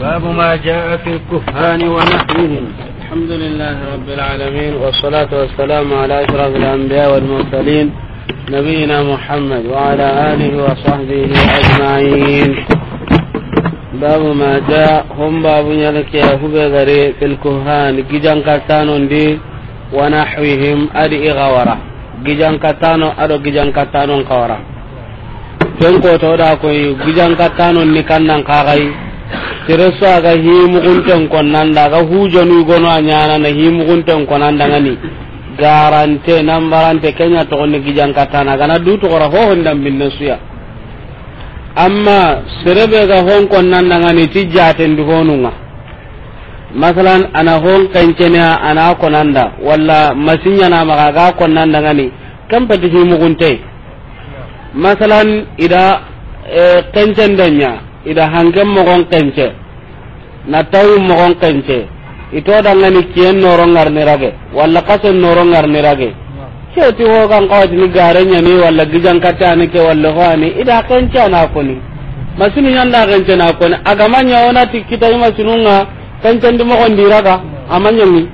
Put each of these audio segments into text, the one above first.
باب ما جاء في الكهان ونحوهم الحمد لله رب العالمين والصلاة والسلام على أشرف الأنبياء والمرسلين نبينا محمد وعلى آله وصحبه أجمعين باب ما جاء هم باب يلك يا في الكهان كي جنكتان دي ونحوهم أدي غورا جيجان كتانو أدو جيجان كتانو غورا ken koto da koy gijan katano ni kannan kagai tireso aga hi mugunten konnan da ga hujanu gono anyana na hi mugunten konnan da garante nambarante kenya togonni gijan katana gana du togora hohondam binne suya amma serebe ga honkon nandangani ti jatendi honunga masalan ana hon kancenea ana konanda walla masinyana maga ga konanda ngani kam pati himugunte masalan ida e, kencendenya ida hangem mo gon kance na mo gon tawi mogon kence itodangani kiyen noro ngarnirage walla kasen noro ngarnirage keti ni kawatini garenyani walla ni ke walla hoani ida na ko ni masinya na kence na ko ni agamanya ona ti kita kitayi masinunga kenkendi mogondiraga ama ñangi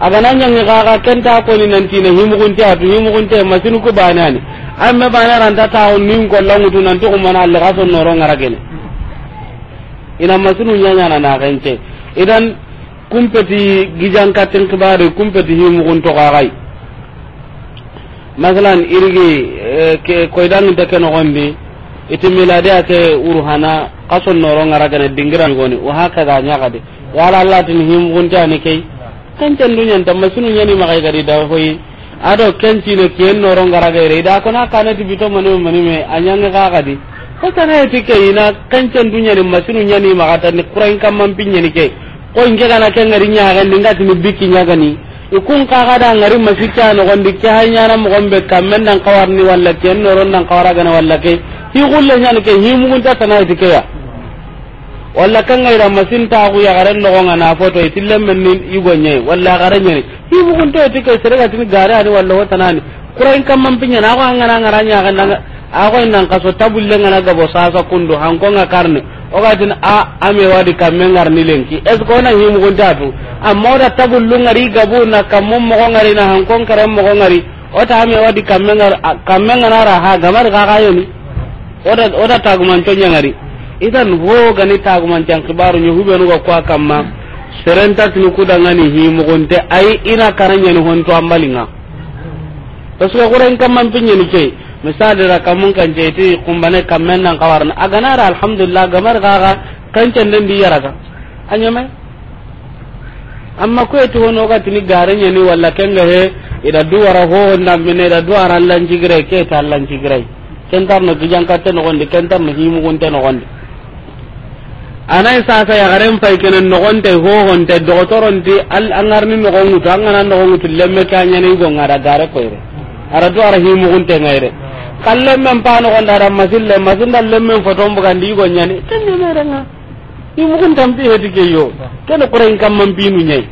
agana ñangi kaka kenta koni nantine himugunte atu himugunte masinu ku baneani amme bane ranta taxu nin kollangutu nanti xumana alle xa sonnoro ngaragene ina masinu kence idan kumpeti gijankatten kibare kumpeti himuguntoxaxay masalan irigi koydanginte eh, ke noxondi iti milade ake uruhana kason noro ngara gane dingira ngoni wa haka ga nya gade wala allah tin him gunta ne kai kan tan dunyan tan masunu nyani magai gari da hoyi ado kan ken ne ken noro ngara re da kona kana ti bito manu manu me anyanga ga gadi ko tana ti kai na kan tan dunyan masunu nyani magata ni kurain kam man pinya ni kai ko inge kana ken ngari nya ga ndinga mi biki nya gani ikun ka ga da ngari masikya no gondi ke hanya na mo gombe men dan kawarni walla ken noro nan kawara gana walla kai hi gulle nya nyani kai hi mu gunta tana ti kai walla kanga ida masin taxu no nga na foto itillen men ni igoñe walla yaxareñeni sere ga seregatini gare ani walla wotanani kurain kamman piñana nga angana ngara ñaxenanga axoy nan kaso tabul na gabo sa kundu o karne ogatin a ame wadi kamme ni lenki est ce que ona himuguntatu amma tabul lu ngari gabu na kammun mo ngari na ko ngare mo ngari o ta ame wadi kamme ngara na ngara ha gamar ga ga yoni oda oda nya ngari. idan ho gani taguman jan kibaru nyu hubenu ga kwa kamma serenta tinu kudangani hi gonte ai ina karanya ni honto ambalinga pasuka kuren kamman pinye ni kei misali ra kamun kan je ti kumbane kammen nan kawarna agana ra alhamdulillah gamar gaga kan can den di yaraga anyame amma ko eto wono ga tini garanya ni walla kenga he ida duwara ho ndam mine ida duwara lan jigre ke ta lan jigre kentar no gijan katte no gonde kentar no himu gonte no gonde anai sasa yagaren fay kenen nogonte hohonte dogotoronti al angarni nogongutu angana nogongutu lemme kanyani gongara gare koyre ara do ara himugunte ngayre kallemmen panogonde ara masille masinda lemmen fotombugandi yigonyani kennemerenga himuguntampi heti keyo kene kurain kamman pinu nyai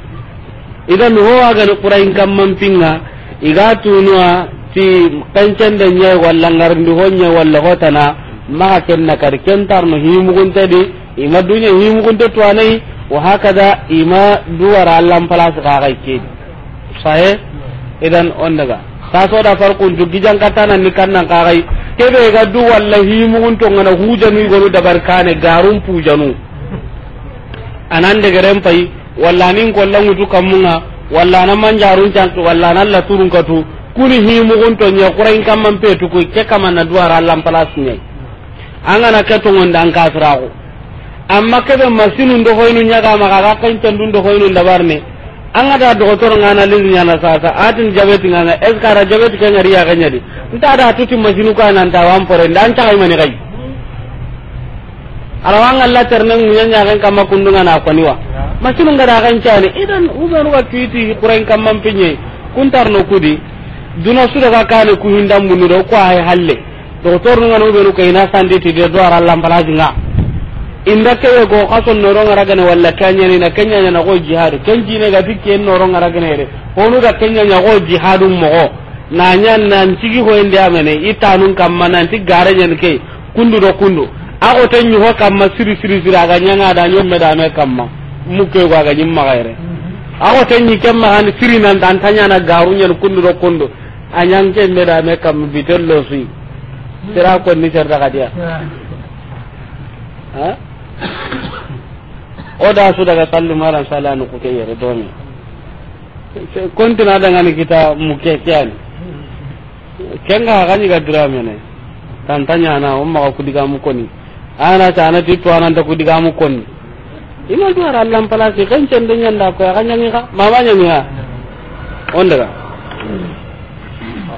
idan howagani kurain man pinga iga tunuwa ti kencende nyai walla ngarndi ho nyai walla hotana maga kenna kadi kentarno di. ima dunya himugunte yi wa haka da ima duwara allan palas kakai ke sahe idan on daga so da farkun jugijan katana ni kannan kakai bai ga du walla himugunto ngana hujanu gonu dabar kane garun pujanu anan daga ren pai walla nin kollan mutu kamunga walla na jarun cantu walla nan laturun katu kuni himugunto nya kurain kamman petu ko ke na duwara allan palas ne an angana wanda an kasraku amma kebe masinu ndo hoynu nyaga ma ga kan tandu ndo hoynu ndabarne an ada doktor ngana lizu nyana sasa atin jabeti ngana eskara jabet ke ngari kenya di nta da tuti masinu ka nan tawam pore ndan ta kai mani kai arawanga la terne ngunya nyaga kama kundunga na kwaniwa masinu ngada kan chani idan wa ka kurain kuren mampinye kuntar no kudi duna su daga kane ku hindam bunu do ko ay halle doktor ngana ubenu kayna sanditi de do ara lampalaji nga inda ke go kaso noro ngaragane walla kanya ni na jihadu ken jine re honu jihadu nan tigi kamma ke kundu do kundu a kamma siri siri siri aga kamma aga a siri kundu do kundu ke me sira o da su daga sallu maran sala nu kuke yare domi kontina daga ni kita muke kiyani kenga ga ni ga drama ne tantanya na umma ko diga mu koni ana ta ana titu ana ta diga mu koni ina duwar pala ke kan cendenya nda ko ga kan nyami ka mamanya mi ha on daga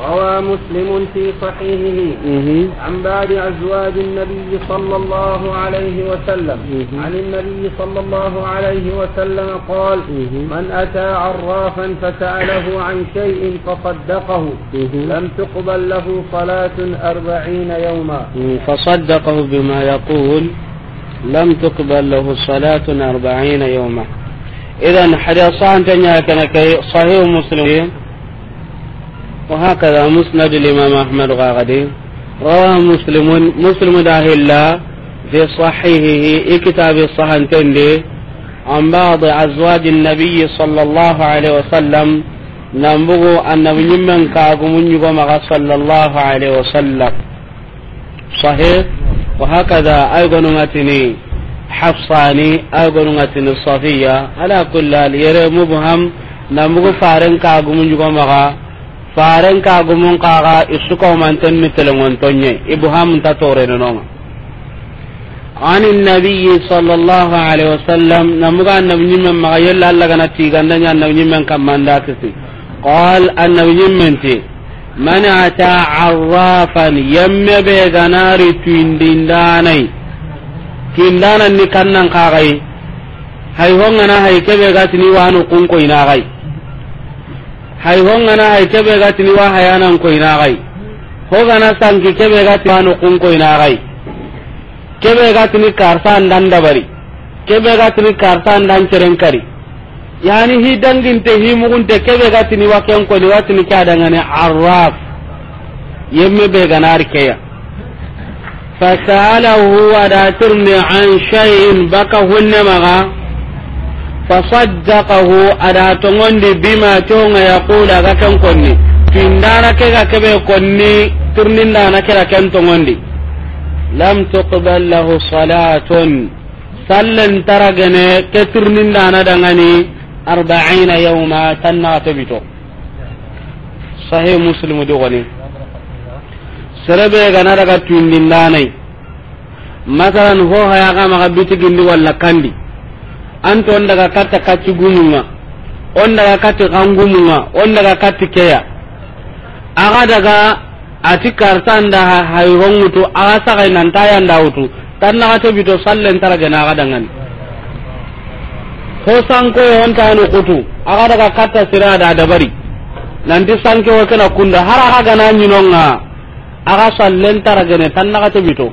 روى مسلم في صحيحه عن بعد أزواج النبي صلى الله عليه وسلم عن النبي صلى الله عليه وسلم قال من أتى عرافا فسأله عن شيء فصدقه لم تقبل له صلاة أربعين يوما فصدقه بما يقول لم تقبل له صلاة أربعين يوما إذا حديث صحيح صحيح مسلم وهكذا مسند الإمام أحمد غاغدي روى مسلم مسلم الله في صحيحه كتاب الصحن تندي عن بعض أزواج النبي صلى الله عليه وسلم نبغو أن من كاغم صلى الله عليه وسلم صحيح وهكذا أيضا متني حفصاني أيضا متني الصفية على كل يرى مبهم نبغو فارن كاغم faren ka gumun kaga isu isuko man ton ni telengon tonye ibham ta tore nonga an nabiyyi sallallahu alaihi wasallam namuga nabiyyi men ma yalla alla kana tiganda nya nabiyyi men kamanda kisi qal an nabiyyi men ti man ata arrafan yamme be ganari tuindindanai tuindana ni kannan kagai hay hongana hay kebe gatini wanu kunko ina gai hay ho hongana hay kebe gatini wa ho koynaxay hogana sanki kebe gatini wa kun nokun koynaxay kebe gatini karsa ndan dabari kebe gatini karsa ndan cerenkari yani hi dangin danginte hi mugun mugunte kebe gatini wa ken kenkoni watini ke adangane arraf yemme be gana ganari keya fasalahu wadatirni an shayin baka hunne maga fasaddaqahu ada tongondi bima tonga yaqula ga kan konni tindara ke ga kebe konni turninda na kira kan tongondi lam tuqbal lahu salatun sallan taragane ke turninda na dangani 40 yawma tanna tabito sahih muslim do gani serebe ga na daga tindinda nai masalan ho haya ga maga bitigindi walla kandi anto on daga katta kacci gumunga on daga katti kangumunga on daga katti keya aga daga ati kartanda hayrongutu aga sagai utu tan naga tebito sallen taragena aga dangani ko sankoye hontani kutu aga daga katta sira da dabari nanti sanke wo kena kunda har aga gana ñinonga aga sallen taragene tan naga bito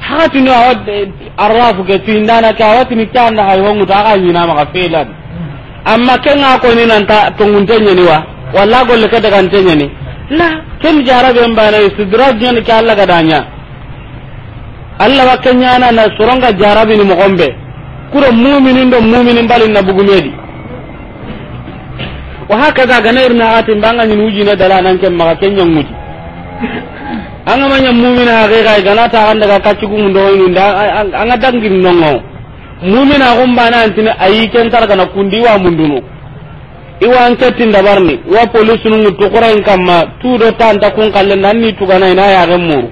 hatinu awa eh, arrafu ke tindana ke awatini ke anda hay honguta aga ñina maga felan amma ke nga koni nanta tongunte ni wa wala walla golle ke dagante ñani la ken jaraben banayi sidraj ñani ke allah gadaña allah wa ke ñanana soronga jarabini mogonɓe kuro muminin do muminin balinna bugumedi wa haka hakaza gana irna atin banga ñin wujine dala nan ken maga ke ñanguti anga manya mu'mina haqiqa gana ta ganda ga kacu gundo ni nda anga dangin nongo mu'mina gumba na antine ayi ken tar kana kundi wa mundunu iwan tattin dabarni wa police nun to qur'an kamma tu do tan ta kun kallen nan ni tugana ina ya ga muru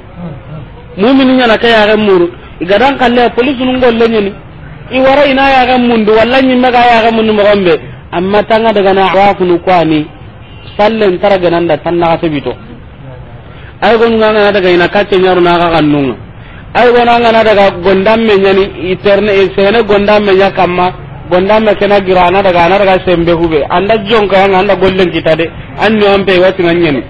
mu'minin na kai ya ga muru igadan kalle police nun golle ni i wara ina ya ga mundu walla ni maga ya ga mundu mogombe amma tanga daga na wa kunu kwani sallen taraga nan da tan na asibito ay gonu ngana daga ina kacce nyaru na ga kannu ay gonu ngana daga gondam me nyani iterne sene me nya kamma me kena girana daga ana daga sembe hube anda jonka nga anda gollen kita de anni ampe wati nganyeni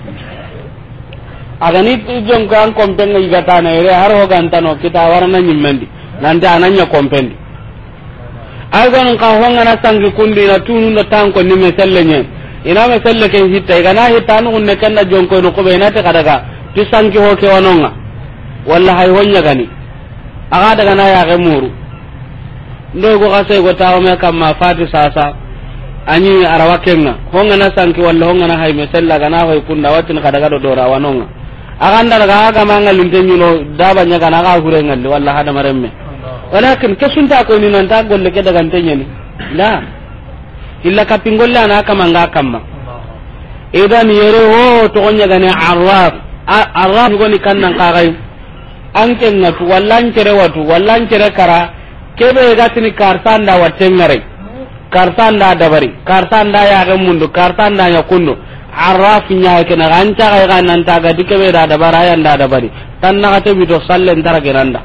agani jonka an kompenga igata na ere har ho gantano kita warana nyimmendi nanda ananya kompen ay gonu ka ho na sangi kundi na tunu na tanko ni mesellenye ina selle ke hitta igana hitta anu ne kenna jonko no ko be na te kadaga pisanki ho ke wanonga walla hay wonya gani aga daga na ya ga muru ndo go ga sai go tawo me kam ma fati sasa anyi arawakenga honga na sanki walla honga na hay me sella ga na hoy kunna watin kada ga do dora wanonga aga ndar ga ga manga linde nyuno daba nya ga na ga hure ngalle walla hada maremme walakin ke kesunta ko ni nan ta golle ke daga ntenye ni la illa ka pingolla na kam nga kama idan yero ho to gonya ga ne arwa arra goni kannan kagai an kenga tu wallan kere watu wallan kere kara kebe gatini karsan da ngare karsan da dabari karsan da ya ga mundu karsan da ya kundu arraf nya ke na ganta ga ga nan ta ga dikebe da dabara yan da dabari tan na ta bito sallen tara geranda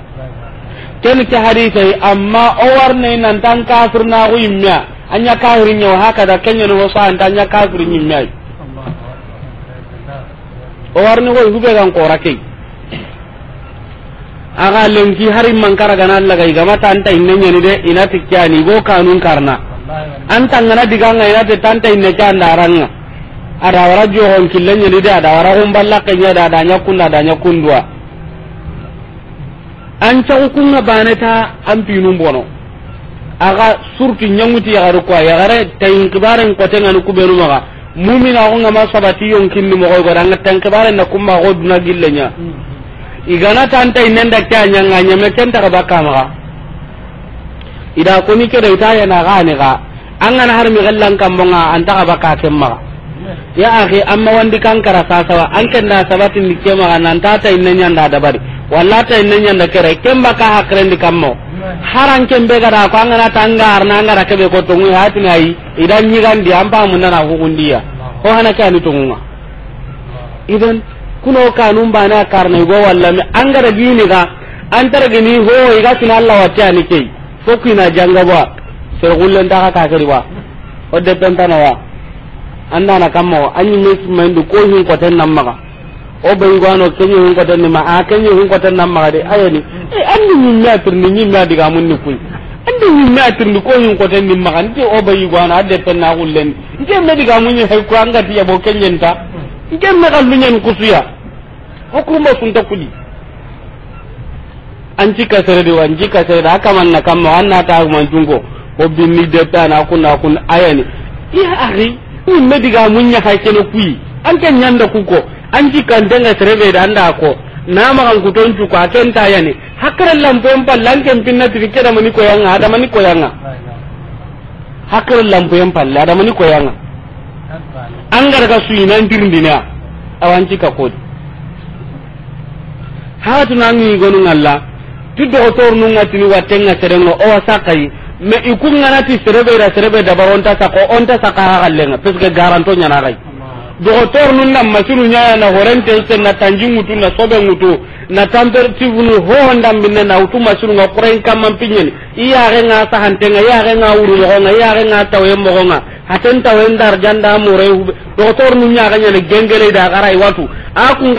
ken ke hadisi amma owar ne nan tan kafir na uimya anya kafirin yau haka da kenyo no so an tan anya kafirin yimya o warni koy hube gan qora kei aga lenki hari man kara gana Allah ga igama ta anta inne nyani de ina tikyani go kanun karna anta ngana diganga ina te tanta inne kan daranga ada wara jo hon kille nyani de ada wara hon balla kenya da da nyakunda da nyakundwa an ca kunga baneta an pinun bono aga surtu nyanguti ya garu kwa ya gare tayin kibaren kwa tengani kubenu maga mumina ko ma sabati yon kinni mo go nga tan kebare na kumma go duna gillenya mm. igana tan tay nenda kanya nya me kenta ka bakama ga ida ko ni kede itaya na ga ni ga an gana har mi gallan kambonga anta ka baka ma ya akhi amma wandi kankara kara sawa an kan da sabati ni kema ga nan ta tay nenya nda dabari walla tay nenya nda kere kemba ka hakren di kammo haran kembe gara ko angana tangar na ngara be ko to ngi hati nai idan ni gan di amba mun na ko kundiya ko hana kani to ngunga idan kuno ka ba na karne go walla mi angara ni ga antara ni ho ga kina Allah wati ani kei ko ku na janga ba so gullen da ka ka ri ba o de pentana wa anda na kammo anyi mai mendu ko hin ko tan namma o bai gwano kenyi hun ko ni ma a kenyi hun ko nan ma de ayani an ni min e, na tirni min na diga mun ni kuy ni min na tirni ko hun ko ni ma kan ti o bai gwano adde tan na hullen nge me diga mun ni hay ko anga ti yabo kenyen ta nge me kan minyen kusuya o kuma sun ta kuli an ci kasare da wan ci kasare da haka man na kan ma na ta man jungo ko bin ni da ta na ku na ku ayani ya ari ni me diga mun ni hay kene kuyi an ken nyanda kuko anji kantenga e serebe da anda ko na kan kuton cu ko akenta yani hakara lampoyen palla anken pinna tiri kedamani koyanga adamani koyanga hakara lampoyen palla adamani koyanga an garga suyinan dirindina awanci ka kodi hatu na ngi gonu ngalla ti doktor nu ngati ni watenga serengo o wasakai me ikunga nati serebe da serebe da baronta sako onta saka halenga peske garanto nyana kai dogotor nun na masinu nyaya na horente se na tanji ngutu na sobe ngutu na na utu nga pinyen iya nga nga iya nga uru nga iya nga tawe nga tawe ndar janda nun gengele da garai watu a kun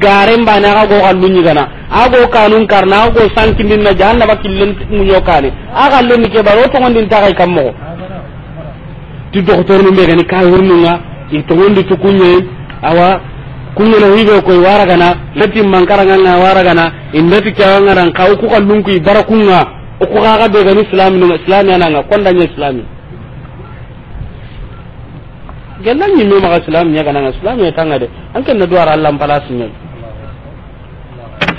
gare mba na gana karna ngondin ti nun itogondi tukunye awa kunye kungene hibe koy waragana nati mankaranga na waragana indati kawanga ran kaw ku kallun ku barakunga ku kaga be ga islam no islam yana nga konda nya islam gelan ni ma islam nya kana islam ya tanga de an kan eh, na duwar Allah pala nya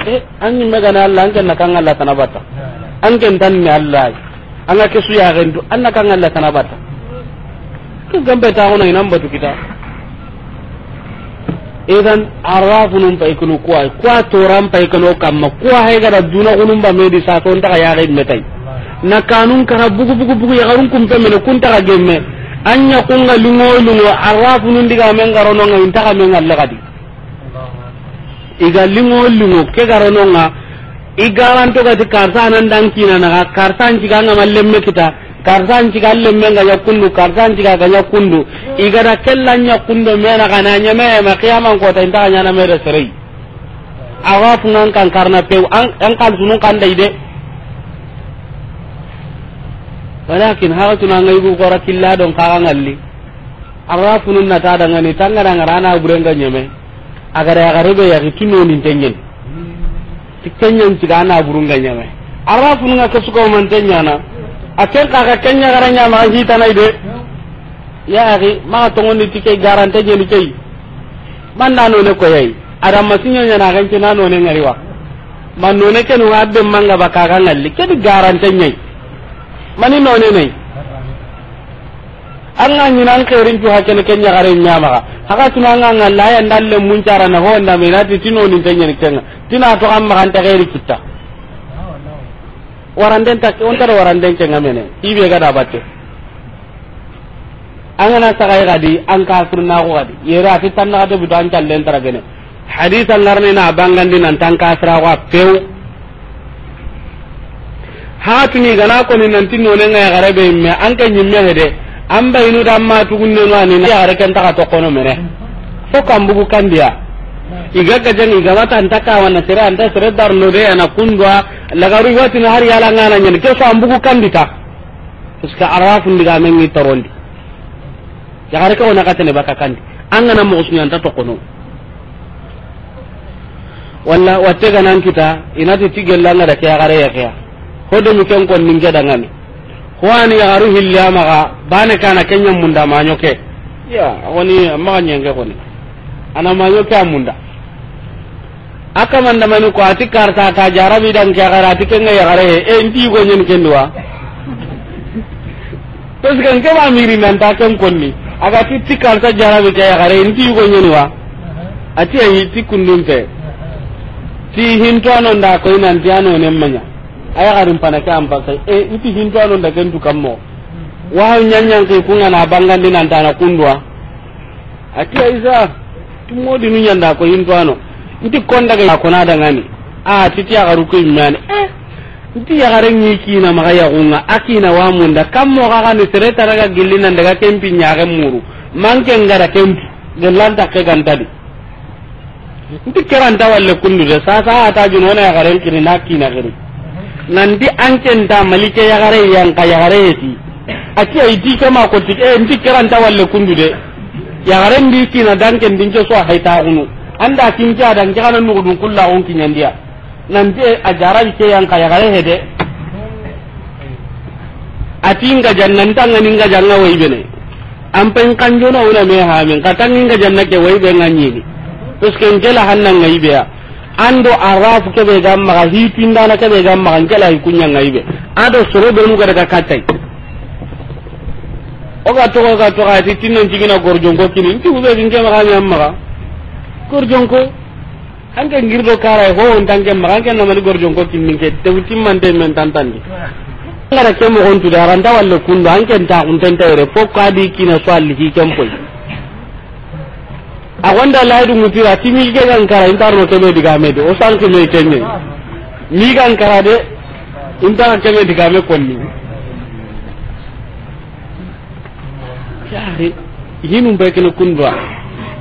eh an ni magana Allah an kan na kan Allah tanabata an kan tan ni Allah an ka su ya rendu an na kan Allah tanabata gambe ta gono inan batu kita idan pa ikunu kuwa kuwa toran pa ikunu kamma kuwa gara duna kunun ba me di sa ton ta ya metai na kanun kara bugu bugu bugu ya garun kun ta gemme anya lungo lungo diga men ta men iga lungo ke nga karsa nan dan kina na karsa kita karsan ciga allem nga ga yakundu karsan ciga ga yakundu igara kellan yakundo mena kana nyame ma qiyaman ko tan ta nyana mere serei awa punan kan karna pew an an kan sunun kan dai de walakin hawa tunan ngai bu qara killa don ka ngalli awa punun na ta daga ni tangara ngarana burenga nyame agara agara be ya tuno ni tengen tikenyen ciga na burunga nyame awa punun ka suko man tenyana aken kaga kenya garanya ma hita nay de ya ari ma tongondi tike garante je ni kei man nano ne ko yayi adam masinya nya na ganke nano ne ngari wa man no ne ken wa abbe manga baka ga ngalli ke di garante nyai mani no ne nei anga ni nan ke rinju ha ken kenya garanya ma haka tuna nga ngalla ya ndalle mun cara na ho nda me na tino ni tenya ni kenga tina to amma kan ta gairi kitta waranden ta on tar waranden ke ngamene ibe ga dabate angana sagai di an kafir na ko gadi yera ati tan na gadi budan jallen tar gene hadith allarne na bangandi an tan kafira wa pew hatuni gana ko ni nan tin tinno ne ngai rebe me an kan nyimme hede an bayinu damma tugunne no ani na gare kan ta ka to kono mere fo kambugu kandia igaga jang igawata anta kawana sere anta sere dar darno de ana kundwa lagaru watina har yala ngana nyen ke so ambuku kandita iska arafu ndiga men ni torondi ya gare ka ona katene baka kandi angana mo usni anta tokono walla wattega nan kita inati tigella ngada ke gare ya ke hodo mu ken kon ninge dangani hoani ya garu hilla maga bane kana kenya munda manyoke ya woni maga nyenge koni ana manyoke amunda da mani ko ati karta ka jarabi dan ke gara ati ken ya gare e eh, ndi go nyen kendwa tos kan ke ba miri nan ta kan konni aga ti ti karta jarabi ka ya gare ndi go nyen wa ati ayi ti kundum te ti anon da ko nan ti ano ne manya aya garin pana ka am sai e eh, anon da ken du kammo wa nyanyan ke kunga na din nan ta na kundwa ati aiza tumo dinu nyanda ko anon nti kondaga kona ngani a titi ruku imani eh nti yagare nyi kina maga yagunga akina wa munda mo ga ni sere taraga gillina daga kempi ga muru manke ngara kempi gelanta ke gantadi nti keranta walle kundu de sasa ata junona yagare kini na kina gari nanti ankenta malike yagare yanka yagare yeti ati ay ti kama ko ti e eh, nti da walle kullu de na dan kina danken dinje so ta unu anda kinja dan jana nugudun kullu on kinyandia nanti ajara ke yang kaya kaya hede atinga jannan tanga ninga janna wai bene ampen kanjona una me ha men katanginga janna ke wai be nganyi ni terus ken jela hanna ngai be ando araf ke be gamma ga hitinda na ke be gamma kan jela kunya ngai be ado soro be mu kada kata oga to oga to ga tinan jigina gorjongo kini ti ube dinga ma ha men gorjonko anke ngirdo kara e ho on tanke ma anke na mani gorjonko kinnin ke te utim man te men tantandi ngara ke mo on tudara anda walle kundo anke ta kun tanta re fokko adi kina swalli ki kempoy a gonda laidu e mutu ati mi ke gan kara intarno ke me diga me de o san ke me kenye mi gan kara de intara ke me diga me konni yari hinum be kene kundwa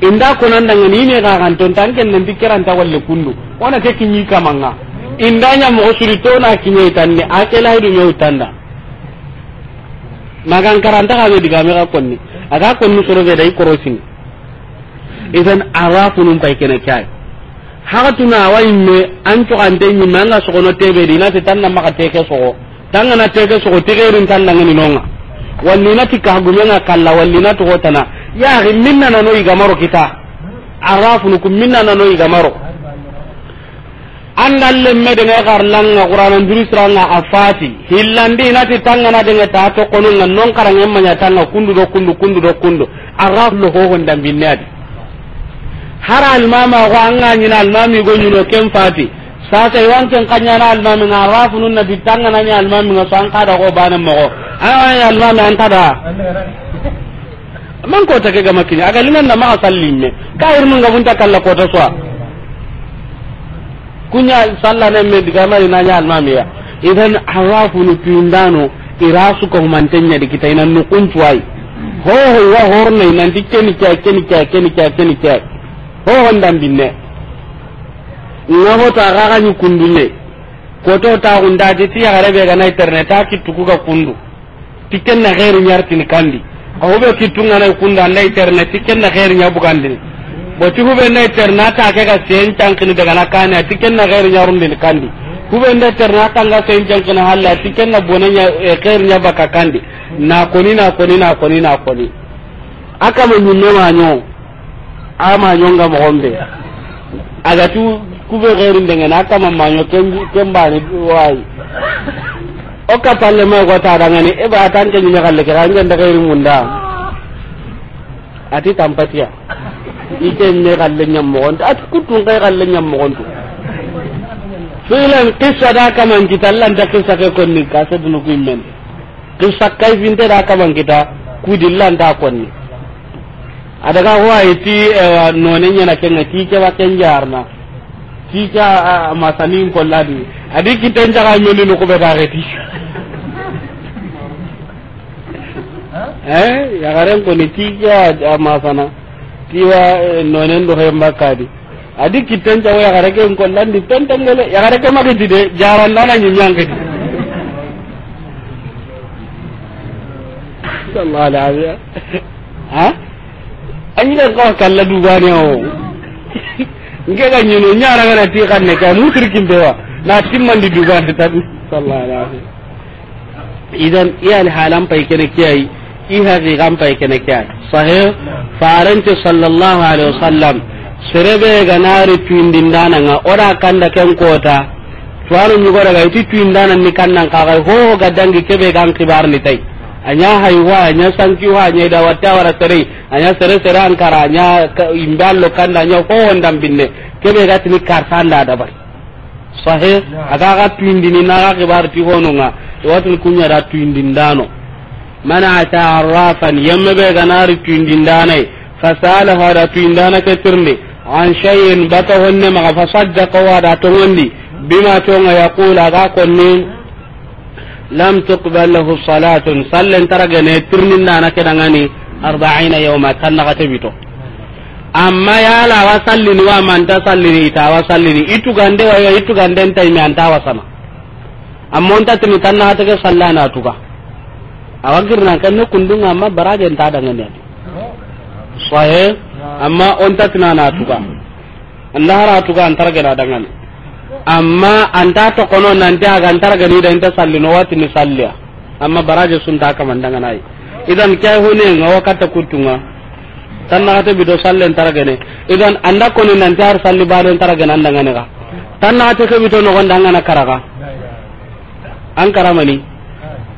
inda konanda ngani ne ga kan ton tanken nan dikiran ta walle kundu wana ke kinyi kamanga inda nya mo suri na kinyi tanne Ake hidu me utanda magan karanta ga diga me ga konni aga konni suru be dai korosin idan kunun pai kene kai wai me an cogante ñimme anga sogono teɓeedi inati tan na maxa teke tangana teke sogo texeerin tan dangani nonga wallina inati gumena kalla walli yaxi min nanano yigamaro kita arafunuku min nanano yigamaro andan lemme denge xarlanga xuranandurisiranga a fati hillandi tanga na denge ta toqonunga non karangen tanga kundu do kundu kundu do kundu lo ho dambinne adi hara almamaxo anga ñina almamigo ñuno ken fati nun na kañana almaminga arafununna di tanganani nga so an kaɗa xo banen moxo al mami an taɗa man ko take ga makini aga linan na ma sallimme ka irnu ga bunta kala ko ta swa kunya salla ne me diga mari na nya almamiya idan nu pindano irasu ko nu ho ho wa horne nan kya kya kya kya ho binne ta gaga ni kundune ta ti ya ga na internet ta kitukuka kundu tikken gairu kandi awu be kittunga na kunda na internet tikken na khair nya bugandini boti hube na internet ta ke ga sen cankini daga na kana tikken na khair nya rumbi kandi hube ndai na ta ga sen cankini halla tikken na bonanya khair nya e, baka kandi na koni na koni na koni na koni aka me nyunne ma nyo ama nga mo hombe aga tu kube khair ndenge na aka ma ken ba ni wai o ka palle ma go ta ni e ba tan ke nyinya kalle ke hanje ndaka iri munda ati tampatiya ike me kalle nyam mo on ati kutun kay kalle nyam mo on filan qissa da man kita lan da qissa ke konni ka sa dunu ku men qissa kay ka da kita ku dillan da konni adaga wa iti nonenya na kenga ti ke wa ka kika ko ladi adi kitenja jaga nyoni no ko be reti eh ya ma sana ti eh, wa nonen do hemba kadi adi kitan jawo ya garen ko landi garen ko ma magiti de jaran lana nyimyankiti sallallahu alaihi ha anyi da ko kala dubani o nge ga nyino nyara ga ti ne ka mutrikin bewa na timman di dubani tabi sallallahu alaihi idan iyal halan pai kene kiyai ihati gampai kene kya sahih farante sallallahu alaihi wasallam serebe tuindindana nga ora kanda ken kota tuwanu nyugora ga iti tuindana ni kannan kaga ho gadangi kebe gan kibar ni anya anya sanki wa anya wara sere anya sere sere anya imbalo kanda anya kebe karsanda sahe aga ga tuindini kibar da tuindindano man ata arrafan yemme be ganari tuindindane fasalahu ada tuindana ke tirndi an shay'in bata honne maga fasaddaqa wa da tongondi bima tonga yaqul aga konni lam tuqbal lahu salatun sallan taragane tirnindana ke dangani 40 yawma kannaga tebito amma yala wa sallini wa manta sallini ita wa sallini itu gande wa itu gande ntai mi anta wa sama amma onta tini tanna hatake sallana tuka awa girnan kan ne kundunga amma baraje nta dangane sahe amma on tuna na tuka Allah ra tuka antar da dangane amma anta to kono nan ta ga antar gani da inta sallino wati ni salliya amma baraje sun ta kaman dangana ai idan kai hune ngawa kata kutunga tan na ta bido sallen ne idan anda kono nan ta har salli baren da andangane ga tan na ta ke bito no gonda ngana karaga an karamani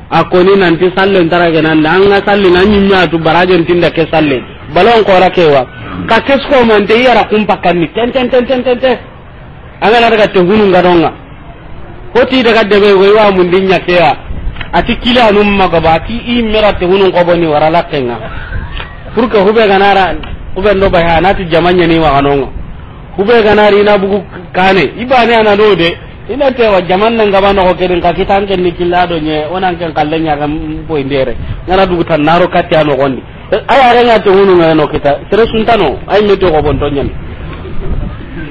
akoni nanti sallen taragenanda anga salli na ñimmeatu barajen tinda ke sallen balon ko kewa ka keskomante iyara kumpakkanni ten ten ten ten ten ten angana daga te hunu ngadonga hoti daga debe goy wa mun mundi ñakeya ati kilanum magaba ati i mera te ko koboni wara lakkenga pour que hube ganara hube n'o bay ha nati jama ñani waganonga hube ganari na bugu kane ibane ana do de ina tewa jaman nan gaba na kerin ka kita ken ni kila do nye onan ken kalle nya gam boy ndere ngana dugu tan naro katti ano gonni aya renga to hunu ngano kita sere suntano ay meto ko bon to nyen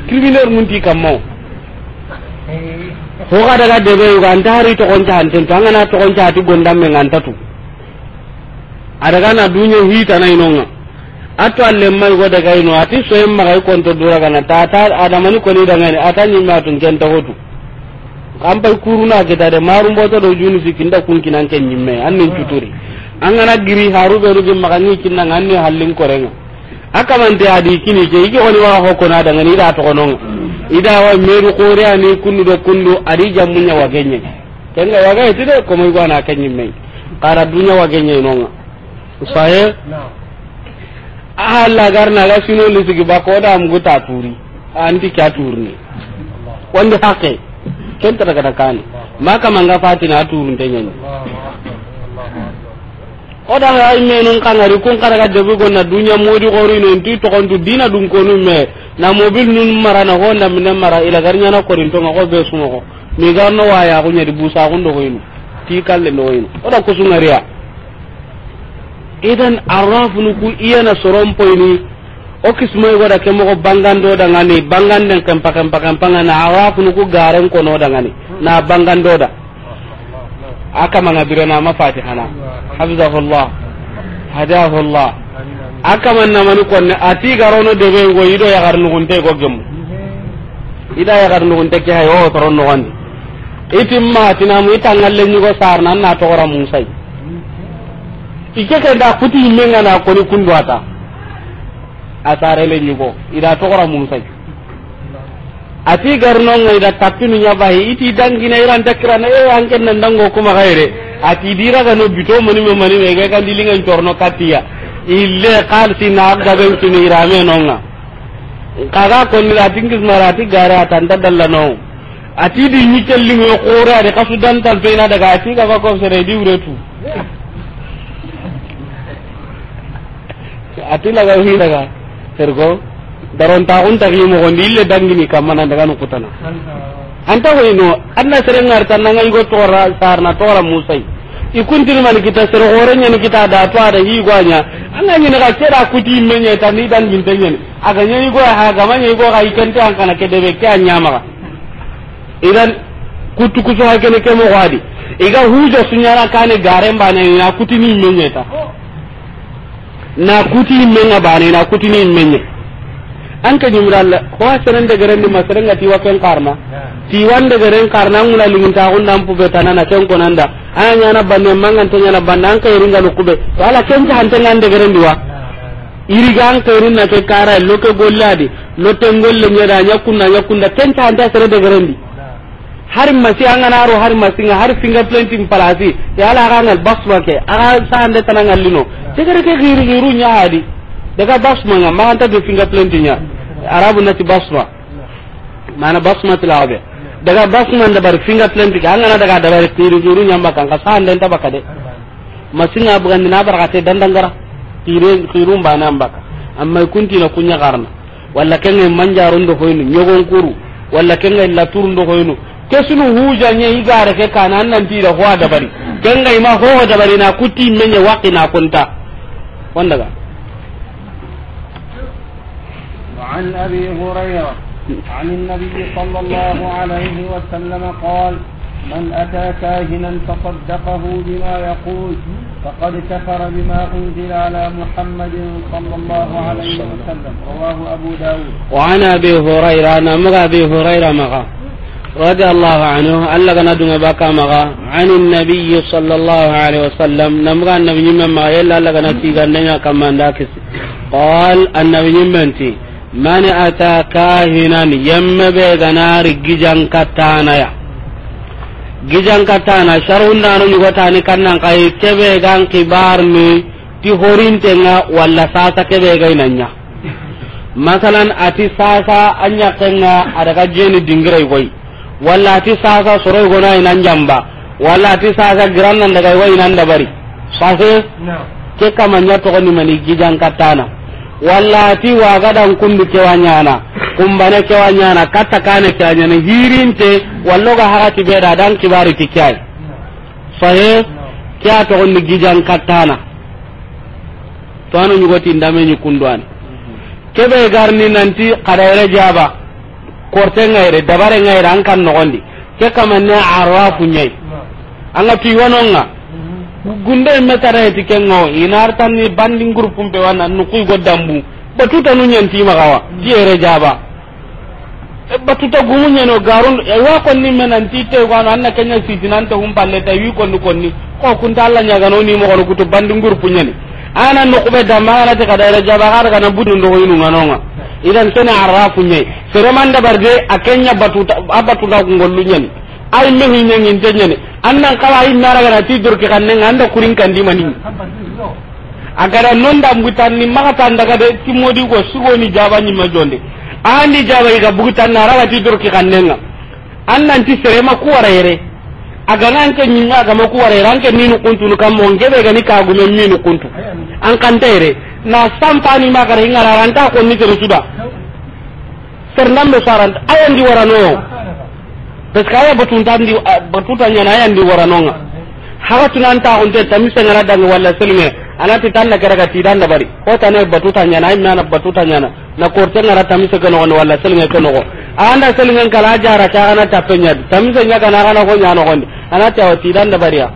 criminel mun ti kammo ho ga daga debe ga ndari to kon ta ten to na to kon ta ti gondam men antatu adaga na dunyo hita na inonga ato alle mai go daga ino ati so yemma ga kon to na kana tata adamani ko ni daga ni atani ma tun kenta hotu kan pai kuruna geta de marum boto do juni kinda kun kinan ken nyimme annin tuturi angana giri haru be rubin magani kinna nganni hallin korenga akamante adi kini je igi oni wa hokko na daga ni da to kono ida wa meru kore ani kundu do kundu adi jamunya wa genye kenga wa ti tide ko mo na ken nyimme qara dunya wa genye nonga usaye ahalla garna la sino lisigi bakoda am guta turi anti kya turni wanda hakai ken tara kada kani maka manga fatina turun tenyen da ay menun kangari kun kada ga debu gonna dunya modi gori ti to kon dina dun ko me na mobil nun mara na min mara ila garnya na korin to be sumo ko mi ti kalle idan arrafnu ku iyana soron o kismoy goda ke mogo bangando bangande kan kempa kempa kempanga na awakunu ku garen kono dangani na bangando da akamanga birena hadahu fatihana aka manna akaman ko ne ati garono be go ido yagar nugunte go gemu ida yagar nugunte ke hay o oh, toron nogondi itimma tinamu itangalle ñigo sarna na togora mun sai ike ke da kuti ko ni kundu ata asarele ñugo ida togora musay ati garnonga ida tappinu ñabahi iti dangi na iran iranta kirana e eh, anken nan dango kuma xayre ati diragano bito mani me manime manime ke kandi lingen corno kattiya ille kalsi na ni gabenkini iramenonga kaga konnira ati ngismara ati gare atanta dallanowu ati di ñikellingoyo xoore ade kasu dantal feyna daga ati gaga kofsere di wuretu ati la laga wi daga sergo darontaxun taxi moxondi ille dangini kammana daga nukutana anta hoyno anna serengaritananga yigo toxora sarna tora musai. i kuntinimani kita sere xoreñani kita datu ada yigoaña anga ñini xa seeda kuti dan imme ñetandi danginte ñani agaña yigoya xa gamaña yigoxa yikente an kana ke deɓe ke a ñamaxa idan kutu kusoxa kene ke moxoadi iga hujo suñana kane garen mbanena kutini imme ñeta oh. na kuti menga bane na kuti ni menye an ka nyimra la ko asaran daga ma masaran ga wa kan karma ti da daga ran karna ngula lingin ta hun dan pube tanana ken konanda anya na banne mangan tanya na banna an ka iringa lukube wala ken ta han tan da garan diwa iriga an ka na ke kara loke golladi tengol le nyada nyakunda nyakunda ken ta han ta sare daga garan di har masi an gana har masi nga har fingerprint in palasi ya ala ga ngal basma ke aga sande tanang allino tigare ke giru giru nya hadi daga ma nga ma anta do fingerprint nya arabu na ti basma mana basma tilabe daga ma nda bar fingerprint ga ngana daga da bar giru giru nya kan ka de nda bakade masi nga bugan na bar kate gara tire ba na mbaka amma kunti na kunya garna walla kenga manjaron do hoyno nyogon kuru walla kenga laturun do hoyno kesunu nye igare ke kana anna ntira huwa dabari genga ima huwa dabari na kuti menye waki na kunta wanda ga وعن ابي هريره عن النبي صلى الله عليه وسلم قال من اتى كاهنا فصدقه بما يقول فقد كفر بما انزل على محمد صلى الله عليه وسلم رواه ابو داود وعن ابي هريره انا ابي هريره مغا raha alahu waadii alaahummaahu an lagana dhuuna baaka maqaa ani nabiiyyoo sallallahu alaihi waadii wa sallam namoota anna fi nimmoo maaye laa lagana na nyaa kamaan daaki xool an nami nimmoo nti mani ataa kaahi naani yema beeganaari gijaan ka taanaya gijaan ka taanaya sheree na naannoo yoo taa ni ti horiintee walla wala saasa kibbee gaa na nyaa ati saasa an nyaqee naa adaga jeeni dingireefi. walla ti sasa soroy gona ina jamba walla ti sasa giran nan daga nan da bari. sase sahe ke kamanya to ni mani gijan katana walla ti wa gadan kumbi ke wanyana kumbane ke wanyana katta kane ke wanyana te wallo ga harati be da dan kibari tikai sahe kya to ni gijan katana to anu nyugoti ndame nyukundwani mm-hmm. kebe garni nanti kadaire jaba korte ngayre dabare ngayre an kan nogondi ke kamanne arafu nyai wano nga. gunde metara heti kenga inar tanni banding group pumpe wana nukui go dambu batuta nu nyanti magawa tiere jaba e, batuta gumu nyano garun e wa konni menan tite wano anna kenya sitinanta humpalle ta wi konni konni ko kunta alla nyaga no ni mo kono kutu banding group nyani ana nukube damana te kadaira jaba har kana budun do yinu nga. idan sene arrafu nye sereman da barde akenya batuta abatuta kungollu nyani ay mehi nyangi an annan kala ay nara gara ti durki kannen anda kurin kandi mani agara non da mbutan ni makata ndaga de timodi ko sugo ni jaba ni majonde andi jaba iga bugutan na ga ti durki kannen annan ti serema ko a aga an ke nyinga ga mako warayre anke minu kuntu kam mon gani ga ni minu kuntu an kan tere na sampani ma gara hinga raranta ko ni tere suda serndam be sarant ayandi warano parce que aya batun tandi batun tanya na ayandi warano nga haga tunan ta onte tamise ngara dan walla selme anati talla gara ga tidan da bari ko tane batu tanya na imna batu tanya na na korte ngara tamise wala walla selme kono ko anda selme kala jara ka ana tapenya tamise nya kana kana ko nya no ko anati aw tidan da bari ya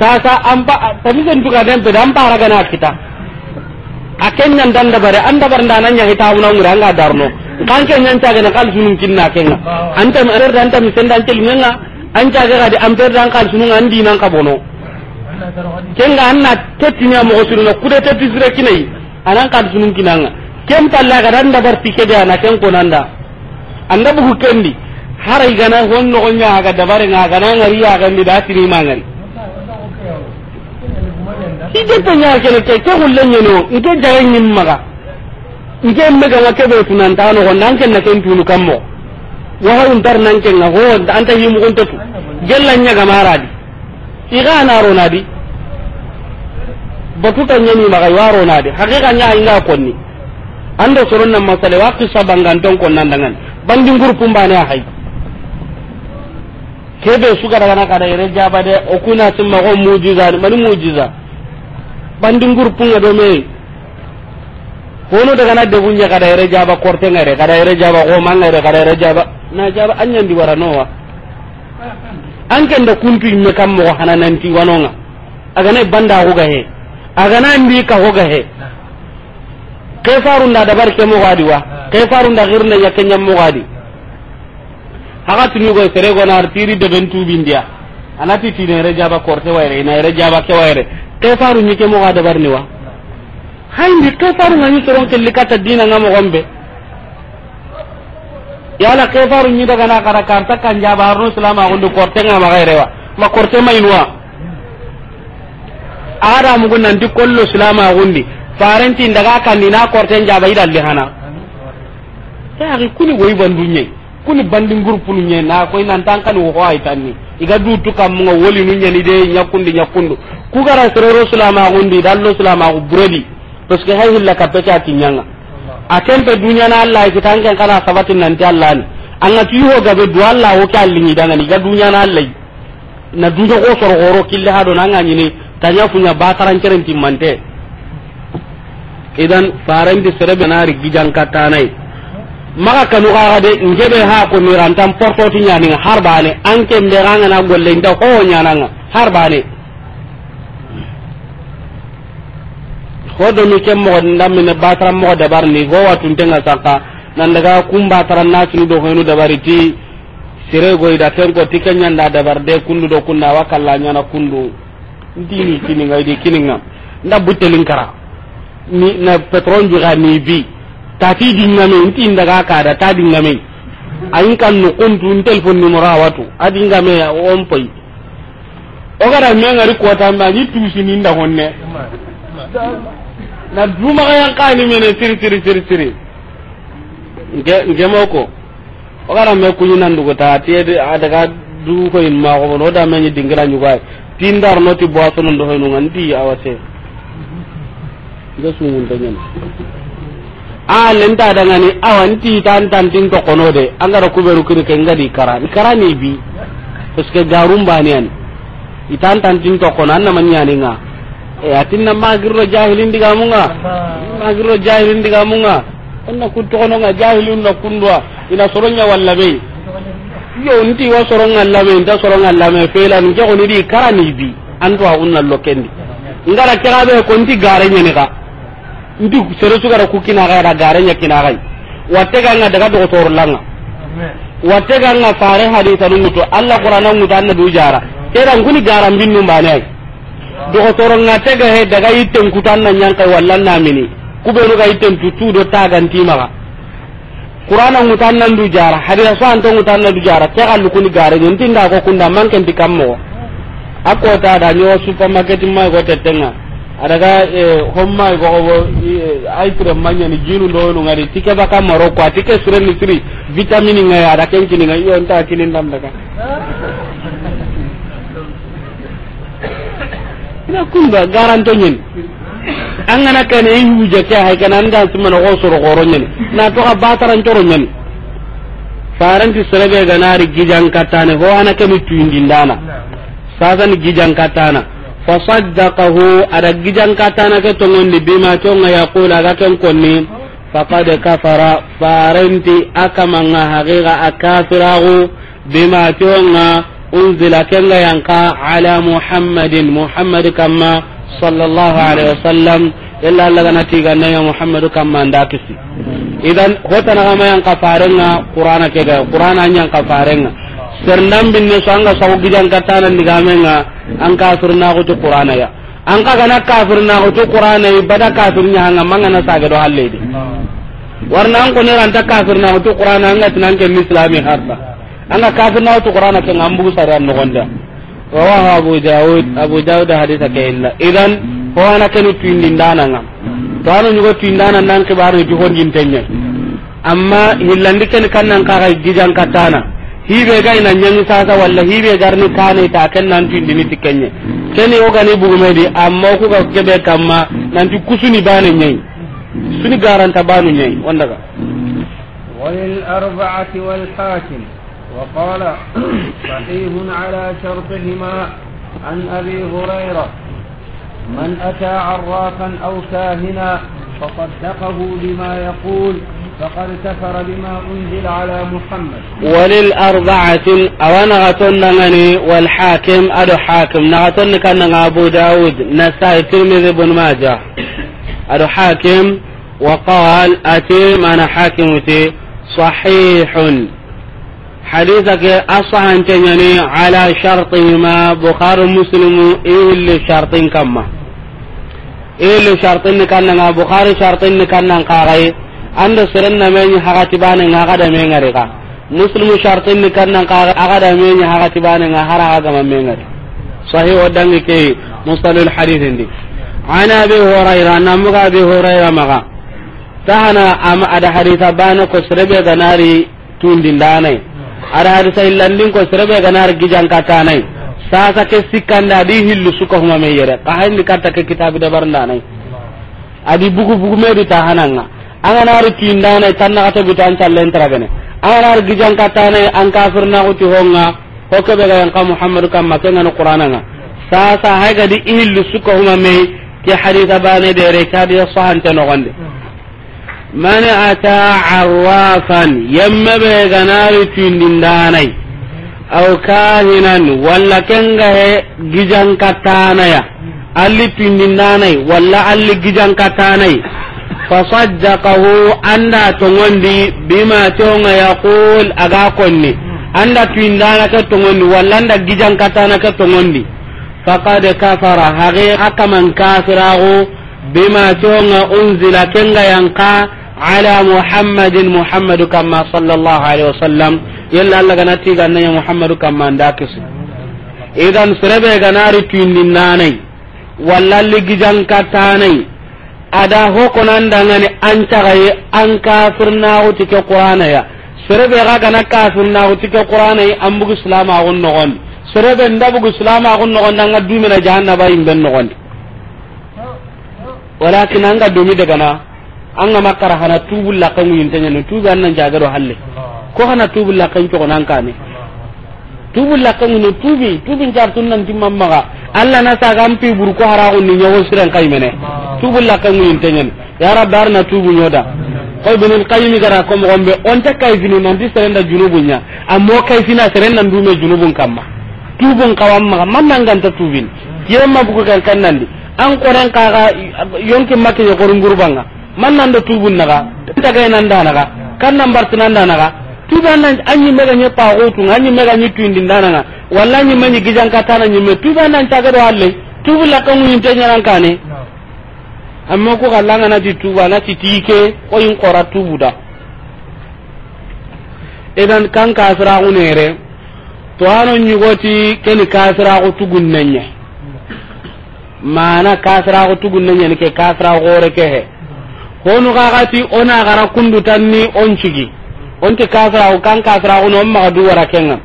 sasa amba tamise nduga dembe damba raga na kita akenyan dan dabare an dabar ndana nya hita wuna ngure anga darno kan kenyan caga na kal sunun kinna kenga anta mer dan ta misen dan tel menga an caga ga de amper dan kal sunun an dinan ka bono kenga anna tettinya mo na kude tetti sire kinai anan kal sunun kinanga kem la ga dan dabar tike da na ken konanda anda buku kendi harai gana honno gonya ga dabare nga gana ngari ya ga ni da tini mangani igenta ñakene ke ke xulleñeno ite jaxe ñim maxa nke meganga ta tunanta noxonda an na ken tunu kam moxo waxayum tar nan na ho anta yimuxunte tu gella ñagamaradi ixa naronadi batuta ñani maxa iwaronadi nya inga konni ando na masale wa qissa nan dangan bandi groupe mbane ne xay kebe sugaraganakada jaba de okuna simma mujiza mujisani mani mujiza. bandin groupe nga do me kono daga na debu nya kada ere jaba korte ngare kada ere jaba ko man ngare kada ere jaba na jaba anyan di wara nowa an kan da kuntu imme kam mo hananan ti wanonga aga na banda ko ga he aga na mbi ka ko ga he ke faru nda dabar ke mo gadi wa ke faru nda girna ya kenya mo gadi haka tunu go sere go na artiri de bentu bindia anati tinere jaba korte waire na ere jaba ke waire ke faru ni ke mo ga dabar ni wa hayndi ke faru ngani soron ke likata dina ngamo gombe yala ke faru ni daga na kara ta kan jaba no salama gondo korte ngama ga rewa ma korte mai nuwa ada mugun nan di kollo salama gundi farenti daga kan ni na korte jaba hana lihana taari kuni woyi bandunye kuni bandi groupe nu nye na koy nan tan kan wo ko ay tanni iga du tukam mo woli nu nye ni de nyakundi nyakundu ku kugara serero sulamaxundi dallo sulamaxu buredi parce que hay hilla kappe ke a kiñanga a kempe duñana allah kita an ken kana sabati nanti allah ni anga tiho gabe du allah wo ke a liŋidangani iga duñana allayi na duño ko soro horo kille ha do nanga ñini taña fuña bataranceren timmante idan farendi serebe na riggi jankattanayi maga kanu kaga de ngebe ha ko mirantan portoti ñaninga har bane an kembe ganga na golle nda ho ñananga har bane ko do mi kem mo ndamine batara mo dabar ni go watun tenga saka nan daga kum batara na tunu do hoynu dabari ti sire go ida ten go tikanya nda dabar de kundu do kunna wakalla nyana kundu ndini kini ngai di kini ngam nda butelin kara ni na petron juga ni bi ta tati dingame inti ndaga da ta dingame ayin kan no kuntu telefon ni murawatu adingame ya ompoi ogara me ngari kota ma ni tusi ni nda honne na dumaga yankani mene siri siri siri siri ngemoko ogara me kuñu nanduguta tiede adaga du ma ko koyin maxoɓon o dameñi dingira ñugay tin dar no noti boisson ndo hoy nunga ndi awase nda sumunta ñen a lenta dangani awa nti tan tan tin to kono de angara kuberu kiri ke ngadi kara ni kara ni bi parce que garum banian itan tan tin to kono anna man yani nga Eh, atinna magirro jahilin digamunga magirro jahilin digamunga onna kuttogononga jahilin na kundwa ina soronya wallabe yo nti wa soronga lame nta soronga lame fela ni jago ni di karani bi antu agunna lokendi ngara kira be ko nti gare nyene ka nti sere suka ra kukina ga ra gare nya kina ga watte nga daga do tor langa watte nga fare hadita nu mutu alla qur'ana mutu annabi ujara kera nguni garan binnu mbane dogotoro nga tega he daga itten kutan na nyankai wallan na mini kubenu ga itten tutu do taganti maga qur'ana ngutan nan du jara hadira so anto ngutan nan du jara ke kallu kuni gare nyen tinda ko kunda manken dikammo ako ta da nyo supermarket ma go tetenga adaga eh, homma go go eh, ay kire manya ni jinu do no ngari tike baka maroko atike sire ni siri vitamin nga ada ken kini nga yon ta kini ndam daga ina kunda garanto nyen an ngana kan yi huje ke hay kan kana anda simana go soro goro nyen na to abba abataran toro nyen faranti serebe ganari gijan katane ho ana anake mituyindindana sasa ni gijan katana saddaqahu ada gijan katana ke to tongondi bima tonga yaqula ga ken konni qad kafara faran ti faranti akamanga haqiqa akafirahu bima to tonga unzila kenga yanka ala muhammadin muhammad kama sallallahu alaihi wasallam illa allah gana ya kama idan kama yanka farenga qur'ana kega qur'ana yanka farenga sawu gidan katana ndigamenga an kafirna ko to qur'ana ya an ka gana na to qur'ana ibada hanga mangana saga do halle warna an ko ne to qur'ana tinan ke islami anga kafir na to qur'ana ke ngambu saran no gonda wa abu daud abu daud haditha ke illa idan ko ana ke tindin indana nan to ana nyugo tindana nan ke baro ju jin tenya amma hillandi ken nan ka gai gijan katana hibe ga ina sa sa walla hibe garni kane ta kan nan indini tikenye kene o gani di amma ko ga kebe kamma nan tu kusuni bane nyai suni garanta banu nyai wanda ga wal arba'ati wal hakim وقال صحيح على شرطهما عن أبي هريرة من أتى عرافا أو كاهنا فصدقه بما يقول فقد كفر بما أنزل على محمد وللأربعة أو نغتنغني والحاكم أدو حاكم نغتن كان أبو داود نسائي تلميذ ابن ماجه أدو حاكم وقال أتي من حاكمتي صحيح hadisa ke asahante nyani ala shartihima bukhari muslimu illi shartin kamma illi shartin ni kannanga bukhari shartin ni kannan kagai anda serenna meni hagati bane ngaga da mengari ka muslimu shartin ni kannan kagai da meni hagati bane ngahara aga ma mengari sahih wadangi ke mustalil hadith ndi ana bi hurairah namuga bi hurairah maga tahana am ada haditha bana ko serebe ganari tundindane ada hadisa illandin ko serebe gana har gijan sa sa ke sikanda di hillu suko huma me yere ka hayni kata ke kitabi da barnda nai adi bugu buku me di tahananga angana har tindana tanna ato buta an challen tragane angana har gijan katanai an kafir na uti honga be ga ka muhammadu kam ma no qur'ananga sasa di hillu suko huma me ke da bane dere kadi te no gonde man ata arrafan yamma be ganari tindindanai aw kahinan walla kenga he gijan katanaya alli tindindanai walla alli gijan katanai fasaddaqahu anda tongondi bima tonga yaqul aga konni anda tindana ka tongondi walla anda gijan katana ka tongondi faqad kafara haqiqa kaman kafirahu bima tonga unzila kenga yanka ala muhammadin muhammadu kama sallallahu alaihi wasallam yalla allah gana idan katanai ada hokonan dangani an cagaye an kafirnaxu tike qur'anaya serebe anga makara hana tubul la kan yin tanya tu ga nan jagaro halle ko hana tubul la kan ko nan kane tubul la kan no tubi tubin jar tun nan timman maga alla na sa gam pi buru ko hara on ni nyawo siran kai mene tubul la kan yin tanya ya rabbar na tubu nyoda ko ibnul qayyim gara ko mo gombe on ta kai fini nan di serenda junubunya ammo kai fina serenda ndume junubun kamma tubun kawam ma man nan ganta tubin yemma bugo kan kannandi an koren kaga yonki makke yokorun gurbanga man nan da tubun naga daga nan da naga kan nan bar tunan da naga tuban nan yi mega nye pa go tun yi mega nyi tuin din dana walla nyi meni gijan ka nan nyi me tuban nan ta gado halle tubu la kan nyi tanya nan kane amma ko kallanga na ti tuba na ti tike ko yin qora tubu da idan kan kasra unere to hano yi goti ken kasra go tugun ne mana kasra go tugun nan ne ke kasra re ke he honu gagati ona gara kundu tanni onchigi cigi onti kasra o kan kasra ko nomma maga duwara kenga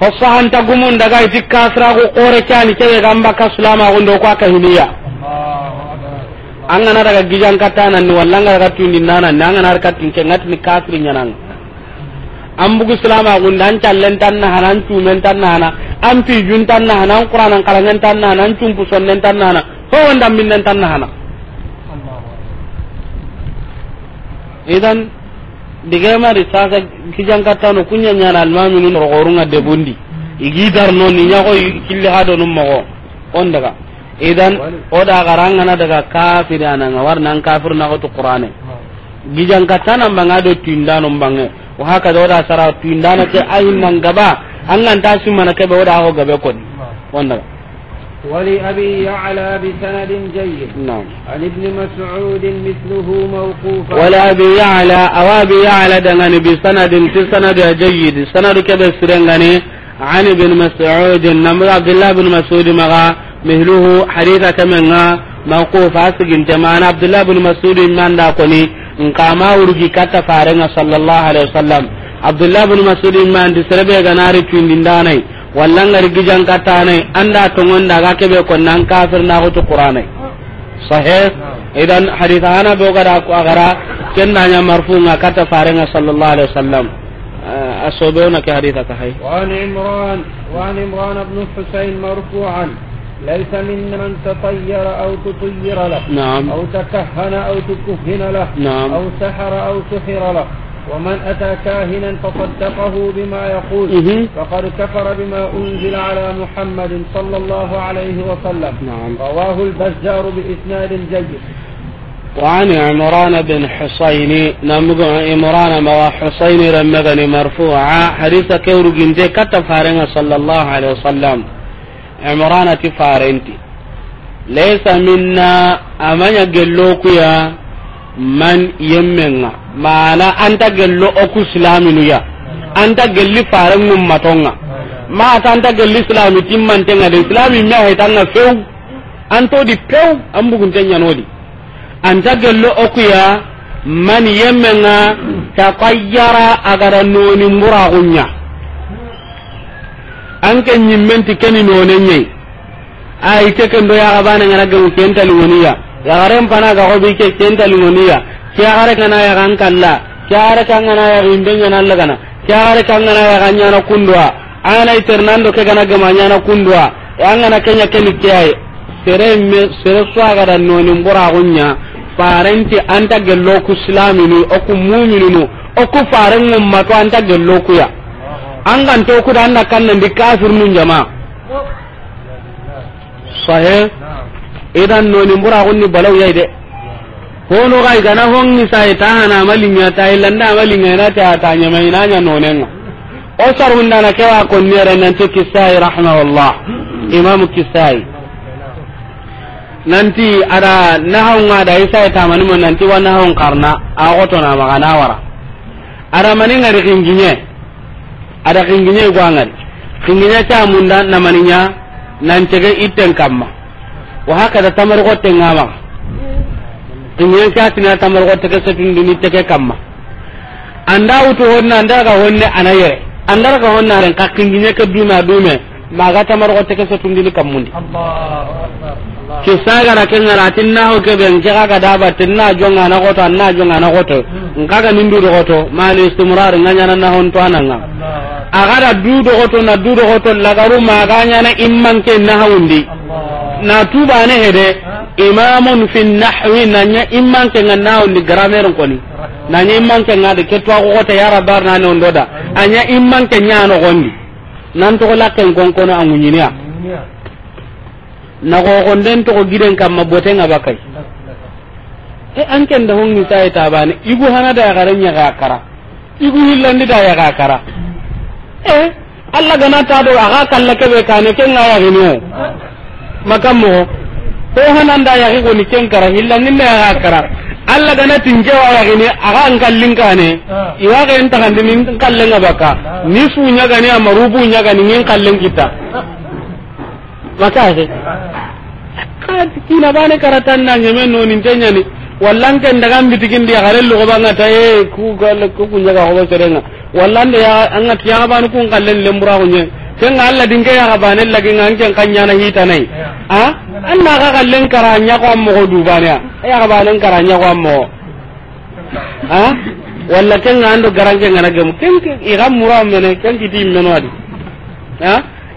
hossa ta gumun daga itik kasra ko kore kani ke gamba kaslama ko ndo kwa kahiliya angana daga gijan katana ni wallanga daga tundi nana nanga nar katin ke ni kasri nyanang ambugu salama ko ndan challen tan na hanan tumen tan nana na ampi jun tan na hanan qur'anan kalangan tan an hanan tumpu sonnen tan na ho ndam minnen tan nana idan diga ma ri sa sasa kijan no kunya nyana almami nun rogorunga debundi igi dar no ni nyago kille hado num mo on daga idan o da garanga na daga kafir war nan kafir na to qur'ane gijan kattana banga do tindano mbange wa haka do da sara tindano ke ayin nan gaba an nan tashi mana ke be o da ho gabe kon on daga ولأبي يعلى بسند جيد نعم عن ابن مسعود مثله موقوفا ولأبي يعلى أو أبي يعلى دغني بسند سند جيد سند كبسرنغني عن ابن مسعود نمر عبد الله بن مسعود مغا مثله حديث كمنا موقوف أسجن جمان عبد الله بن مسعود من داكني nkama urgi kata farenga sallallahu alaihi wasallam abdullah ibn mas'ud man disrebe ganari tuindindanai walla ngari gijan katane anda tongon daga kebe ko nan kafir na ko qur'ane sahih idan hadith ana be gara ko agara kenna nya marfu nga kata farenga sallallahu alaihi wasallam asobona ke haditha ka hay wa an imran wa an imran ibn husayn marfu'an ليس منا من تطير أو تطير له نعم أو تكهن أو تكهن له نعم أو سحر أو سحر له ومن أتى كاهنا فصدقه بما يقول فقد كفر بما أنزل على محمد صلى الله عليه وسلم نعم. رواه البزار بإسناد جيد وعن عمران بن حسين نمغ عمران ما حسين رمضان مرفوعا حديث كور جندي كتفارنا صلى الله عليه وسلم عمران تفارنتي ليس منا أمن يا من يمنا mana anta gello oku silaminu ya anta gelli faran mum matonga ma ta anta gelli silami timman tenga de silami mi hay tanga feu anto di pew ambugun tenya nodi anta gello oku ya man yemenga taqayyara agara noni mbura gunya anke nyimmenti keni nonenye ay ke kendo ya gabana ngara gamu kenta luniya ya garen pana ga hobi ke kenta ya. kiagare kana ya kan kalla kiagare kan ngana ya imbe nyana lagana kiagare kan ngana ya kan nyana kundwa ana iternando ke kana gama nyana kundwa angana kenya kemi kiai sere me sere swaga da noni mbora gunya parenti anta gello ku islami ni oku mu'mininu oku faren umma to anta gello ku ya angan to ku dan kan nan di kafir nun jama sahe idan noni mbora gunni balau yai de hono ga igana hongi sai ta hana malinya ta ilanda malinya na ta ta nyama ina nya nonenga o hunda na kewa kon nere nan to kisai rahmaullah imam kisai nanti ada nahonga da isa ta manu nanti wa nahon karna a goto na magana wara ada maninga ri kinginye ada kinginye gwangari kinginye ta munda na nya. nan tege itten kamma wa haka da tamar gotten ngama dunya shatina tamar ko take setun duni take kamma anda wutu honna anda ga honne anayere anda ga honna ran kakkinginya ke duma dume maga tamar ko take setun duni kammundi ke sagara ke ngara tinna ho ke ben ke ga da ba tinna jonga na goto anna jonga na goto hmm. ngaga nindu do goto mali istimrar nganya na na hon to ananga agara du do goto na du do goto lagaru maga nya na imman ke na hawundi na tuba ne hede imamun fi nahwi nanya imman ke na on di grammar ko ni nanya imman ke ngade ketwa ko ta yara bar na non doda anya imman ke nya no gondi nan to la ken gon kono angunyinya na go gonden to giden kam mabote bakai. e an ken da hongi sai ta bane igu hana da garanya ga kara igu hillandi da ya ga kara mm. e Allah gana ta do aga kallake be kane ken ngaya hinu mo ko hananda yaki goni ken kara hilla ninna ya kara alla gana tinje wa yaki ni aga ngallin kane ah. iwa ga enta kan din kallen baka ah. ni su nya gani amaru bu nya gani ngin kallen kita maka ka kad kina bane karatan na nyame no nin tenya ni wallan kan daga bitikin dia garel lo banga ta e eh, ku gal ku kunya ga ho serena wallan ya anga tiya ban ku kallen lembura nye. kenga alla dinke ya gabane lagi ngan ken kanya na hita nai ya. ah, an ma ga kallen karanya ko ammo ko dubanya ya gabane karanya ko ammo a walla ken ngando garange ngana gem ken iram muram mene ken kiti meno adi a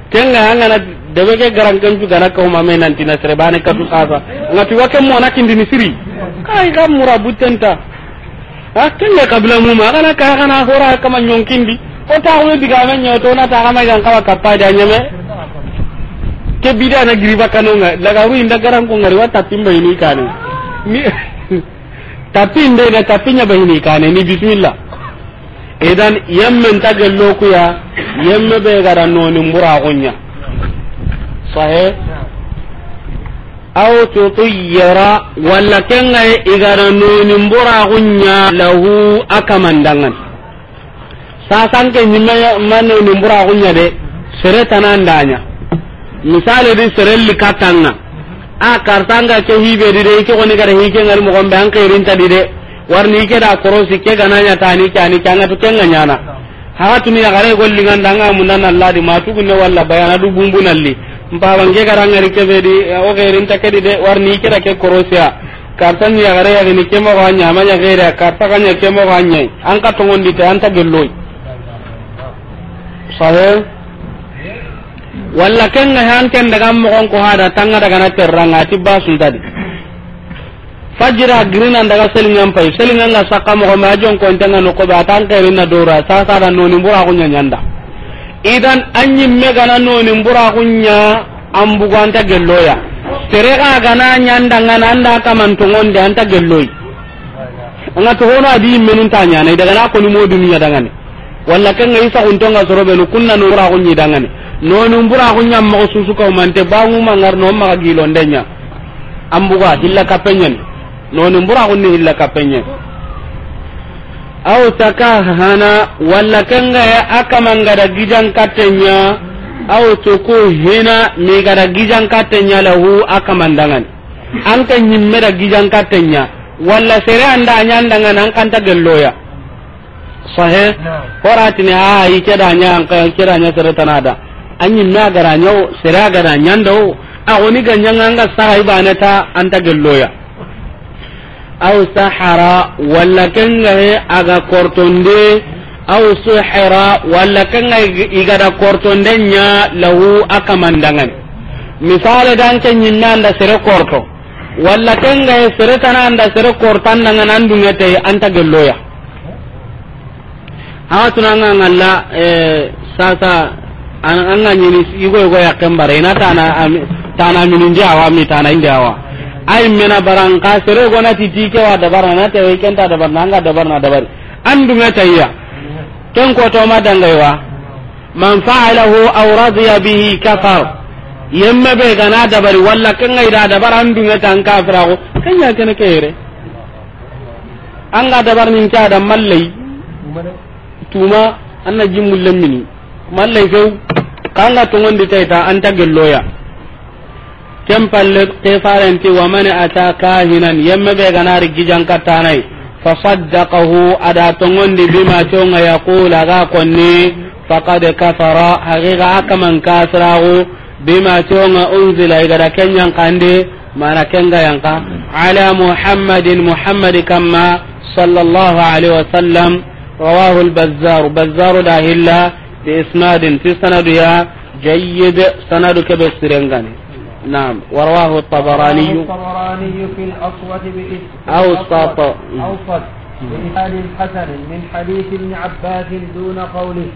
ken ga ngana debe ke garange tu gana ko ma menan tina serebane katu sasa ngati wa ken mo na kindini siri kai ga murabutenta a ken ga kabla mu ma kana ka kana hora kama kindi ko ko diga taxunu digame ñoto na taxama gan kawa kappade a ñame ke bida na giriba kanonga lagaru inda garankongari wa tappimbayini kane ni tapi ndena tapi ñabayini kane ni ni bismillah idan yemme nta gellokuya yemme ɓe gara noni mburaxuña sahe aw tutuyara walla kengaye igara noni mburaxuña lahu akamandangan sasan ke nyimme manne numbura kunya de sere tanan danya misale di sere likatanga a kartanga ke hibe di de ke koni kada hike ngal mo gombe an kairin ta di de warni ke da korosi ke gananya tani kani kanga to kenga nyana ha tumi ya gare golli ngan ngandanga munan Allah di matu eh, kunne walla bayana du bumbunalli mpaban ke garanga ri ke di o kairin ta ke di de warni ke da ke korosiya kartan ya gare ya ni ke mo ganya manya gere karta kanya ke mo ganya an ka di te an ta gelloy sahe walla kenga han ken daga on ko hada tanga daga na terranga ti basu tadi fajira girina daga selin selingan pay nan la sakka mo ma jon ko tanga no ko ba tan kairina dora sa sa da noni ko nya nyanda idan anyi mega na noni bura kunya ambuganta gelloya tere ga gana nyanda ngana anda ngonde anta gelloyi anga to hono adi menun tanya ne daga na ko ni modun ya daga ne walla kenga isa untonga sorobenu kunna ra kunyi dangane no mbura kunya ma susu ka bangu mangar no ga gilondenya ambuga penyen no no mbura kunni hilla kapenyen aw takahana walla kenga ya da gijan katenya aw mi da gijan katenya lahu akamandangan nyimme da gijan katenya walla sere anda kan ta gelloya sahe horatini ah, a i kedanya kedanya seretanada anyin na garanyao sera garanyandao agoni ganyanganga saha ibaneta anta gelloya aw sahara walla he aga kortonde aw suhira walla kenga igada kortonde nya lahu akamandangani misale dan kenyinna anda sere korto walla kengahe sere tana dunya sere kortandangani andungete anta gelloya hawa tunanga ngalla e, sasa anga nyini igo igo ya kembare ina tana tana nje awa mi tana inde awa ay mena barang ka sere go na ke wa dabar na te we kenta dabar nanga dabar na dabar andu me tayya ken ko to ma dangaiwa man fa'alahu aw radiya bihi kafar yemma be gana dabari walla ken ngai da dabar andu me tan kafira go kan ya kene kere anga dabar nin ta da mallai tuma anna jimmulle mini mallay kew kanga togondi tayta anta gelloya ken palle ke farenti man ata kahinan yemme ɓe ganari fa saddaqahu ada togondi bima tonga yaqul ga konni fakad kafara haqiqa a kaman kasiragu to tonga unzila igada kenyan kande mana kenga yanka ala muhammadin muhammadi kamma sallallahu alaihi wasallam رواه البزار بزار لا هلا بإسناد في سندها جيد سند كبسرين يعني. نعم ورواه الطبراني الطبراني في الأصوات أوسط أوسط بإسناد حسن من حديث ابن عباس دون قوله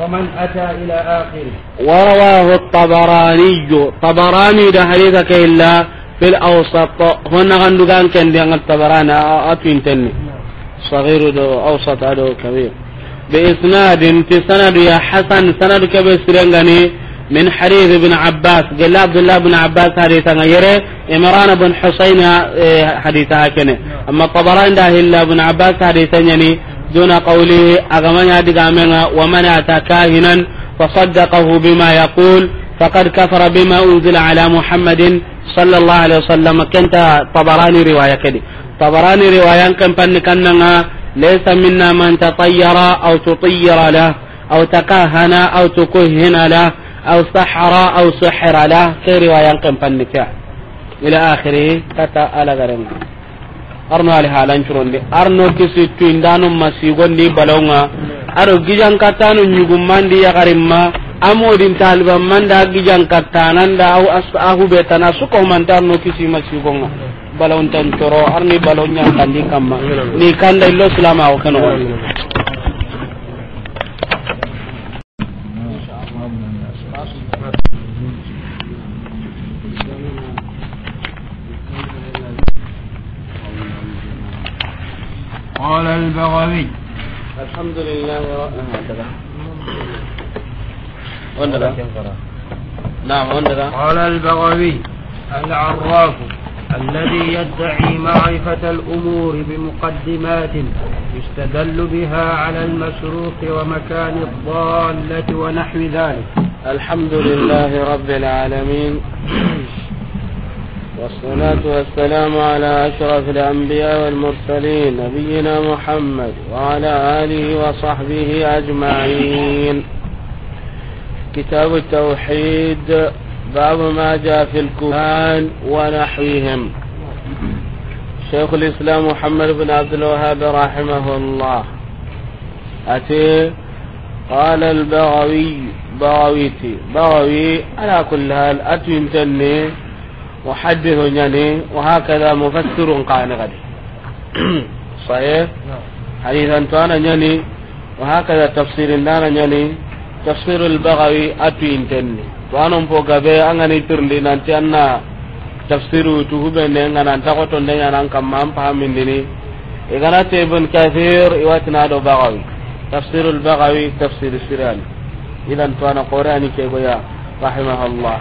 ومن أتى إلى آخره ورواه الطبراني طبراني ده حديثك إلا في الأوسط هنا غندقان كان ديان الطبراني أتوين آه، آه، تني صغير دو أوسط دو كبير بإسناد في سند يا حسن سند كبير سرنغني من حديث ابن عباس قال عبد الله بن عباس حديثا غيره إمران بن حسين آه، حديثا كنه أما الطبراني ده إلا بن عباس حديثا يعني دون قوله أغمنا دقامنا ومن أتى كاهنا فصدقه بما يقول فقد كفر بما أنزل على محمد صلى الله عليه وسلم كنت طبراني رواية كده tabarani riwayan kan panni kannanga laysa minna man tatayyara aw tutayyara la aw takahana aw tukuhina la aw sahara aw suhira la ke riwayan kan panni ka ila akhiri kata ala garanga arno ali halan curonde arno kisi tuindanu masigondi balonga aro gijan katanu nyugumandi yagarimma amodin taliban man da gijan kattanan da au asahu betana su ko man tar no kisi masigonga balon tan toro arni balon nyam kandi kamma ni kanda illo salama o kanu قال البغوي الحمد لله رب العالمين نعم وندرا قال البغوي العراف الذي يدعي معرفة الأمور بمقدمات يستدل بها على المشروق ومكان الضالة ونحو ذلك الحمد لله رب العالمين والصلاة والسلام على أشرف الأنبياء والمرسلين نبينا محمد وعلى آله وصحبه أجمعين كتاب التوحيد باب ما جاء في الكهان ونحوهم شيخ الإسلام محمد بن عبد الوهاب رحمه الله أتي قال البغوي بغويتي بغوي على كل حال أتنتني محدث جني وهكذا مفسر قال غدي صحيح نعم. انت أنا جني وهكذا تفسير انا يعني tafsirul bagawi atu intenni to anon po gabe angani tirndi nanti anna tafsiru tu hubene ngana ta ko to ndenya nan kam mam pamin dini e gana te ibn kathir iwatina do bagawi tafsirul bagawi tafsir siral idan to ana qur'ani ke goya rahimahullah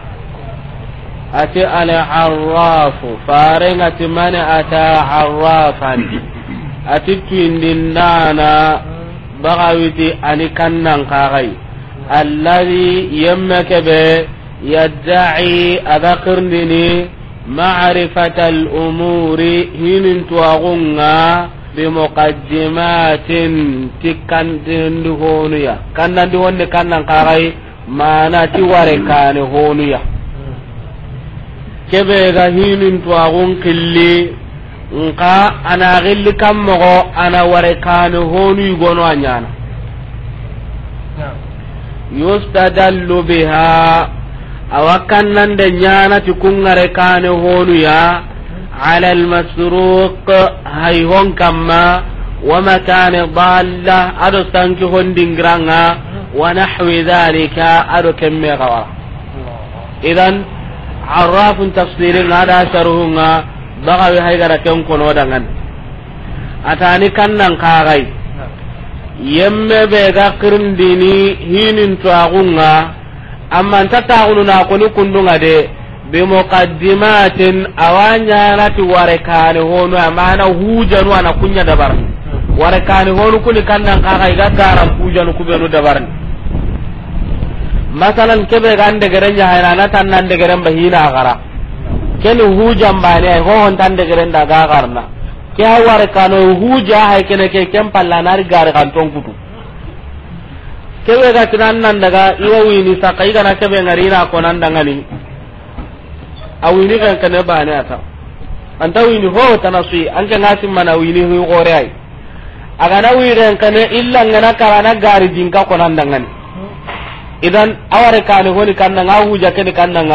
ati ala arrafu farengati man ata arrafan ati tuindin dana bagawiti ani kannan kagai allahi yemma kebee ya da'ee aagga qirrinii ma'aari fatal omuuri hin tuwaaguunaa bimu qajjamaatiin ti kanti hoonuyya kan nan hoonu kan nan qaarraay maanaa ti warekaani hoonuyya kebeega hin tuwaagun kalli nkaa ana akkali kan maqoo ana warekaani hoonuyi goonoo nyaana. yustadallu biha nyana ñanati kungare kane ya ala almasruq hay hon kamma wa makane dalla aɗo sanki dingranga wa nahwi dhalika aɗo kemme gawara idan arrafun tafsirin ada saruhunga bagawi haygara ken dangan atani kannan kaxay yemme be ga kirindini hinin tuagunga amma nta na koni kundunga de bimuqaddimatin awanyanati warekani honu amana hujanu ana kunya dabar. warekani honu kuni kannan kaka iga garan hujanu kubenu dabar masalan kebe ga ya yahana na tan nan ndegeren bahina gara ken hujan bani ho hon tan ndegeren daga garna ke war kano huja hay kene ke kem palla nar gar kan ton kutu ke ga tinan nan daga iwa wini sakai ke be ngari ra ko nan daga ni awini kan kane bane ata anta wini ho tanasui an ga ngasim mana wini hu gore ai aga na wiren kane illa ngana karana gari dinga ko nan daga ni idan aware kane honi kan nan huja kene kan nan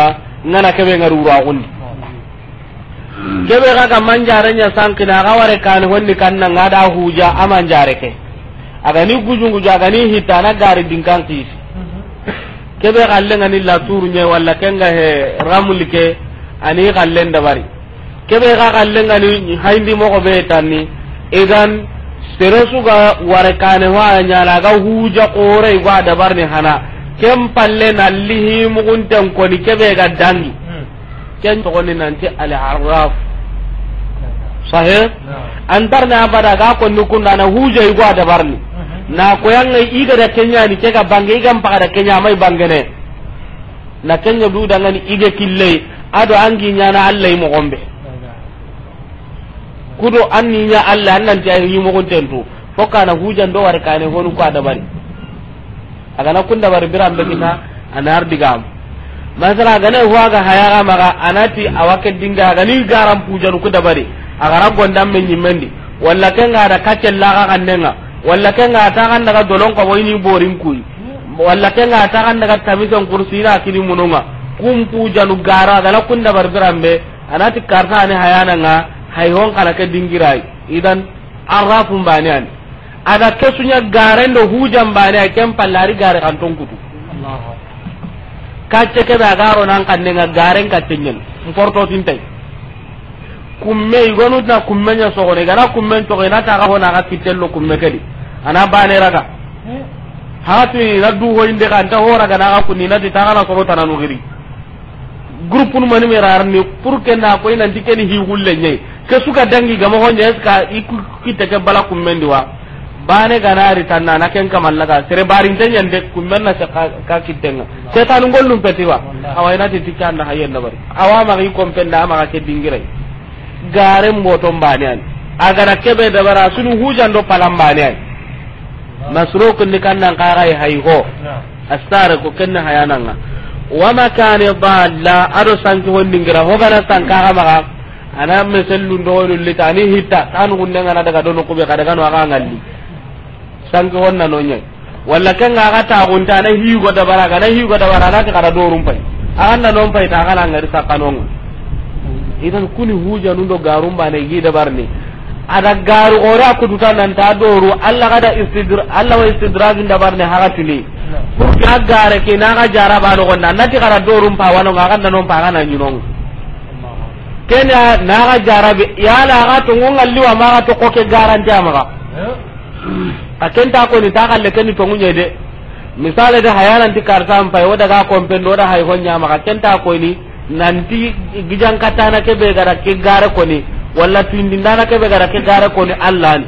ngana ke ngari ru agundi kebe ga ga manjare nya sankina ware kan wonni kanna ngada huja amanjare ke aga ni gujungu aga ni hitana gari dingkan kis kebe ga lenga ni la turu walla kenga he ramul ke ani ga dabari. bari kebe ga ga lenga ni haindi mo be tanni idan seresu ga ware kaani wa nya la ga huja qore gwa ni hana kem palle nallihi mugunten koni kebe ga dangi ken to togoni nanti al araf sahe antar na bada ga ko nuku na huje igwa da barni na ko koyanga iga da kenya ni kega bange iga mpaka da kenya mai bangene na kenya du da ngani iga kille ado angi nya na allai mo gombe kudo anni nya allah annan ta yi mo gonten to foka na huje do war kane honu ko da bari aga na kun da bari biram be kita anar digam masala gane huwa ga hayaga maga anati awake dinga gani garam pujan ku dabari agara gondam men nyimendi walla ken ga da kacel la ga kannenga walla ken ga ta kan daga dolon ko boyni borin kuyi walla ken ga ta kan daga tamison na kini mununga kum pujanu gara gala kun dabar birambe anati karta ne hayana nga hay hon kana ke dingirai idan arrafun banian ada kesunya garendo hujan banian kem pallari gare kantong kutu kacce ke da garo nan ne nga garen katenyen mporto tintai kumme igonu na kumme nya so gone gana kumme to na ta ga hona ga kitello kumme kadi ana bane raga hatu ni raddu ho inde kan ta hora na ga kunni na ti tangana ko tana nu giri groupe nu me rar ni pour ke na ko ina dikeni hi hulle nyai ke suka dangi ga mo honje ska ikku kitake bala kumme wa. bane ganari tanna na ken kamal laga sere barin den tanyan kun kumben ta ka kitenga setan gollum petiwa awayna ti tikan na hayen na bari awama gi ma ka ke dingire garem moto bane an aga agara kebe da bara sunu hujan do palam bane an masruk ni kan kannan qarai hay ho astare ko ken na kenna na wa makani dalla ado sanki dingira ho gara sanka maga ana mesellu ndo lita litani hita tan gunnga na daga do no kube kada kanu aga ngalli sanke honna no nyai walla kan ga ga ta gunta na hi go da bara ga na hi go da bara na ka da dorum pai anda non pai ta kala ngari sakanon idan kuni huja nundo garum ba ne gi da barni ada garu ora ku duta nan ta doru alla da istidra alla wa istidragin da barne ne pour ga gare ke na ga jara ba no gonna nati kada dorum pa wano ga kan non pa na nyunong kenya na ga jara be ya la ga to ngalli wa ma ga to ko ke garanta ma ga eh? ken ta ko ni kalle ken to munye de misale de hayaran ti karta am pay oda ga kompen da hay honya maka kenta ko ni nanti gijan na ke be gara ke gara ko ni walla tindi ndana ke be gara ke gara ko ni allah ni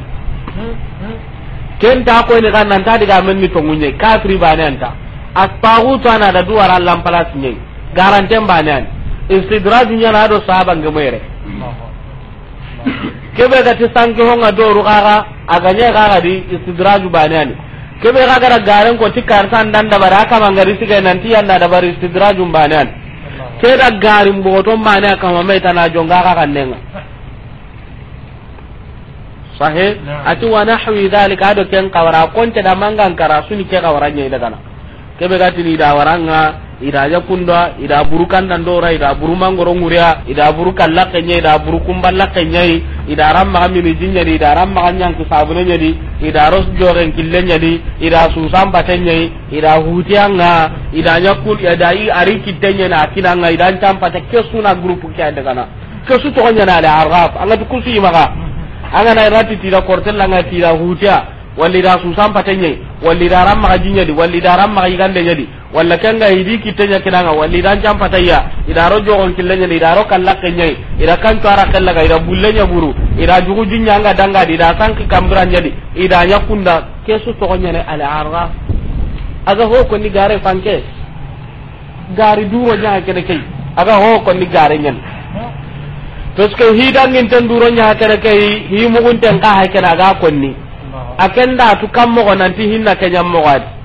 kenta ko ni kan nan ta diga men ni to munye kafiri bananta aspagu to na da duwar allah palas ni garantem an istidraj nya na do sahaba ngemere kebe ga gati sanki honga doru kaga aganye kaga di istidraju banani kebe ga gara garen ko ti kar san danda baraka mangari ngari siga nan yanda da bar istidraju banani ke da garin boto mane ma mai tana jonga kaga nenga sahe ati wa nahwi dhalika ado ken kawara konta da mangan kara suni ke kawara nyai daga kana kebe ga ti ni da waranga ida ja kunda ida buru kandan dora ida buru mangoro nguria ida buru kalla kenya ida buru kumballa kenya ida ramma mini jinya di. ida ramma kanyang ku sabune di ida ros joren killenya di ida susam batenya ida hutianga ida nyakul ida i ari kitenya na nga ida champa ta kesuna grupu kya daga kesu to nya na ala araf anga kusi maka anga na rati tira kortel anga tira hutia walli da susam batenya walli da ramma jinya di walli da ramma kigande nyadi walla kenga idi kitenya kidanga walla idan jampataya idaro jogon killenya idaro kalla kenya ida kanto ara kella ga ida bullenya buru ida jugu jinya nga danga di ida sanki kambran jadi ida nyakunda kesu konya ne ala arra aga ho ko ni gare fanke gari duro nya kene kai aga ho ko ni gare nyen tos ko ngin tan duro nya kene kai hi mugun tan ka ha kene aga konni akenda tu mo nanti hinna kenya mo gadi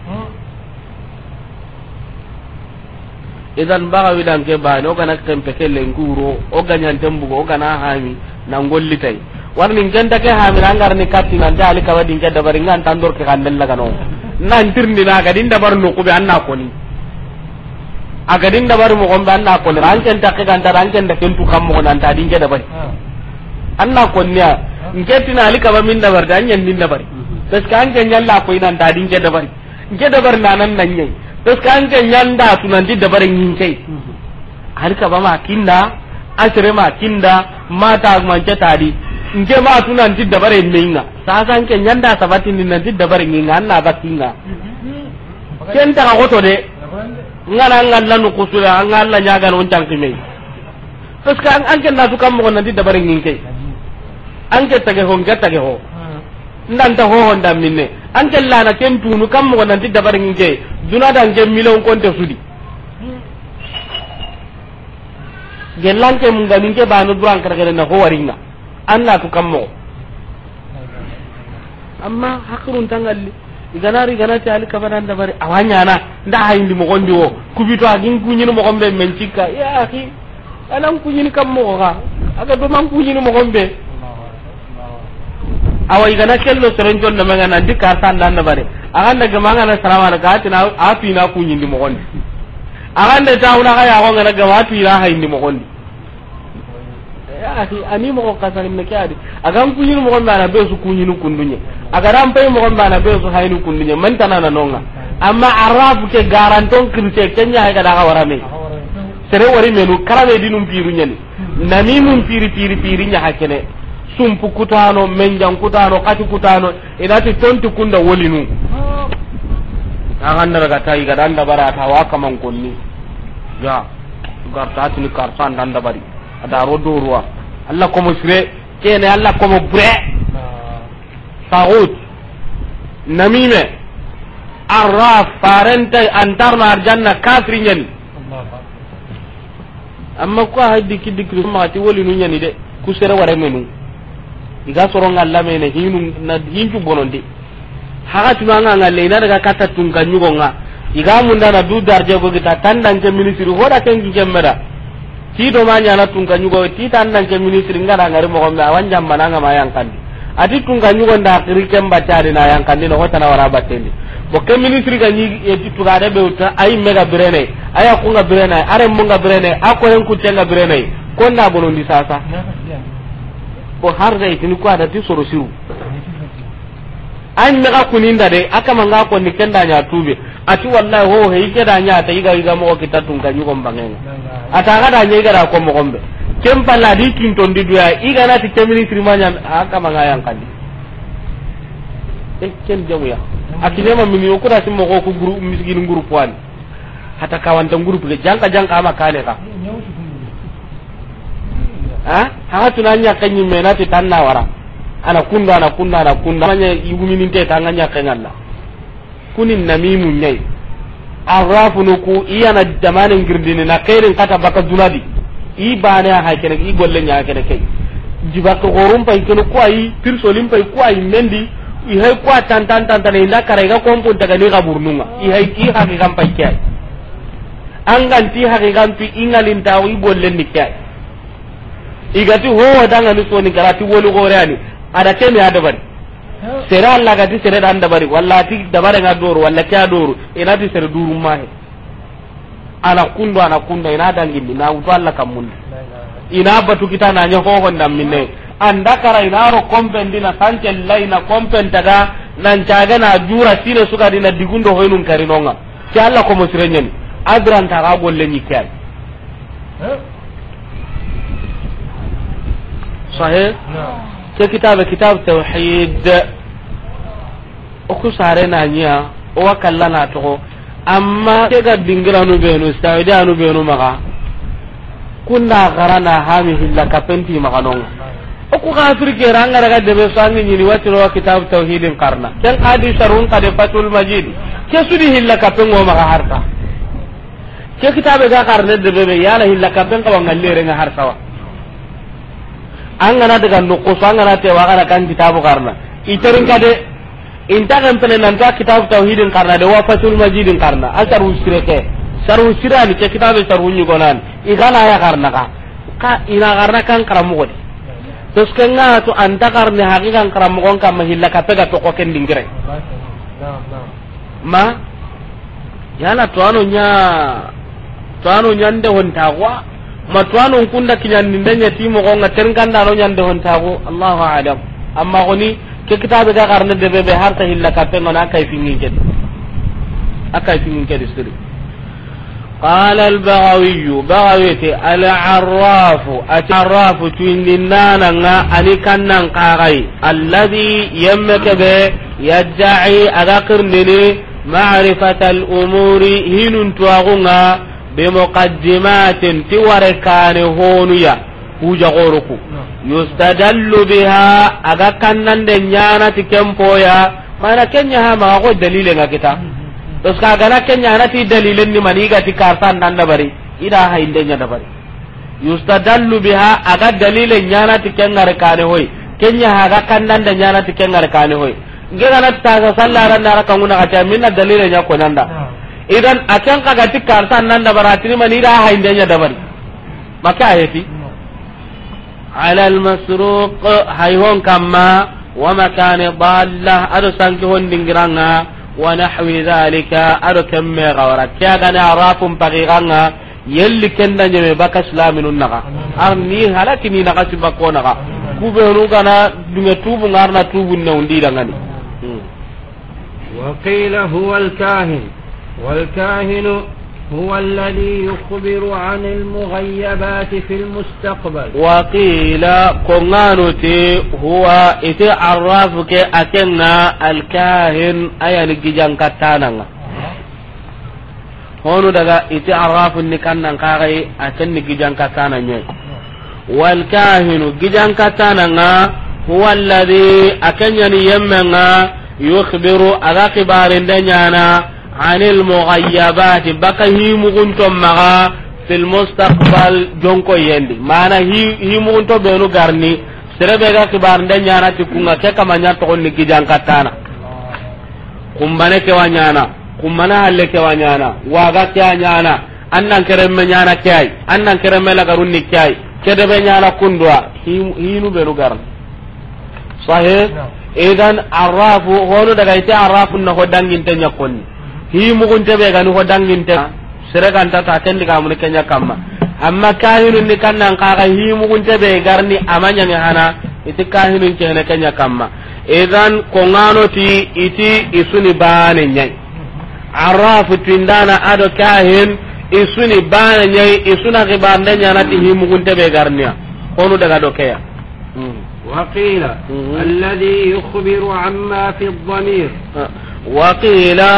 idan baga widan ke bani ogana kempe ke lenguro oganyan tembugo ogana hami ngolli gollitay warni ganda ke hami rangar ni kapti nan dali ka wadin ke dabari ngan tandor ke kandel laga no nan tirni na ga din dabar no kubi anna koni aga din dabar mo gombe anna koni ranken ta ke ran ken da kentu kam mo nan ta din ke dabari ah. anna ya ah. ngeti na ali ba min dabar da nyen din dabar mhm. parce kan ke yalla ko inan ta din ke dabar ke dabar nanan nan nyen est ce que anke ñanda tunandi dabare ñinkey hari kabama kinda asirema kinda matagumance tadi nke ma tunanti dabare meinga sasa nke ñanda sabatindi nanti dabare ñinga an na bakkinga ken taxa xoto de ngana ngalla nu kusura ngan nga alla ñagano on cankimey parce que anke natu kam moxo nanti dabare ñinkey anke tage ho nke tage ho ndanta hohon dan minne an kellana ken tunu kam mogo nanti dabar ke duna dan ke million konte sudi ke mun ganin ke banu duran karkare na ho waringa anna ku kam mo amma hakrun tangalli ganari ganati gana ta ali kabana dabari awanya na nda hayndi mo gondi wo kubito agin kunyini mo gombe men cikka ya akhi anan kunyini kam mo ga aga do man kunyini mo gombe awa igana kello soron manga nan nandi san dan bare aganda gamanga na salamu alaikum atina api na ndi mo gondi da tauna ga ya gonga ga api na ha ndi mo gondi ahi ani mo kasani me kadi agan kunyi mo gondi na kunyi kunyin kundunye agaram pay mo gonda na besu hayni kundunye man tanana nonga amma arab ke garanton kirte kenya ga kada ga warame sere wari menu karabe dinum pirunyani nani num piri piri piri nya hakene sumpu kutano menjan kutano kati kutano inati tonti kunda wolinu oh. agandara ga tayi gada anda bara ta wa kaman konni ya garta tini karta anda anda bari ada ro do ruwa Allah ko musre kene Allah ko mo bre ah. saud namime arra farenta antarna arjanna kafri nyani amma ko haddi kidi kidi ma ti wolinu nyani de kusere ware menu iga soronga lamene hinu na hinju bonondi haga nga ngalle ina daga kata tunga nyugonga iga munda na du darje go gita tandan ke ministri hoda ken gi jemmera ti do ma nyana tunga nyugo ti tandan ke ministri ngara ngari mo gombe awan jammana nga mayang kandi ati tunga nyugo nda kiri kemba tari na yang kandi no hota na wara batendi bo ke ministri ga nyi eti tuga de beuta ay mega brene aya nga brene are nga brene ako ku kutenga brene konna bonondi sasa ko har da itini ko adati soro siru an mega kuninda de akama nga ko ni kenda nya tube ati wallahi ho he ike da nya ta iga iga mo kita tunga nyugo mbangenga ata ga da nya iga da ko mo gombe di kinton di duya iga na ti kemini sirmanya akama nga yang kandi e ken jamu ya akinema mini ko da ko ku guru guru puan hata kawanta guru ka ha haga tunanya kanyi mena ti tanna wara ana kunda ana kunda ana kunda manya yuguminin te tanganya kengalla kunin namimu nyai arrafu nuku iya na damanin girdini na kairin kata baka dunadi i bane ha kene i golle nya kene kai jibaka gorum pai kene ko ai pirsolim pai ko ai mendi i hay ko tan tan tan tan inda kare ga kompo daga ni gaburnunga i hay ki ha ga kampai kai angan ti ha ga kampi ingalin tawi golle ni kai igati ho danga ni soni garati wolu gore ani ada kemi ada bari sere alla gati sere dan da bari walla ti dabare ga doru walla kya doru ina ti sere duru mahe ana kundo ana kundo ina dangindi na uto alla kamun ina batu kita na nyo ho ndam minne anda kara ina ro kompen dina sanche laina kompen taga nan caga na jura sine suka dina digundo hoynun karinonga ti alla ko mosirenyen adran taga golle nyikay صحيح نعم kitabe كتاب tawhid oku sare na nya o kalla na to amma ke ga dingira no be no saudi anu be no maka kunna garana oku ga firke ranga daga de be sangi ni wati ro kitab tawhidin karna ken adi sarun qade fatul majid ke sudi hilla kapengo maka harta ke kitabe ga karne de be yala hilla kapengo ngalle renga harta wa an gana daga nukusu an gana tewa kana kan kitabu karna itarin ka de inta kan pele nan ta kitabu tauhidin karna de wafatul majidin karna asar sire ke sar usira ni ke kitabu sar unyi gonan igala ya karna ka ka ina karna kan karamu ko de tos ken na to anta karna hakikan karamu kon ka mahilla ka pega to ko ken dingre ma yana to anu nya to anu nyande hon tagwa matuwanu kunda kinyandinde nyeti mogonga ternkandano ñande hontago allahu alam amma goni ke kitabe ga garne debe be harta hilla kapengona a kayfingin kedi a kayfingin kedi siri قال البغوي بغويتي العراف العراف تندنانا أني كان قاغي الذي يمك به يدعي أذكرني معرفة الأمور هين تواغنا bimuqaddimatin ti ware kane honuya hujagoroku yustadallu biha aga kannande ñanati kenpoya mana kenyaha maga ko dalile nga kita parce que agana kenyanati dalilenni mani igati karsan nan dabari ida haindenya dabari yustadallu biha aga dalile ñanati kengare kane hoy kenyaha aga kannande ñanati kengare kane hoy ngegana tasa sallaranara kangunakata minna dalile ñakonanda idan akan kaga tikkar nan da baratini mani da ha indenya da bari maka masruq hayhon kamma wa dalla sanki hon dingiranga wa nahwi zalika gawara pagiranga yelli kenda baka islaminun naga halaki ni naga naga dunga tubu ngarna tubu والكاهن هو الذي يخبر عن المغيبات في المستقبل وقيل قنانتي هو إتي عرافك أكنا الكاهن أي الجيجان كتانا هونو دغا إتي عراف نكنا نقاغي أكن جيجان كتانا ني والكاهن جيجان كتانا هو الذي أكن يمنا يخبر أذا قبار دنيانا anil mughayyabati baka himugun to maga fil mustaqbal jonko yendi mana himugun to benu garni serebe ga kibar nda nyana ke kama ni kumbane ke wanyana halle ke wanyana waga ke wanyana annan nyana annan la nyana kundwa benu garni sahih idan arrafu daga ite arrafu na hodangin tanya konni hi mugun tebe gani ho dangin te sere kan ta ta ken diga mun kenya kamma amma kahinun ni kan nan kaga hi mugun tebe garni amanya ni hana iti kahinun ke ne kenya kamma idan ko ngano ti iti isuni bane nyai arafu tindana ado kahin isuni bane nyai isuna gibande nyana ti hi mugun tebe garniya kono daga dokeya وقيل الذي يخبر عما في الضمير Waqila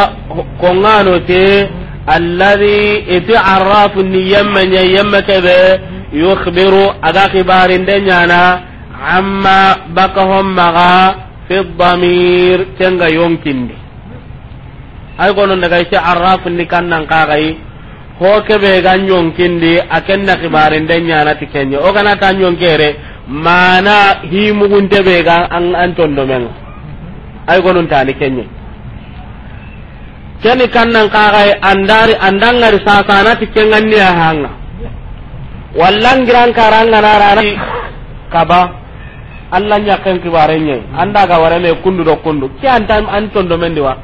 ko nganoo ta'e ala bii eti aaraafu ni yemmeenye yemme tebee yoo xibiru agaaxibaari ndenyaana amma bakkaho maqaa febbaamiir tenga yooginni. Ayikoo lan nagai si aaraafu ni kan nan kaagay hoo kebeegaa nyooginni akenda xibaari ndenyaanati kenya oogana taa nyooginni maanaa hii mugunte beegaa aana aantondomengu ayikoo lan taa ni keni kannan kaxaye andari andangari sasanati kenganniya hanga wallangiran karanganarani kaba allah ñakken kibarenñe andaga warame kundu do kundu ke anta an condomendi wa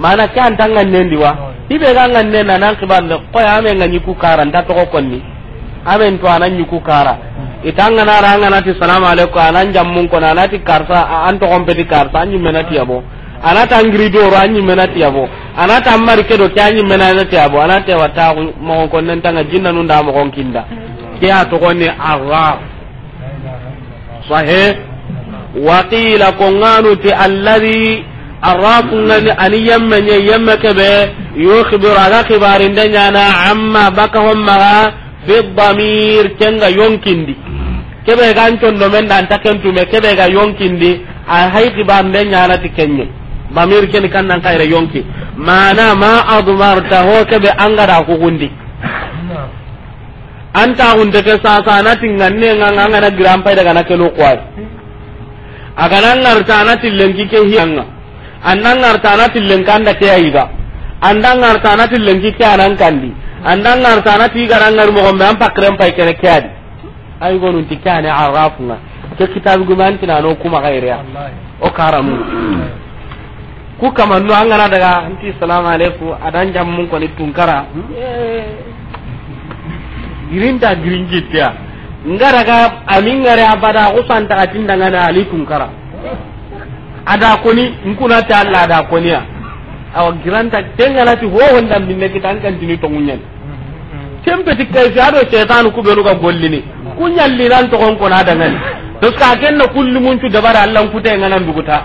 mana ke anta ngannendi wa ibe ga ngannena nan kibarne koy ame nga ñiku kara nta togo konni amen to anan ñiku kara itanganara anganati salamu aleykum anan jammun kono anati karsa an togonpeti karsa an ñimmenati yabo anata angiri doro anyi menati tiyabo anata amari kedo ke anyi mena na anata wata mo kon nan tanga jinna nun da mo kon kinda ke a to konne arra sahe wa qila konganu ti allazi arrafu ngani ani yamma nye yamma kebe yukhbiru aga khibarin na amma baka homma fi dhamir kenga yonkindi kebe ga anton men dan takentume kebe ga yonkindi a hayti ba de nyana ti bamir ken kan nan kayre yonki mana ma admarta ho ke be angara gundi anta ke na tinganne nganga ngana gram daga na kelo kwai aga nan na ke annan na da ke ayiga andan na ke anan kandi andan na mo gombe ay tikane ke kitab gumantina no kuma ku kamannu an gana daga anti salamu alaikum adan jammun koni tunkara eh. girinta girin jittiya ngara ga amin ngare abada ku santa atin daga na ali tunkara ada koni nkuna ta Allah ada koni ya awa giranta tengala ti ho wanda minne kitan kan tini tongunyan tempe tikkai ado setan ku belu ga gollini kunyalli nan to kon kona daga ni to ska kenno kullumun tu dabara Allah ku te ngana nduguta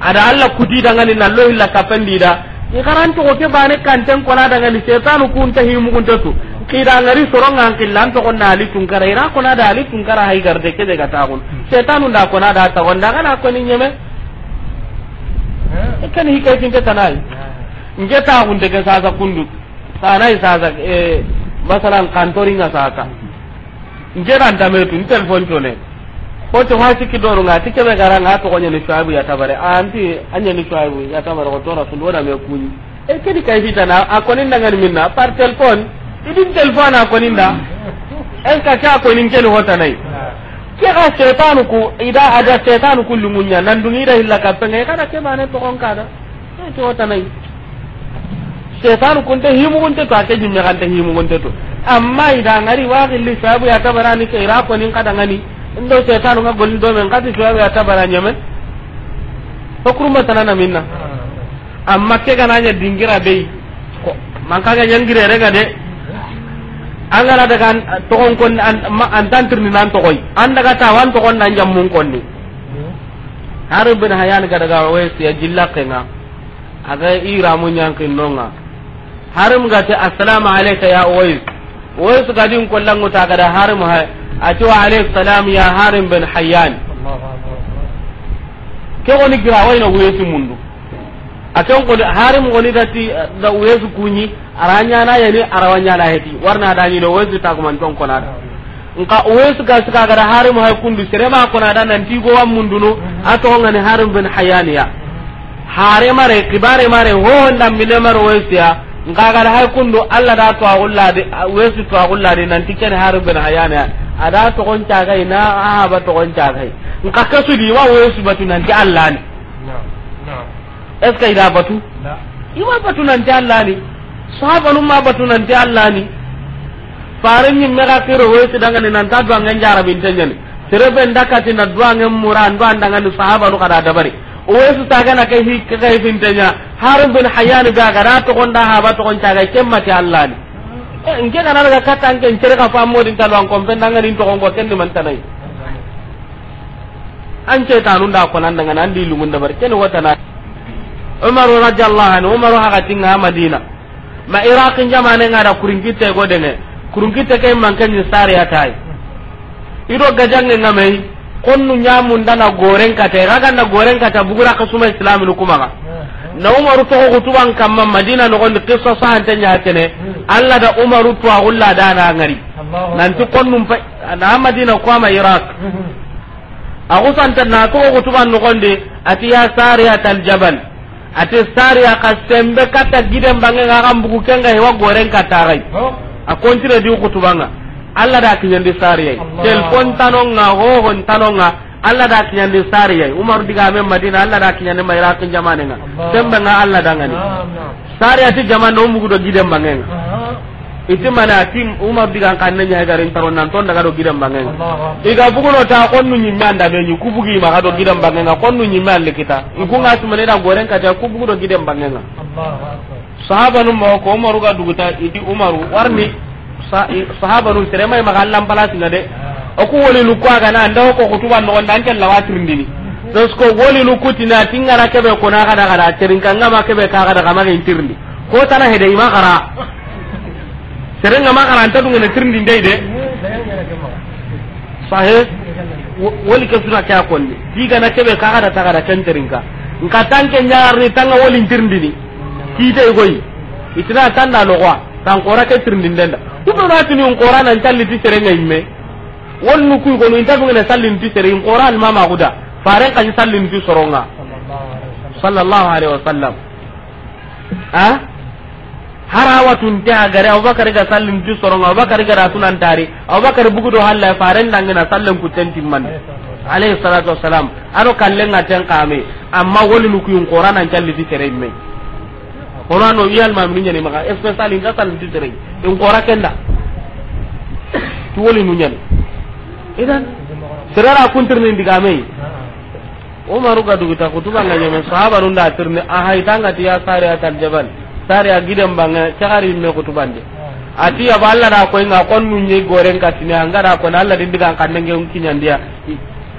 ada alla kuti dangani nallo hilla kapendi da ngaranto ko ke bane kanten kona dangani himu tu ngari nali tungkara ira tungkara garde ke da daga na ni nyeme ikan hikai tinke tanai nge tagun sasa kundu tanai sasa eh, masalan sasa nge to koto ha sikki doru nga ti kebe gara nga to gonya ni shuaibu ya tabare anti anya ni shuaibu ya tabare ko to rasul wona me kunyi e kedi kay fitana a konin dangar minna par telefon idin telefon a konin da en ka ka konin kelu hota nai ke ga shaytanu ku ida ada shaytanu kullu munya nan dungi da hilla ka penga kada ke mane to on kada e to hota nai shaytanu kun te himu kun te to ake jimme kan te himu kun te to amma ida ngari wa gilli shuaibu ya tabara ni ke ira konin kada ngani ndo setanu nga golli do men kati to ga ta bara nyamen to kurma tanana minna amma ke gana nya dingira be ko man kaga nyangire rega de angara daga togon kon an tantir ni nan togoy an daga ta wan togon nan jammun konni haru bin hayan ga daga wai siya jilla kenga aga iramu nyankin nonga harum ga ta assalamu alayka ya uwais woy sugadin kollanguta gada harim ha ati wa alayhi salam ya harim bin hayyan ke goni gira wayna wuyesi mundu akan ko harim goni dati da su kunyi aranya na yani arawanya na heti warna dani do wuyesi ta kuma ton kona nka wuyesi ga suka gada harim ha kundu serema kona da nan ti go wan a ato ngani harim bin hayyan ya hare mare kibare mare ho ndam mine mare wuyesi ya ngaga ga da haikundo Allah da to agulla de wesu to agulla de nan tikken haru ben hayana ada to kon ta kai na a ba to kon ta kai nka kasu di wa wesu batu nan ti Allah ni est ce que ida batu iwa batu nan ti Allah ni sahaba num ma batu nan ti Allah ni farin yin mera kiro wesu daga ne nan ta do an jarabin tanjani tere ben ndakati na duangen muran do an ni sahaba no kada dabari owesu tagana ka hi ka hifintenya harun bin hayyan be aga da to gonda ha ba to gon taga kemma ti allah ni eh, nke kana daga kata nke ncere ka fa modin ta lwan kompen danga rin to gon ko kenni man tanai an ce ta nun da ko nan daga nan di lumun da bar kenni wata na umar radiyallahu anhu umar ha ga tinga madina ma iraqin jama'an go dene kai man kan ni sare ya tai ido gajang ngamai konnu ñamundana goren kata kaganda goren kata bugura islam lu kuma na umaru togo kutuban kamma madina sa kissa nya tene hmm. alla da umaru twagulla dana ngari to konnu fa na madina ma iraq hmm. akusanta na togo no gonde ati ya tal jabal ati sariya ka sembe kata gidem bangen kan bugu kenga hewa goren kata gai oh. a kontire di kutubanga alla da kinyandi sariyai telefon tanonga hohon tanonga alla da sari yai umar diga men madina alla da kinyandi ma iraqin jamanenga tembe nga alla dangani ati jaman no mugudo gidem bangenga iti mana tim umar diga kanne nya garin taron nan ton daga do gidem bangenga iga buguno ta konnu nyimme anda be nyu kubugi ma do gidem bangenga konnu nyimme alle kita ngunga sumene da goren kata kubugo do gidem bangenga sahaba no mo ko umaru ga duguta iti umaru warni sahaba nu sere mai magal lam balasi na de o ko woli lu kwa gana anda ko ko tuba no ndan kan lawatir ndini so ko woli lu na tingara kebe ko na kada kada tirin kan ngama kebe ka kada kama ga intirndi ko tana de ima gara sere ngama gara anta dunga ne tirndi de de sahe woli ke suna ko ni diga na kebe ka kada ta kada kan terin ka nka tanke nyaarni tanga woli intirndi ni kite goyi itina tanda logwa tan ra ke tirndi da kudonatini nkorana ncalliti serenga yimme wonnu kuy gonu intagungene sallinti sere inkora almamaxuda faren kañi sallinti soronga sallallahu alaihi wasallam a harawatun ta gare abubakar ga sallin sallinti soronga abubakar ga tare abubakar bugudo halla faren ku tantin man alayhi salatu wasalam ado kallenga ten kame amma wolinu kuy nkora nancalliti sere me. ano wi ma min nyani maka especially ga tan di tere en ko rakenda to woli mun nyani idan serara kun tirni diga mai umaru ga duguta kutuba nga nyame sahaba nun da tirni a haitanga tiya sare atal jaban sare a gidan cakari me bande ati ya balla da ko nga kon nu nyi goren katini anga da ko nalla Allah diga kan nge unkinya ndia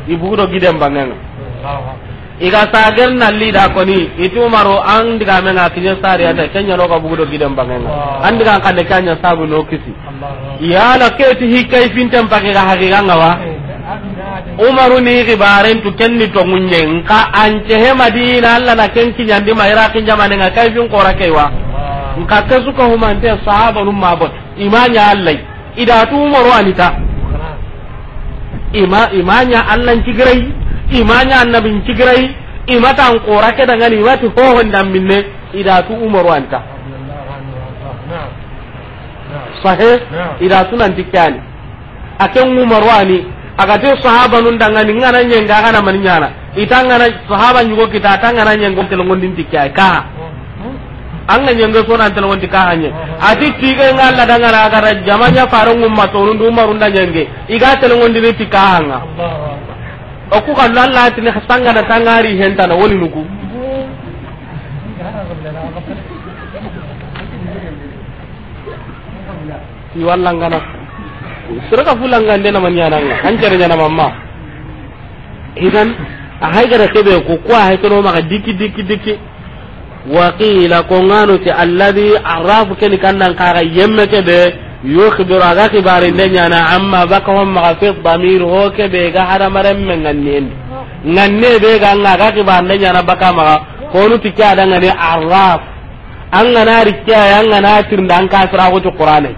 ibu do gidan banga iga sager nalli da koni maro an diga men a kinya sari ata kenya no ka bugudo gidan bangenga an diga kan de kanya sabu no kisi ya la ti hi kai fintan pake ga ganga ngawa umaru ni gibaren tu ni to munye. ka an he madina alla na ken kinya ndi ma ira kinya manenga kai fin kora kaiwa nka su ka huma ante sahaba num mabon imanya allai tu umaru anita ima imanya allan tigrai imanya annabin cigirai imata an qora ke daga ni wati ho honda minne idatu umaru anta sahe idatu nan tikani aken umaru ani aga te sahaba nun daga ni ngana nyenga kana man nyana itanga na sahaba nyugo kita tanga na nyengo telongon din tikai ka an ga nyenga so nan telongon tikai hanye ati tiga ngalla daga na aga jamanya faron umma to nun umaru nda nyenge iga telongon din tikai hanga o ku kallu allah tini sangana tangari henta na woni nuku ti wallangana siraka fulangande namanyananga ancerñana mamma idan ahay gara kebe ko ko ahay kono maka diki diki diki wa qila ko ngano ti alladhi arafu ken kannan kara yemme kebe yukhbiru aga kibarinde ñana amma baka hon maga fi damir ho keɓe ga hadamaren me ganniendi ganne ɓe ga anga aga kibarinde ñana baka ti honu tikke adangani arraf an gana rikke aya an gana tirnde an kasirakuti qurane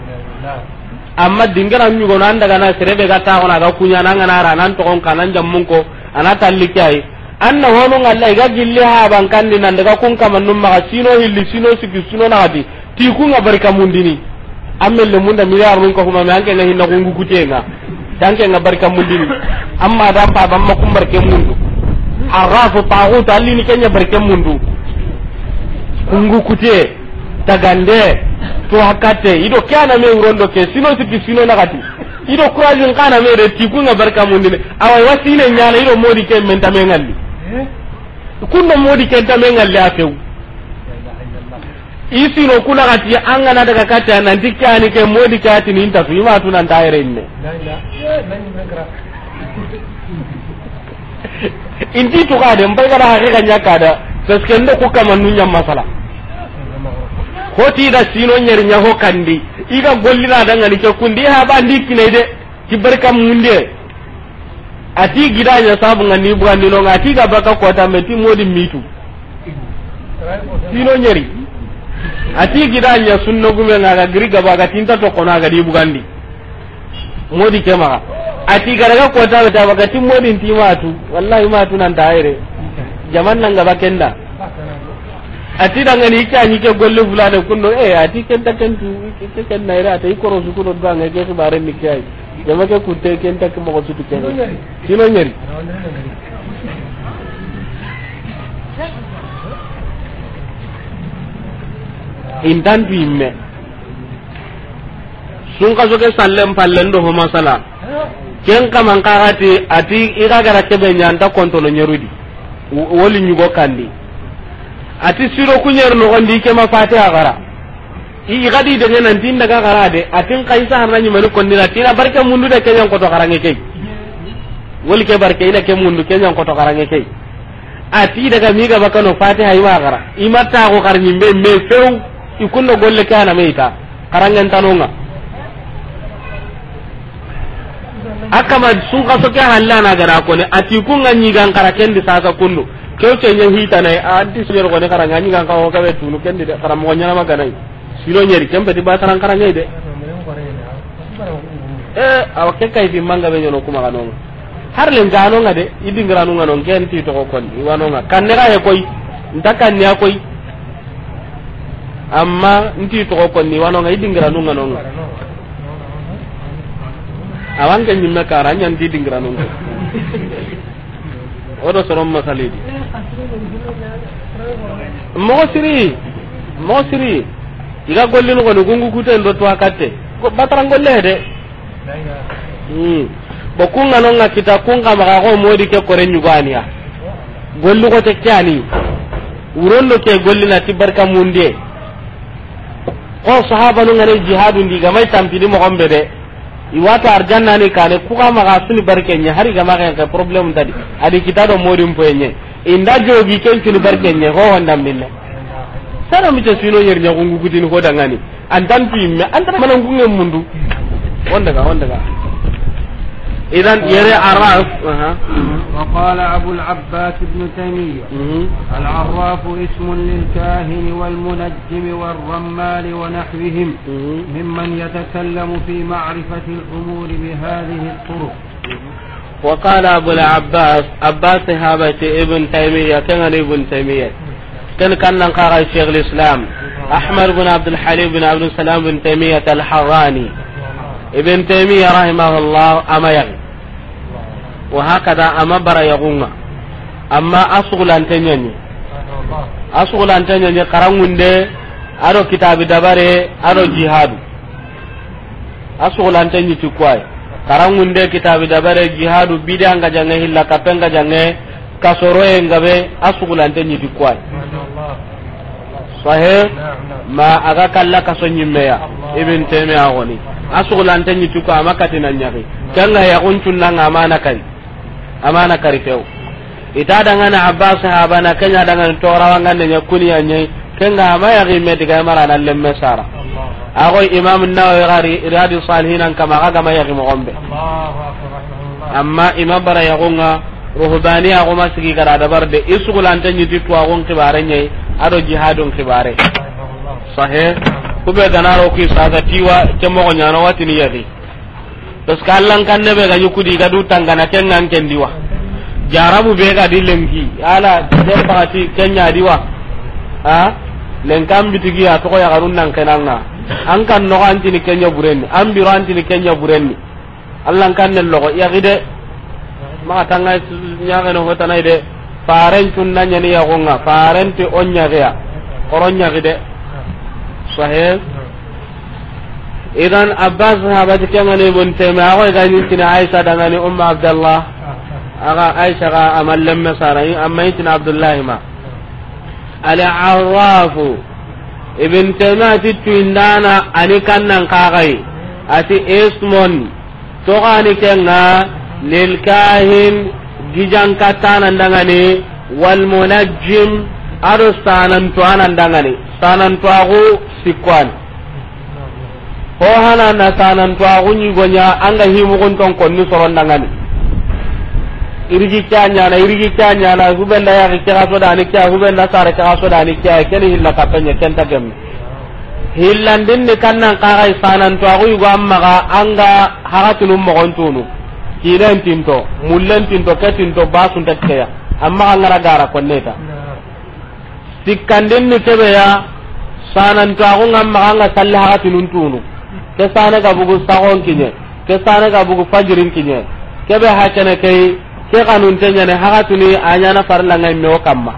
amma dingera ñugono an dagana serebe ga taxona aga kuñana an gana ara nan togon ka nan jammun ko ana tallike ayi anna honu ngalla iga gilli haban kandi nan daga kun kama kamannum maga sino hilli sino sigi sino naxati tikunga barika mundini amme le munda miliar mun ko kuma me anke na hinna gungu kutenga tanke na barka mundin amma da pa ban makum barke mundu arafu tagut alli ni kenya barke mundu kungu kute tagande to hakate ido kana me urondo ke sino siti sino nakati ido kurajin kana me re tikunga barka mundin awai wasine nyala ido modi ke menta me ngalli eh? kunno modi ke ta me ngalli afew isino kuna gati angana daga kata nanti kani ke modi kati ni inta fi ma tunan tayre ne inti to ga dem bai kada hakika nya kada saskende ku kama nunya masala hoti da sino nyer nya ho kandi iga gollira daga ni ke kundi ha ba ndikine de kibarka munde ati gida nya sabu ngani buandino ngati ga baka kota meti modi mitu sino nyeri ati gida ya sunno gume na ga giri gaba ga tinta to kona ga di gandi modi kema ati garaga ko ta ta ba ga tin modi ti matu wallahi matu nan ta jaman nan gaba kenda ati danga ni ka ni ke golle fulane kunno eh ati kenta kentu ke ken naira ta ikoro su kuno do ne ke bare ni kai jama ke kutte kenta ke mo su tu ke ni nyeri indantu imme sun ka soke sallen fallen do homa sala ken kaman kakati ati ira gara kebe nyanta kontolo nyerudi woli nyugo kandi ati siro kunyer no ondi kema fatiha agara i gadi de nan tin daga gara de atin kaisa harna nyi melu kondi na tira barke mundu de kenyan koto garange kei woli ke barke ina ke mundu kenyan koto garange kei ati daga miga bakano fatiha iwa gara imata ko karnyi me me feu ikunno golle ke ana meita karangen nga akama sun kaso ke halla na gara ko ne ati kunga nyigan karaken di sasa kundu keu ke nya hita nay anti sunyer ko ne karanga gan ka ko ka tunu ken di karam mo nya ma ganai silo nyeri kembe di bataran karanga ide eh ke kai bi manga be nyono kuma kanonga har le ngano ngade idingranu ngano ken ti to ko kon iwano nga ne ga he koy ndaka nya koy amma nti ni togo konni wanonga idingira nunga nonga awanke ñimme kara a ñanti dingira nunga odo soron masalidi mogo siri mogo siri iga gollinogoni gungu kuten do ko katte batarangollee de hmm. bo kunga nonga kita kunga maga ko modi ke kore ko gollugote ke ani wurondo ke gollina ti barka mundie ko sahaba nu ngane jihadu ndi ga mai di mo gombe de iwata arjanna ni kane ku ga maga suni barke nya hari ga maga ka problem tadi adi kita do modim po nye inda jogi ken tuni barke nya ho wanda minna sara mi te sino yer nya ko kudin ho dangani antan tu imme antan manan kungen mundu wanda ga wanda ga إذا يري عراف وقال أبو العباس ابن تيمية العراف اسم للكاهن والمنجم والرمال ونحوهم ممن يتكلم في معرفة الأمور بهذه الطرق وقال أبو العباس عباس هابة ابن تيمية كان ابن تيمية تلك كان قرأ شيخ الإسلام أحمد بن عبد الحليم بن عبد السلام بن تيمية الحراني ابن تيمية رحمه الله أما يغني wa hakada amma bara yagunga amma asugulante ñani asugulante ñani karangunde aɗo kitabi dabare aɗo hmm. jihadu asugulante ñiti kuway karangunde kitabi dabare jihadu bide anga jange hilla kappe nga jange kasoroye ngabe asugulante ñiti kuway sahe ma aga kalla kaso ñimmeya ibin teme a goni asugulante ñiti ko ama katina ñaki kenga yaguncunna nga amana kari amana kari few ita dangana abba sahabana kenya dangana torawangande nya kuliya nyai kenga ma ya gimme diga mara na lemme sara ago imam an-nawawi gari iradi salihin an kama ga ma ya gimo gombe amma imam bara ya gonga ruhbani ya goma sigi gara da barde gulanta tan yiti to agon kibare nyai ado jihadun kibare sahe kube ganaro ki saga tiwa temo nyano watini yadi parce que allan kan ne be ga yukudi ga du tangana ken nan ken diwa jarabu be ga di lenki ala de ken nya diwa ha len kam bitigi ya to ya garun nan na an kan no anti ni nya burenni an biro anti ni kenya burenni Allah kan ne logo ya gide ma tanga ga no hota nai de faren tun nya ni ya gonga faren te onya ga ya oronya gide sahih idan abbas sahabati kemani ibn dangani umma abdallah aga ga lemme ma al arraf ibn taymiya titindana ani kannan kagai ati esmon to kenga lil kahin gijan katana dangani wal ko hana na sanan to a kunyi gonya an ga himu kun ton kon ni soron dangani irigi kanya na irigi kanya na hubenda ya ki kira so da ni kya hubenda sare kira so da ni kya kene hilla ka kapenya kenta gem din ne kan nan ka ga sanan to a kunyi go amma ga an anga hagatunum mo kon tunu kiren tinto mullen tinto sun ta kya amma an ra gara kon ne ta konneta sikkandin ni kebeya sanantoaxunga maxanga salli haxatinun tunu ke sane ga bugu sagon kinye ke sane ga bugu fajirin kinye ke be ha kene kai ke kanun tanya ne ha tuni anya na farla ngai me kamma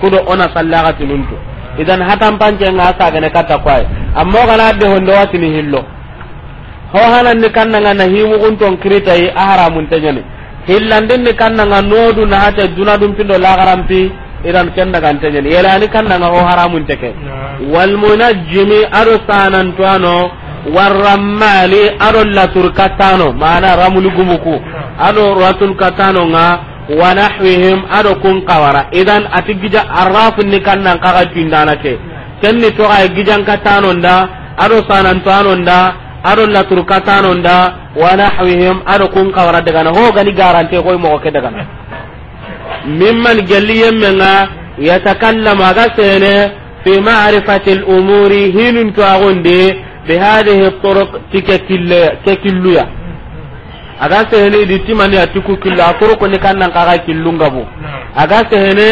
kudo ona sallaga tununto idan hatan panje nga sa gane kata kwai e. amma kana de hondo watini hillo ho hanan ni kanna nga na himu unton krita yi aharamun tanya ne hillandin ni kanna nga nodu na hata dunadum pindo lagarampi iran kenda kan tanya ne yela ni kanna nga ho haramun teke wal munajjimi arsanan tuano warra warrammali aɗo latur kattano mana ramulu gumuku aɗo ratul kattano nga wa nahwihim aɗo kun kawara idan ati gija arrafunni kannan kaga tundanake kenni toxaye gijan kattanonda aɗo sanantoanonda aɗo latur kattanonda wa nahwihim aɗo kun kawara dagana hogani garante koy moxo ke dagana mimman gelli yemmenga yatakallama aga sene fi marifati lumuri hinuntoagundi bi hadhihi turuq tikakilla kakilluya aga sehene di timani atiku killa turuq ni kannan kaga killunga bu aga sehene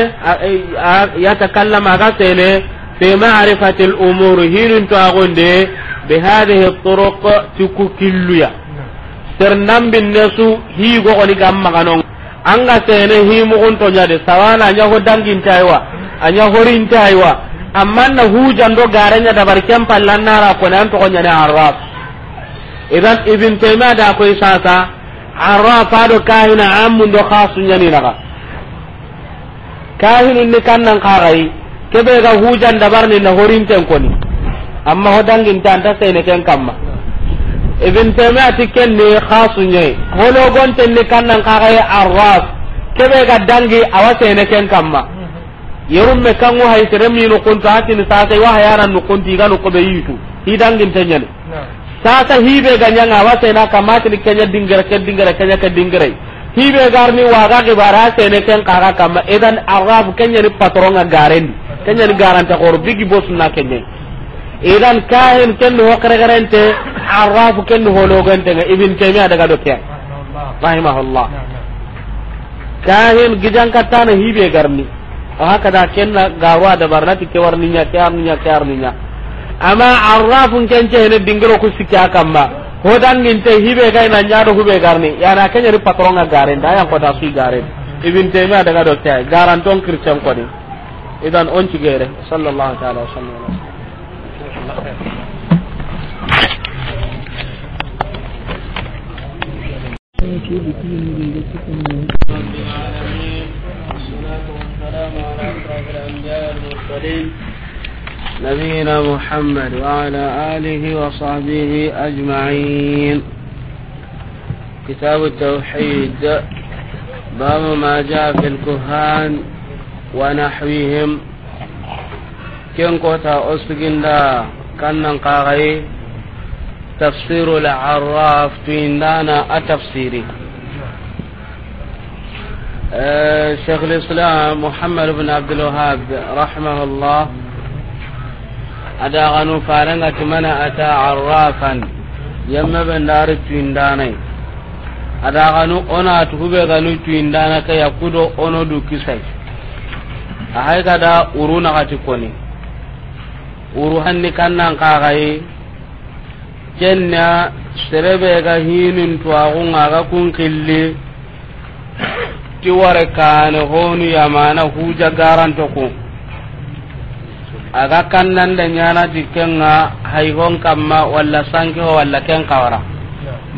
ya takallama aga sehene fi ma'rifati al-umur hinun to agonde bi hadhihi turuq tiku killuya serndambin nesu hi gogo ni gamma kanon anga sehene hi mugon to nyade sawana nyaho dangin taiwa anya horin taiwa amma na barken garenya dabar ko nan to an ne arraf idan ibn taimia da koy sasa do ado kahina ammundo khasunyaninaga kahinun ni kannan kagayi kebe ga hujan barne na horinten koni amma ta danginta sai ne ken kamma ibn taimia ti ken ni khasunyai hologonten ni kannan kagayi arraf kebe ga dangi awa ne ken kamma yerumme kango hay sere mi no kunta sa sasa wa hayana no kunti ga no ko be yitu hidangin tanyane sasa hibe ganya nga wa na kamati ni kenya dingere ke dingere kenya ke dingere hibe gar ni wa ga ke bara ne ken kara kama idan arab kenya ni ga garen kenya ni garanta ko bigi boss na kenya idan kahin ken ho kare garante arab ken ho gante ga ibin taymiya daga do kya rahimahullah kahin gidan katana hibe garni hakada kenna garwa da barnati ke warninya ke arninya ke arninya amma arrafun kence hene dingiro ku sikki akamma hodan nginte hibe gay na nyaado hube garni yana kenya ri patron ga garen da yan kota sui garen ibn taymiya daga do tay garanton christian ko ni idan on ci gere sallallahu والسلام على أشرف الأنبياء والمرسلين نبينا محمد وعلى آله وصحبه أجمعين كتاب التوحيد باب ما جاء في الكهان ونحوهم كن قوتا أسجن دا كان قاغي تفسير العراف في دانا التفسيري شيخ الإسلام محمد بن عبد الوهاب رحمه الله أدا غنو فارنة من أتى عرافا يما بن دار توينداني أدا غنو أنا تهوبي غنو تويندانا كي يقودو أنو دو كيسي أهاي كدا أرونا غتكوني uruhanni kannan kakayi kenya serebe ga hinin tuwakunga ga kun killi ti ware kan honu yamana huja garanto ku aga kannanda ñana dikkenga hayhon kamma walla sankeho walla ken kawara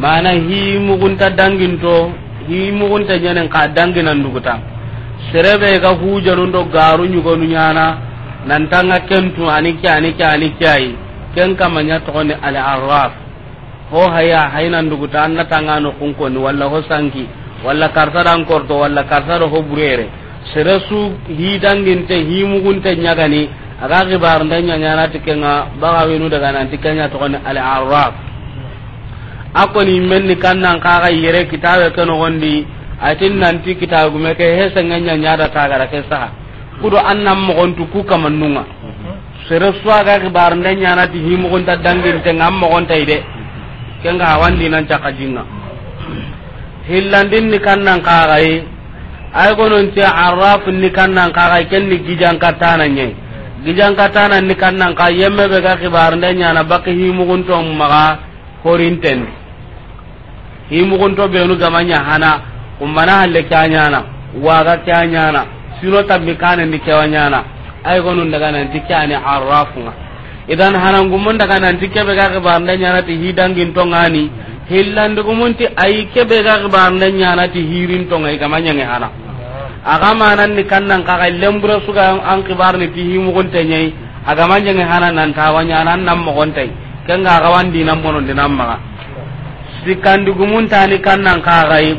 mana hi mugunta danginto hi mugunta ñanen ka danginan duguta serebe ga hujanundo garu ñugonu ñana nantanga kentu tanga ke ani ke ani ke ayi ken kama ña togoni al arraf ho haya haynan duguta no kunkoni walla ho sanki wala karta dan korto walla karta te hoburere seresu hidanginte himugunte nyagani aga gibar ndanya nyana tikenga baga wenu daga nan tikenya to kon al arraf ni menni kannan kaga yere kitabe kano gondi atin kitabe gume ke hesa nganya nyada ke sa kudo annam mo gontu ku kamannunga sere su aga gibar ndanya na ti himugunta te ngam mo gonta ide kenga wandi nan cakajinga hillandin ni kannan kaxayi ay ce arraf ni kannan kaxay ken ni gijankattana ñe katana ni kannan ka yemme be ga xibarnde ñana bakki himugunton maxa horintendi himugunto ɓenu gama ñahana kumbana halle ke a wa ga ke a ñana sino tambi kanendi kewa ñana ay gonu daga nan ke ani arrafunga idan gumun daga nan nanti be ga xibarnde to ngani. hillandigumunti ayi kebe ga xibarne ñanati hirintonga i gama ñange hana aga mananni kannan kaxa lembure suga an xibarni ti himugunte ñayi agama ñange hana nantawa ñana an nan moxontay kenga xawandinan monondinan maxa sikkandigumuntani kannan kaxayi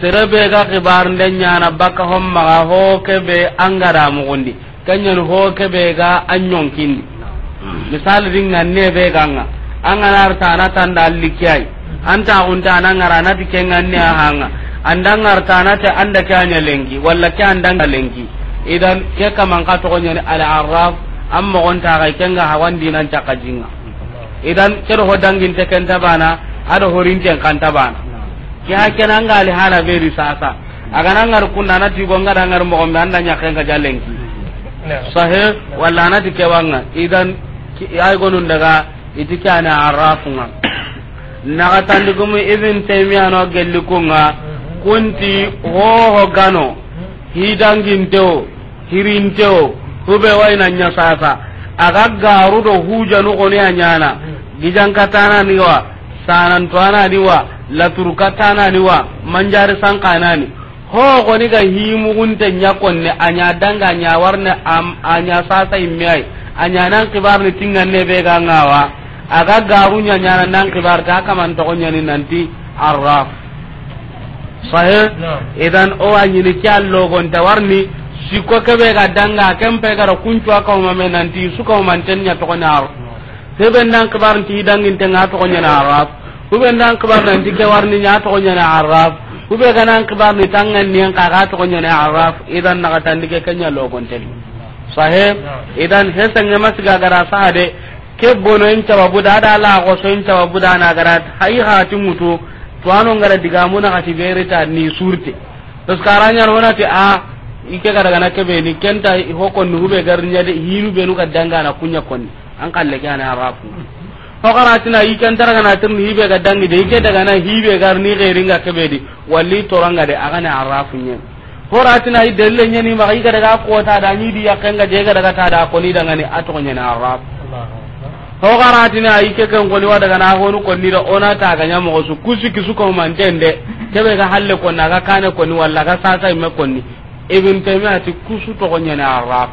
serebe ga kibar den nyana bakka hon maxa ho kebe angara gondi kanyen ho kebe ga an ñonkindi hmm. misali ringa be ganga angana artana tanda allikiyai anta unta anangara anati ni ahanga andangarta te anda kanya lengi walla ke andanga lengi idan ke kaman ka togonya ni al arraf amma gonta ga kenga hawan dinan takajinga idan ke ro dangin te kenta bana ado horin te kanta bana ke ga ngali hala be risasa aga ngar kunna na ti gonga dangar mo gombe anda nya kenga jalengi sahih walla na ti kewanga idan ai gonun daga itikana arrafunga naga tandigumu ibn taymiya no gelli kunga kunti hoho gano hidanginteo hirinteo hube wayna nya sasa aga garu huja hujanu goni anyana gijankatana niwa sanantwana niwa laturkatana niwa manjari sankanani ho ga himugunte nyakonne anya danga nya warne anya sasa immai anya nan kibarni tinganne be gangawa aga nya nyana nan kibar ta kaman to gonya ni nanti arraf sahih idan o anyi ni kyallo gonta warni siko kebe ga danga kempe ga kuncu aka ma me nanti su suka ma tanya to gonya arraf sebe nan kibar ti dangin tenga to gonya arraf ube nan kibar nan dike warni nya to gonya arraf ube ga nan kibar ni tangan ni an ka to gonya arraf idan na ka tandike kenya logon tel sahih idan hesa ngema siga gara sa ke bono in tawabu da da la ko so in tawabu buda na gara hayi ha ti mutu to anon gara diga muna ka ti berita ni surte to skaranya no na ti a ah, ike gara gana ke be ni kenta ho kon nu be gar de hiru be nu ka danga na kunya kon an kalle ke ana rafu ho gara na i kenta gara na tin hibe ga dangi de ike daga na hibe gar ni ke ringa ke be di walli ranga de aga na rafu nyen ho gara na i delle nyen ni ma ga daga ko ta da ni di yakenga je ga daga ta da ko ni daga ni ato nyen na rafu hogaratini ayi ke ken koni wa daga na honu konni da ona ta ga nyamo osu kusi kisu ko man tende kebe ga halle ko na ga kane koni walla ga sasa imme konni ibn taymiya ti kusu to gonya na arab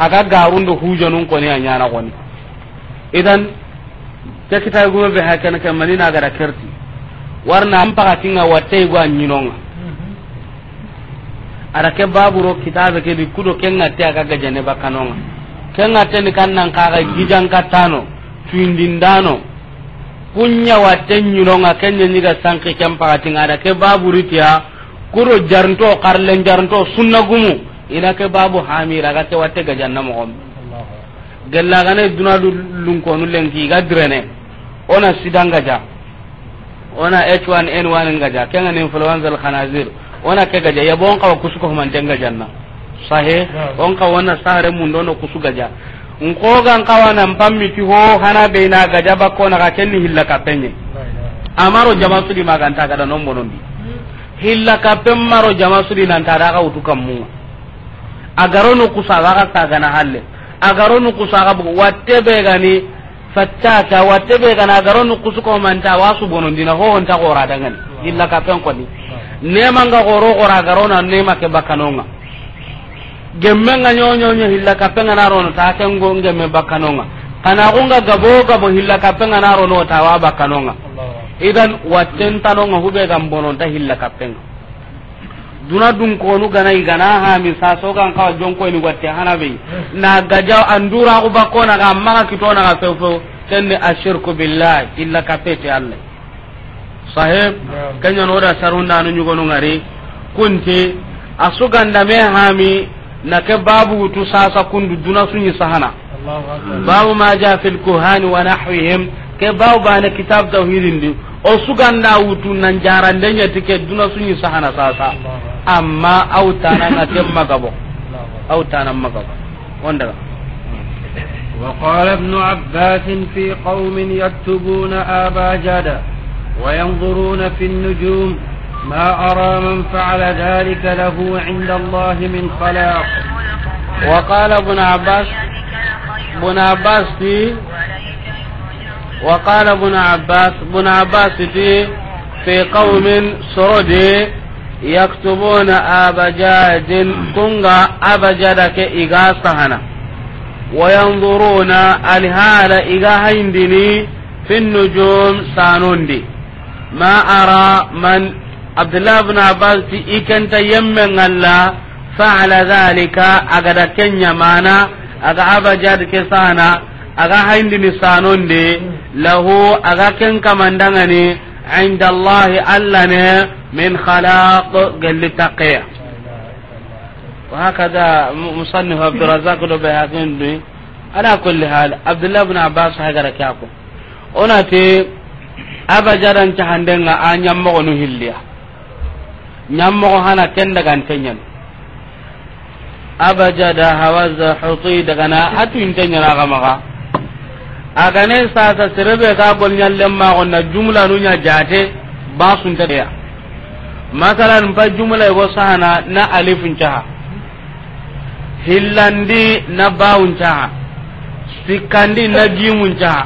aga garundo hujanun koni anya na koni idan ke kita go be ha kan kan manina ga rakerti warna am paka tinga watte go anyinonga ara ke babu ro kitabe ke di kudo kenga te aga ga jane bakanonga kenga te ni kan nan ka ga gijan katano tuindindano kunya watten nyulonga kenya nyiga sanki ken nga da ke baburitiya kuro jarnto karlen jarnto sunna gumu ina ke babu hamira ga ke watte gane duna du lunko lunkonu lenki ga drene ona sidangaja ona h1n1 kenga kengan influenza al khanazir ona ke gaja yabo on kawa kusuko humantenga janna sahe on kawa wana sahare mundono gaja. nkogan kawanan pammiti ho hana bena gajaba kona ka kenni hilla kappenye amaro jama sudi maganta kada non bi hilla kappen maro jama sudi nanta da ka utu kammu agaro nu kusaga ka tagana halle agaro nu kusaga bu watte be gani fattaka watte be gana agaro nu kusuko manta wasu bonondi na ho onta gora dangani hilla kappen ko ni ne manga goro gora agaro na ne make bakanonga nga gemmenga nyonyonyo hilla kapenga narono ta kengo ngemme nga kana ko nga gabo gabo hilla kapenga narono ta wa nga idan watten tanonga hube gambonon ta hilla kapenga duna dun konu gana igana ha mi sa so kan kawa jonko ni watte hana be na gaja andura ko bakko na ga amma ka kito na ga fefo tenne ashirku billahi illa ka fete alle sahib kanya no da sarunda no nyugo no ngari kunti asuganda me ha mi نكب باب وتساس كن دون سني سهنا باب ما جاء في الكهان ونحوهم كباب بان كتاب توحيد دي او سوغان دا وتو نان جاران دي نيتي كي دون سني ساسا اما او تانا نكب ما او تانا ما غبو وقال ابن عباس في قوم يكتبون ابا جاد وينظرون في النجوم ما أرى من فعل ذلك له عند الله من خلاق وقال ابن عباس ابن عباس تي وقال ابن عباس ابن عباس تي في قوم سرد يكتبون أبجاد كنغا أبجدك إغاسهنا وينظرون الهال إغاهندني في النجوم سانوندي ما أرى من abdullah ibn abbas ti ikanta yemme ngalla fa'ala dhalika agada kenya mana aga abajad ke sana aga haindi ni sanonde lahu aga ken kamandangani inda allah alla ne min khalaq galli taqiya وهكذا مصنف عبد الرزاق لو بهاكين على كل حال عبد الله بن عباس هاجر كاكو onati abajadan cahandenga a ñammoxonu hilliya ñammoxo xana ken daganteñan abajada hawaza xuti dagana a tuinteñanaxamaxa agane sasa serebe ga golñallenmaxonna jumla nuña jate basuntedeya masalan pa jumla yego sahana na alifuncaha hillandi na bawuncaha sikkandi na gimuncaha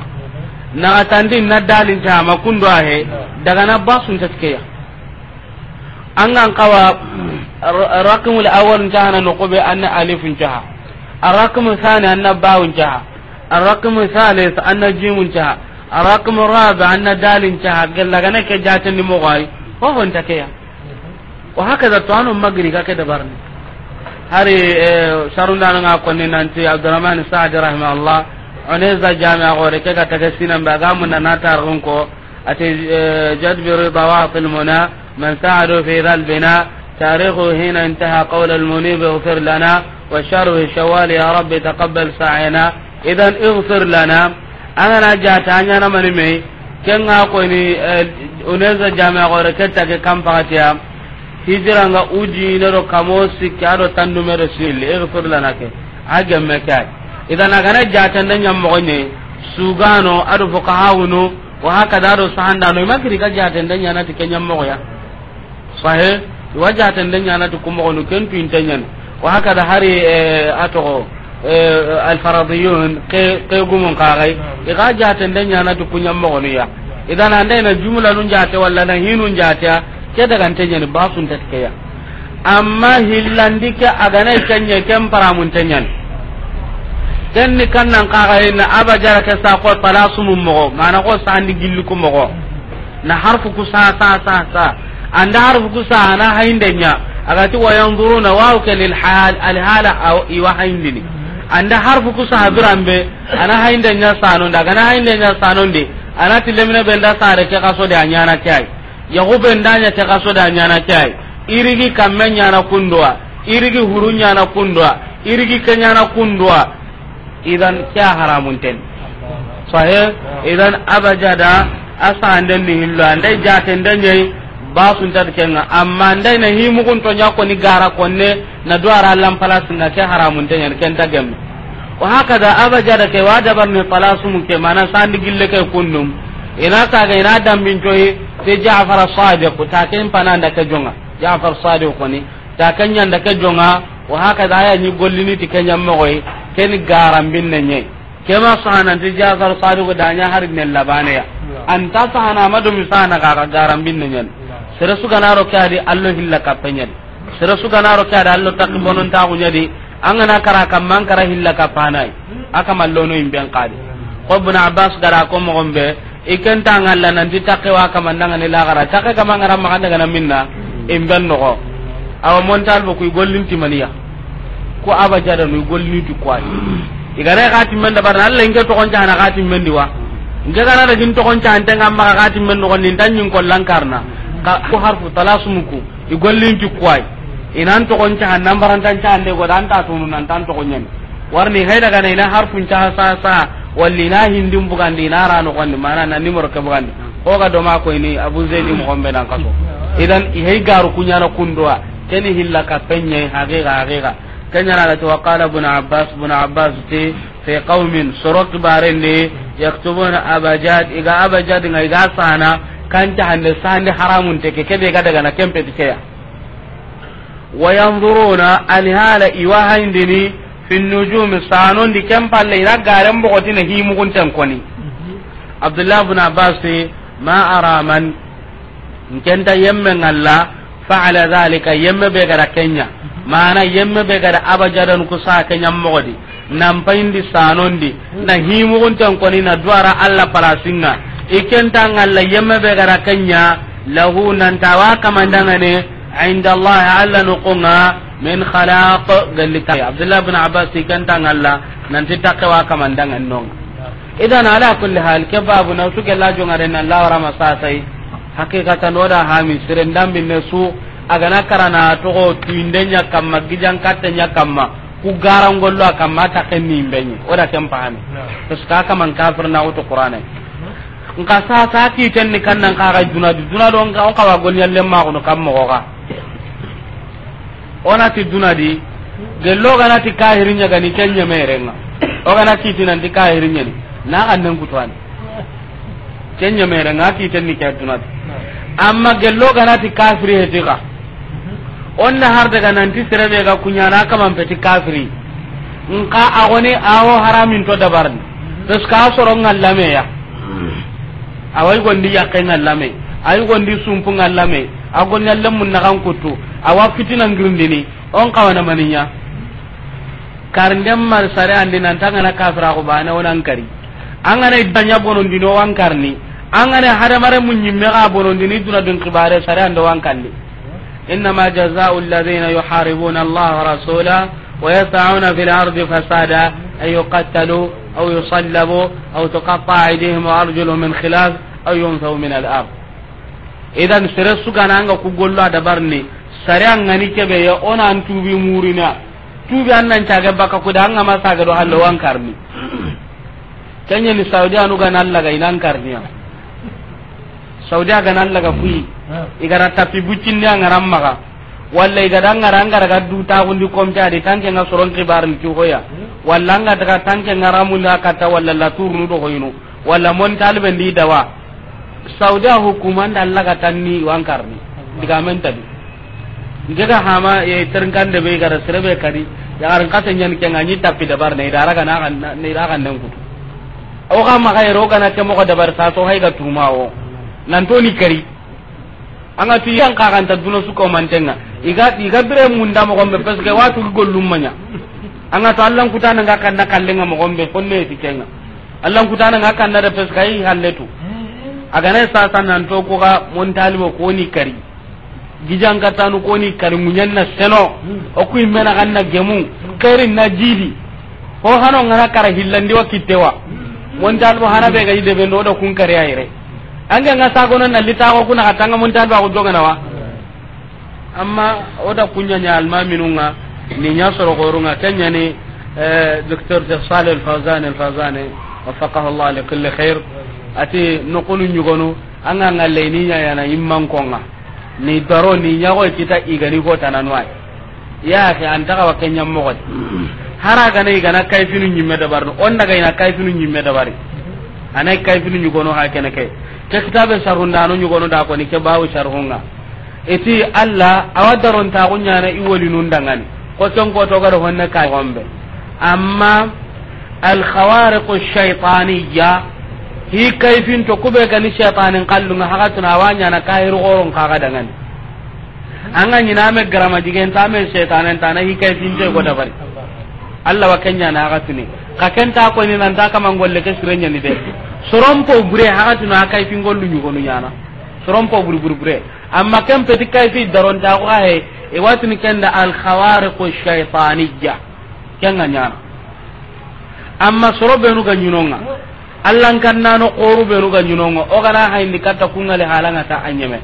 naxatandi na dalincaha makundo ahe dagana basuntatkeya angan kawa rakmul awwal jahana no ko be anna alif jaha arrakmu thani anna bawun jaha arrakmu salis anna jimun jaha arrakmu rabi anna dalin jaha gella gane ke jatin ni mo gai ho hon takeya wa hakaza to anu magri ka ke dabarni hari eh, sarundana nga konni nanti abdurrahman sa'd rahimahullah oneza jami'a gore ke ga tagasinan ba ga mun na tarun ko ate eh, jadbiru bawatil munaa من ساعدوا في ذا البناء تاريخه هنا انتهى قول المنيب اغفر لنا وشره يا رب تقبل سعينا اغفر لنا نجات من مي كن جامع كم فاتيا idan ka sahe wajaten den kuma kumogonu ken tu ñani wa da hari eh, a eh, al faradiyun ke gumun kaxay ixa jaten den ya kuñammogonuya idan andayna jumla ja ta walla na hinu ta ke sun ta ke ya amma hillandi ke aganai kenye ken kan ñani kenni kannan kaxayna abajara ke sako palasumum mogo mana ko sandi gilliku mogo na harfu ku sa sa sa sa anda harfu kusa ana haindenya agati wa yanzuruna wa ke lil hal al hala iwa haindini anda harfu kusa habirambe ana haindenya sanon daga na haindenya sanon de ana tilemina benda sare ke kaso de anyana kai yago benda nya ke kaso de anyana kai irigi kamme nyana kundwa irigi huru nyana kundwa irigi na kundwa idan kya haramun ten sahe idan abajada asa andan ni hillo ande jaten denye basun ta kenga amma ndai na himu mugun to nya ko ni gara konne na duara lam palas nga ke haramun tanya ken gem wa haka da aba da ke wada mi ni palasum ke mana sandi gille ke kunnum ina ka ga ina dam bin toyi te Ja'far Sadiq ta ken panan da ke jonga Ja'far Sadiq ko ni ta ken nya nda ke jonga wa haka da ya ni gollini ti ken mo koy ken gara bin ne nye kema sahana ti Ja'far Sadiq da nya har ne labane ya anta sahana madu misana ka gara bin ne nye sere suganaro ke adi allo hilla kappeñadi sere suganaro ke adi allo takki bonontaxuñadi angana kara kam mankara hilla hilla kappanayi a kamallono yimɓen qaadi ko bune abbas gara ko mo gombe iken kenta ngalla di takke wa kamandangani lagara takke kama ngara maxa dagana minna no ko awa montal bo kuy gollintimaniya ko abajadanu i golliniti kuwayi igana xa timmen dabarna allah na toxoncaxana xa timmendi wa ngeganadagin toxoncaantengan maxa xa timmen noxon nin tan lankarna ko harfu talasu muku igollin ki kwai inan to kon ta nan barantan ta ande go dan ta tunu nan tan to kon gonyen warni hay daga ne na harfu ta sa sa walli na hindin bugandi na no kon mana nan ni morka bugandi ko ga do ma ko ni abu zaidi mo gombe nan kaso idan hay garu kunya na kundoa keni hilla ka penye hage ga hage ga kenya na to waqala ibn abbas ibn abbas ti fi qaumin surat barin barende yaktubuna abajad iga abajad iga sana kanta hande sahande haramun teke kebe ga daga na kempe tikeya wa yanzuruna an hala iwa haindini fin nujum sanon di kempalle ina garen bogoti na himu kuntan koni abdullah ibn abbas ma ara man nkenta yemme ngalla fa'ala zalika yemme be gara kenya mana yemme be gara abajadan ku sa kenya mogodi nan sanondi na himu kuntan koni na duara alla palasinga ikenta ngalla yemma be gara kenya lahu nan tawa kamandanga ne inda allah alla nuqunga min khalaq galita abdullah ibn abbas ikenta ngalla nan ti takwa kamandanga non idan ala kulli hal ke babu na su gella ngare nan la rama masasai hakikatan wada hami sirendam bin su agana karana togo tuindenya kamma gijan katenya kamma ku garangollo kamma ta kenni benye oda kempahami to ska kaman kafir na uto qur'ana nka sa sa ki ten ni kan nan kaga juna do nka on kawa gol yalle ma kono kam mo ga ona ti dunadi gello ga na ti kahirinya ga ni kenya nga o ga na ti nan ti kahirinya ni na an nan ku nya kenya nga ti ten ni ka dunadi amma gello ga na ti kafiri he on na har daga nan ti sere be ga na kaman ti kafiri nka agone awo haramin to dabar ni to ska me ya. awai gondi yakke ngallame ay gondi sumpu ngallame agonni alle kuttu awa fitina ngirindini on kawana maninya karndem mar sare andi nan tangana kafra ko bana onan kari angana idanya bonondini o wankarni angana hadamare nyimme ga bonondini duna dun kibare sare ando wankandi innama jazaa'u alladhina yuharibuna allaha wa rasulahu fi في الأرض an أن يقتلوا أو يصلبوا أو تقطع أيديهم وأرجلهم من خلاف أو ينفوا من الأرض إذا سرسو كان أنك كقول لا دبرني sare an ngani kebe ya ona an tubi murina tubi an nan taga ku da an ma taga do hallo wan karni kanye ni saudi anu ga nan laga inan karniya saudi ga nan laga kuyi igara tapi bucin walla da ngara angara ga ta gundi kompe adi tanke nga soron kibar ki hoya walla nga daga tanke ngara munda kata walla la nu do hoyno walla mon talbe ndi dawa saudi hukuman da Allah ka tanni ni diga men tabi diga hama e terngkan de be gara serbe kadi ya aran kata nyan ke ni tapi dabar ne dara na ne da kan nan ku o ga ma kai roga na ke mo dabar sa to hay ga tumawo nan to ni kari anga tu yang ka kan ta duno su ko mantenga iga iga bire munda mo gombe parce que watu gollum manya anga to allah kutana nga kan na nga mo gombe konne kenga allah kutana nga kan na da parce que halle tu aga ne sa san nan to ko ga mon talibo ko ni kari gijan tanu ko ni kari munyan na seno o ku imena kan na gemu kari na jidi ko hano ngana kara hillandi wa kittewa mon talimo hana be ga ide be ndo da kun kari ayre anga nga gonan na litago kuna hatanga mon talimo ko jogana wa amma oda kunya alma minunga ni nya soro gorunga kenya ni eh, docteur de sale al fazan al fazani waffaqahu allah li kulli khair ati nokunu nyugonu anga ngalle ni nya yana imman konga ni daro ni nya ko kita igani ko tananwa ya ke anta ka kenya mo hara gana kai finu nyimme barno on daga ina finu nyimme bari anai nyugo no ha kenake ke kitabe nyugo no da ko ni ke bawo sarunga eti alla awa ta gunya na iwoli nun dangani ko ton ko to garo honne kai gombe amma al khawariq shaytaniyya hi kaifin to kube gani shaytanin kallu na haka tuna wanya na kai goron kaga dangani anga ga nyina me garama jigen ta me shaytanin ta na hi kaifin je go da bari alla wa kenya na haka tuni ka kenta ko ni nan ta kama ngolle ke sirenya ni de soron gure bure haka tuna kai fin gollu nyugo nu yana trompo burburbure amma kan peti kai fi daron ta ko he e watni kenda al khawariqu shaytaniyya kenga nyana amma soro benu ga nyinonga allan kannano qoru benu ga nyinonga o gana hayndi katta kungale halanga ta anyeme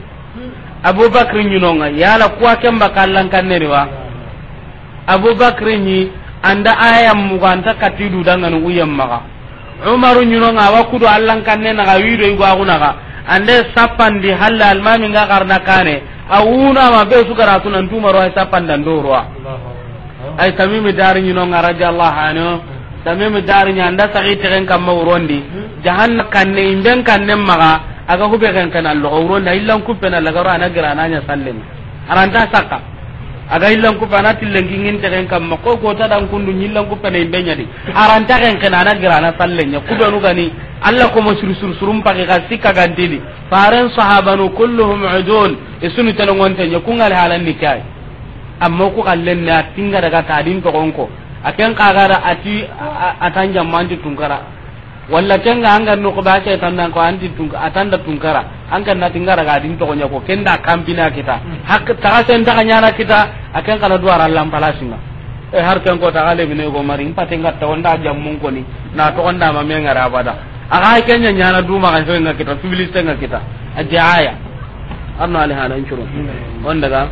abubakar nyinonga yala kuwa kemba kallan kanneri wa abubakar nyi anda ayam muganta katidu danganu uyam maga umaru nyinonga wa kudu allan kanne naga wido igwa kunaga ande di halla almami nga garna kane awuna ma be su garatu nan dan ay sappanda ndorwa ay tamimi dari nyino nga radiyallahu anhu tamimi dari nya anda sagi tegen kam kan ne kanne kan ne maga aga hube kan kan allo urondi illan kupena lagaro anagira ananya sallim aranta saka aga illan ku pena tillengi ngin tegen kam ma ko gota dan kundu illan ku pena imbe nyadi aranta kan kana na grana sallen ya nu gani alla suru surusurusurum pake ga sikka gantidi faran sahabanu kulluhum udul isunu tenongontenye kungal halanni kai amma ko kallen na tinga daga tadin to gonko aken kagara ati atanja jammanti tunkara walla kenga anga no ko baake nan ko andi tunka atanda tunkara anga na tinga daga din to gonya ko kenda kampina kita hak ta sen daga nyana kita aken kala duara lampalasinga e har kan ko ta gale bine go mari impa tinga to onda jammun ko ni na to onda ma me ngara bada aga kenya nyana duma ga so nga kita civiliste nga kita aje aya arno ale halan churu on daga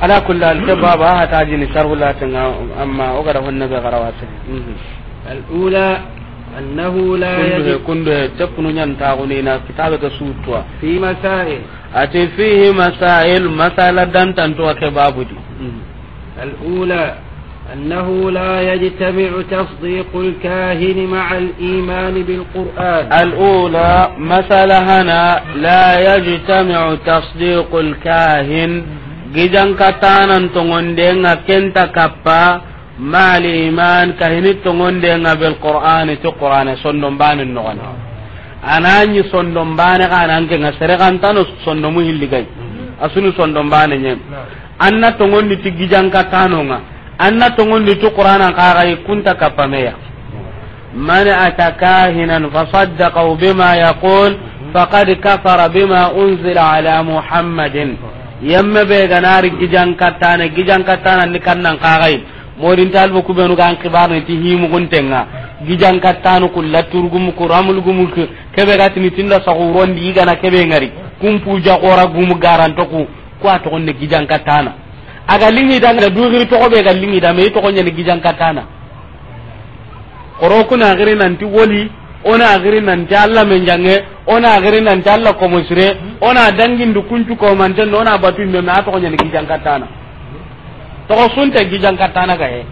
ala kullal tababa ha tajini sarwala tanga amma o gara honna ga garawase al ula annahu la yajib kundu tapnu nyan taguni na kitabe ka sutwa fi masail fihi masail masala dan tantu ke al ula أنه لا يجتمع تصديق الكاهن مع الإيمان بالقرآن الأولى مثل هنا لا يجتمع تصديق الكاهن جدًا كتانا تغندين كنت كبا مع الإيمان كهن تغندين بالقرآن تقرآن سنن بان النغن أنا أني سنن بان أنا أنك نسرق أنت نسنن مهل لكي أسنو سنن بان أنا تغندي تجدًا كتانونا anna tongondi tu qur'ana kaxay kunta kappameya man atakahinan kahinan fasaddakahu bima yaqul faqad kafara bima unzila ala muhammadin yemme be ganari gijankattane gijankattananni kannan kaxay modintalbo kubenu gan kibarniti himuguntenga gijankattanu kulla turgumu ku ku kebe gatini tinda di igana kebe ngari kumpuja kora gumu garantoku ku a togonni katana aga lingi dan da dugiri to ko be ga lingi da me to ko nyani gijan katana koro kuna nan nanti woli ona agiri nanti alla men jange ona agiri nanti alla ko musire ona dangin du kuncu ko man tan ona batu me ma to ko nyani gijan katana to ko sunta gijan katana ga he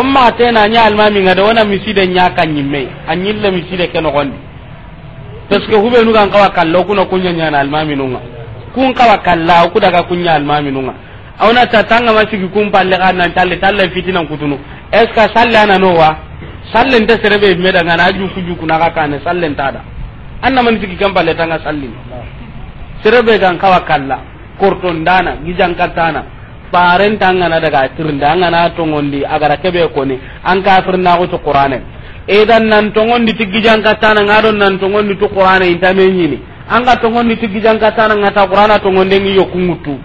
umma tena nya almami da ona miside nya kan nyimme anyilla miside keno gondi parce que hubenu kan kawa kallo kuna kunya nya almami nunga kun kawa kalla ku daga kunya mi nunga awna ta tanga ma sigi kum palle ka nan talle talle fitina kutunu est ce que salle ana no wa salle nda serebe e me da ngana aju kuju kuna ka kan salle nda da anna man sigi kam palle tanga salle serebe gan kawa kalla korton dana gijan katana paren tanga na daga tirinda ngana ngondi agara kebe ni an ka na ko to qur'ane edan nan tigi tigijan katana ngadon nan ngondi to qur'ane nyini an ka ngondi tigi tigijan katana ngata qur'ana tongonde ngi kungutu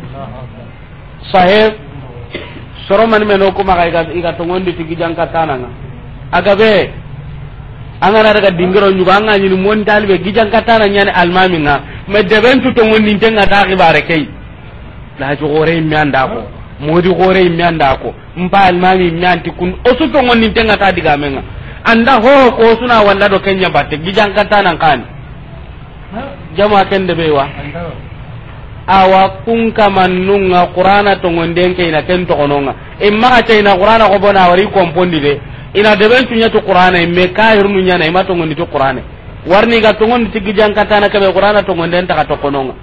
sahe soroman meno kuma ga iga tongondi tigi janka tananga agabe angana daga dingiro nyugo anga nyini mon talbe gijanka tana nyane almami nga me deben tu tongondi tenga ta gibare kei la jo gore mi anda ko modi gore mi anda ko mpa almami mi anti kun osu ni tenga ta diga menga anda ho ko suna wanda do kenya batte gijanka tana kan jama kende bewa awa kunka mannunga qur'ana tongonden ke ina ken tokononga imma ka ina qur'ana ko bona wari kompondi de ina deben tunya to qur'ana imme hirnu nya na imato ngondi to qur'ana warni ga tongon tigi jangkata na kabe qur'ana tongonden ta ka tokononga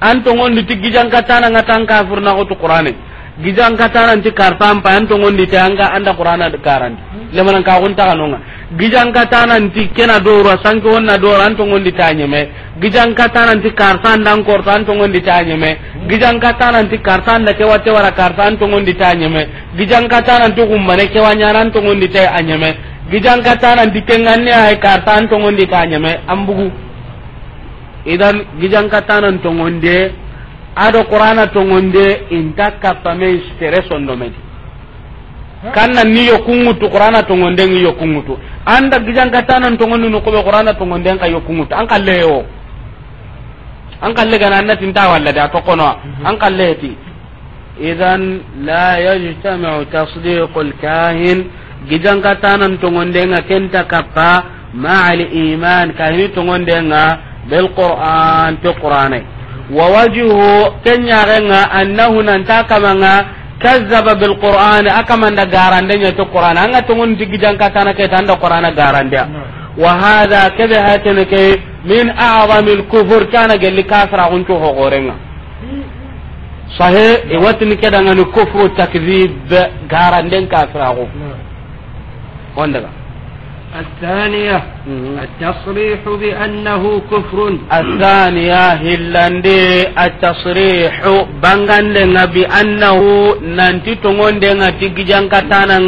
an tongon tigi jangkata na ngatan ka na ko to qur'ana gijankata na ti kartam pa an tongon ti anga anda qur'ana de karan lemanan ka gunta kanonga ti kena dora sanke wonna dora an tongon di togondi tañeme gijankatananti karta ndan korto an tongon togondi tañeme gijankatananti karta anda kewa tewara karta an tongon di togondi tañeme gijankatananti gummane kewa ñana an tongon togondi te a ñeme gijankatananti kenganne ahe karta an togondi ta ñeme an bugu idan tongon gijankatanan togonde aɗo qur'ana togonde inta kappame sere sondomedi kanna ni yo yokungutu qur'ana to tongonden yokungutu anda gijan katanan tongondi no kobe qur'ana to tongonden ka yokungutu an kalle yo an kalle gana anna tinta walla da to kono mhm. an kalle ti idan la yajtamu tasdiqul kahin gijang katanan tongonden ka kenta kappa ma'al iman kahini tongonden ka bil qur'an to qur'anai wa wajhu kenya renga annahu nan takamanga kazzaba bil qur'an akamanda garande nya to qur'an an to ngun digi jangka kana ke tanda qur'an garande wa hadha kadha hatin ke min a'zamil kufur kana gelli kafra gunto ho gorenga sahe e watni kedanga ni kufru takdhib garande kafra ho wanda الثانية التصريح بأنه كفر الثانية هلاندي التصريح بانغان بأنه نانتي دينا تيجيجان كتانا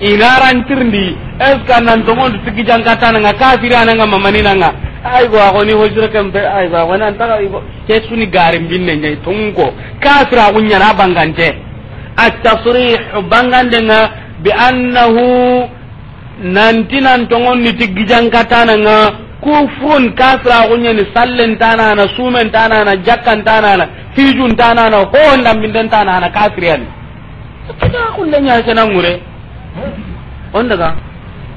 inarantirndi est ce que nantogondu sikki jankatananga kafiri ananga mamaninanga aigo agoni hosirekempe aigo agoni antaga ke suni garin binne ñayi tonko kafir agu ñana bangante attasrih bangandenga bi annahu nanti nantogonni tiggi jankatananga kufrun kafir agu ñani sallentanana sumentanana jakkantanana na ho ndambinden tanana kafiriyani kita kulle ñakenangure on daga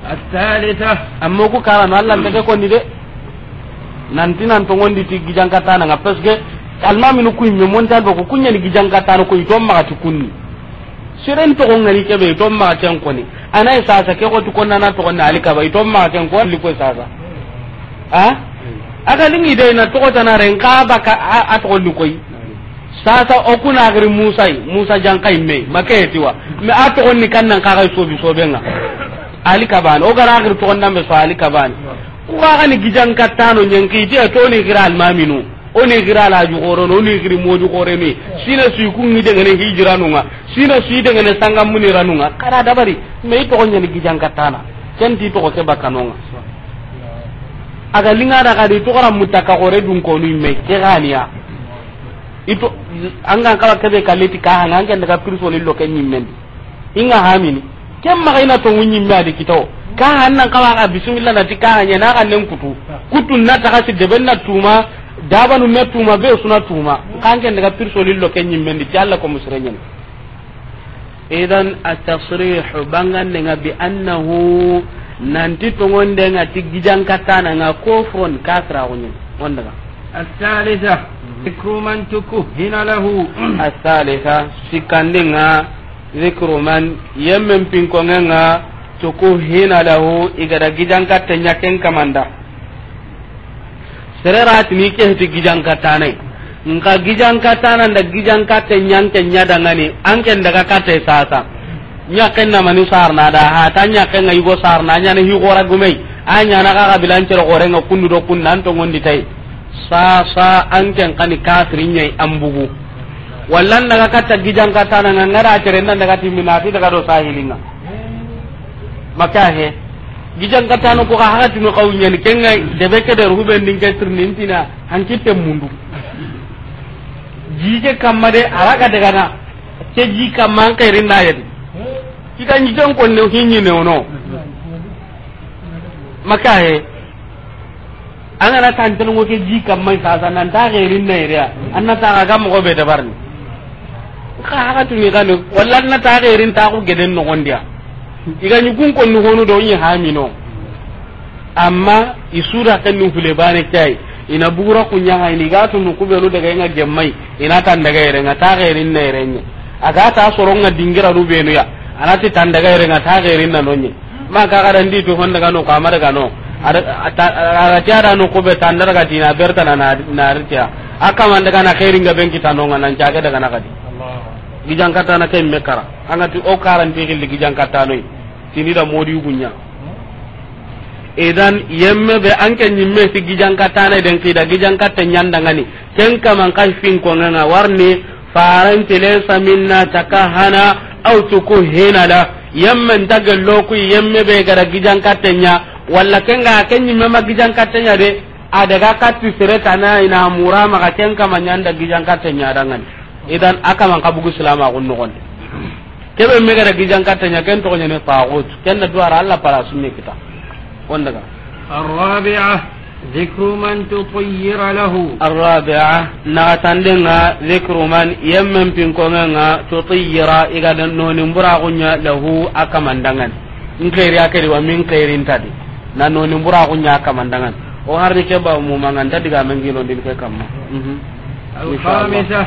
athalitha amma ku kara ma Allah daga ko ni de nanti nan to ngondi ti gijankata na parce que alma min ku mi mon ta ko kunya ni gijankata na ko to ma ti kunni siren to ngari ke be to ma tan ko ni anai sasa ke ko to konna na to konna alika ba to ma tan ko liko sasa ha aga lingi de na to ko tan ka ba ka a to ko ni sasa okuna agri musa musa jankai me make tiwa me ato onni kannan ka ga sobi sobenga ali kaban o gara agri to onna be so ali kaban ko ga ni gijan katano nyenki je to ni gira al maminu oni gira la ju goro no ni giri moju gore ni sina su ku ni de ngene hijira nunga sina su de ngene sangam muni ranunga kara dabari me to onni ni gijan katana ken ti to ko ke bakanonga aga linga da ka di to gara mutaka gore dun ko ni me ke ganiya ito anga kala kebe kaliti ka hanga anga daga pirso lo kenyi nyimmendi inga hamini kem ma ina to nyimme adi kito ka hanna kala ka bismillah na tika hanya na kan nen kutu kutu na taka kasi deben na tuma dabanu me tuma be suna tuma kangen daga pirso ni ken nyimmendi ti alla ko musrenyen idan at-tasrih bangan nga bi annahu nanti ngonde nga tigijan katana nga kofron kasra wonye wonda الثالثة Zikru man tukuh hina lahu Asalika Sikandi nga Zikru man Yemen pinkonga nga hina lahu Iga da gijanka tenyakin kamanda Serera hati miki Hati gijanka tani Nga gijanka tani Nga gijanka tenyanka nyada ngani kate sasa Nyakin na manu sarna da Hata nyakin nga yugo sarna Nyana hiu gora gumei Anya nakaka bilancho Gorenga kundu do kundu Nantongon sa sa an ken kani kafirin yai an bugu wallan daga kata gijan kata na ngara tare nan daga fi daga do na maka he gijan kata no ko ha tinu qawnya ni de be ke der huben din ke tirnin tina han kitte mundu jije kamade araga daga na ce ji kamman kai rinna yadi kidan gijan ko ne hinni ne ono maka he angana tantan ko ke ji kam mai sasa nan ta gairin na iriya e anna ta ga mo be da ne ka haka tuni ga wallan na ta gairin ta ku geden no gondiya iga ni kun ko no hono do yi hami no amma isura kan nu fule ne kai ina bura kunya ha ni ga tun ku be daga nga gemmai ina tan daga ire nga ta gairin na ire e a ga ta soronga dingira ru be no ya anati tan daga ire nga ta gairin na no ma ka ga dan di to hon daga no ka daga no arati ada no kube tandar ga dina berta na na artiya aka man daga na khairin ga benki tando nan jaga daga na kadi gijan kata na kai mekara anga tu o karan te gilli gijan kata noi. tini da modi gunya idan hmm? yemme be anke nyimme si gijan kata na den kida gijan kata nyanda ngani ken kaman kan fin ko ngana warni faran tilensa minna takahana tuku tukuhina da. yamma ndagal loku yemme be gara gijan katenya wala kenga ken mama gijang katenya de ada katti siretana ina mura maka ken kamanya nyanda gijan katenya adangan idan aka mangka bugu selama kun nokon kebe mega da gijang katenya ken to nyane tagut ken da dua ralla para sunni kita on daga الرابعة ذكر من تطير له الرابعة نغتندنا ذكر من يمن بنكونا تطير إذا نون براغنا له أكمن دنغن نكيري wa ومن كيرين تدي Nanu ni murah punya kaman dangan. Oh, hari mhm. ni coba umu mangan jadi ngamen gilon di deka kamu. Alhamdulillah,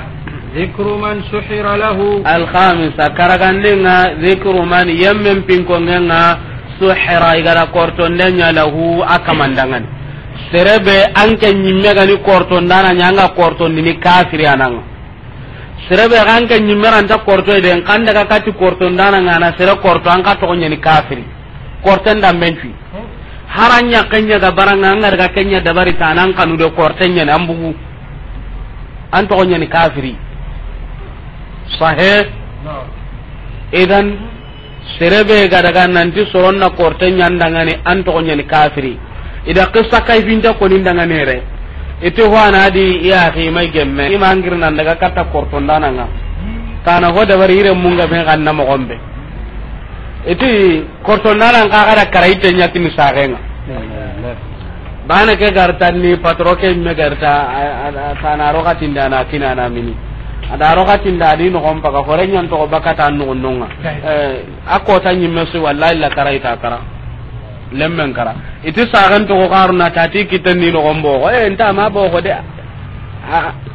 zikruman sufi Al Alhamdulillah, karangan dengah zikruman yang mempingkon dengah suhaira igara korton dengah lahu akan mandangan. Serabe angka nyimeran ni korton dana nyanga korton ni ni kafiri ananga. Serabe angka nyimeran cak korton yang kanda kakacu korton dana ngana. Serabe korton angkatokon nyeni kafiri. Korton dan menfi haranya kenya da baranga anga ga kenya da bari tanan kanu do kortenya nan bugu an to ni kafiri sahe nah. idan serebe ga daga nan ti soron na kortenya ndangani an to ni kafiri ida qissa kai binda ko ni ndangani re ite wana di ya fi mai gemme imangir nan daga kata kortonda nanga kana hmm. ho da bari ire munga be ganna mo gombe iti kortondanan kakada kara itte ñattini bana ke gartanni patro ke me garta mini ada hore wallahi la kara ita kara lemmen kara iti tati de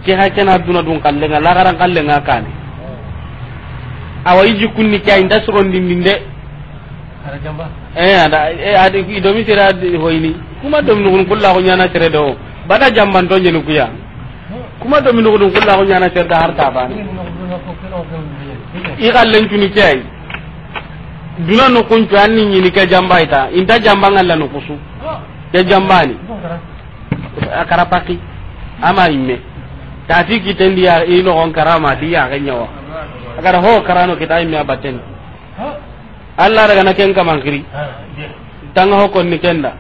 ke ha kena duna dun kunni jamba. eh ada eh ada ki domi tira hoyni kuma domi nugun kulla ko nyana tere do bada jamban to nyenu kuya kuma domi nugun kulla ko nyana tere da harta ban i kallen tuni kai duna no kun to anni ni ka jamba ita inta jamba ngalla no kusu ya jambani akara paki ama imme tati kitendi ya ilo on karama ti ya genyo akara ho karano kitai me abaten allah daga na ken kamankiri tanga hokon ni kenda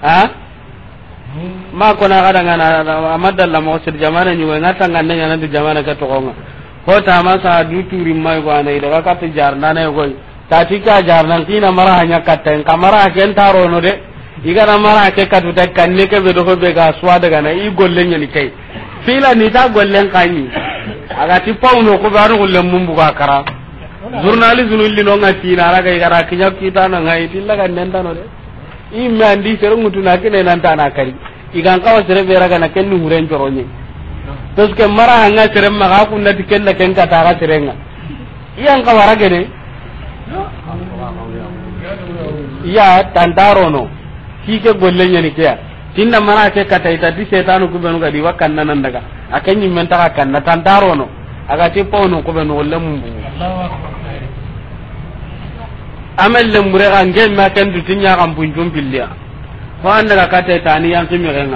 ha hmm. ma na kada ngana amadda la mo sir jamana ni wenga tanga ne ngana di jamana ka to gonga ko ta ma sa du turi mai ko anai daga ka ti na ne ko ta ti ka ti na mara hanya mara kamara ken taro no de na mara ke du ta ne ke do ho be ga swa daga na i golle ni kai fila ni ta golle ni aga ti pauno ko ba ru golle mumbu ka kara journalisme ulli no nga tina ara ga gara kinya kita na ngai tilla ga nenda no de i me andi sero ngutu na kine nan ta na kari igan kawa sere vera ga na ken ni huren joronye tos ke mara hanga sere ma ga kunna tiken na ken ka ta ga sere nga iyan ka wara ge de ya tantaro no kike golle nyani kiya tinna mara ke kata ita di setanu ku benu ga di wakkan nan daga akan nyimen ta ka kan na tandaro no aga ti pawno ku benu lemu Allahu akbar amel le mure kan gen ma ken du tinya kan jum pillia ko an daga kata tani yang sumi kan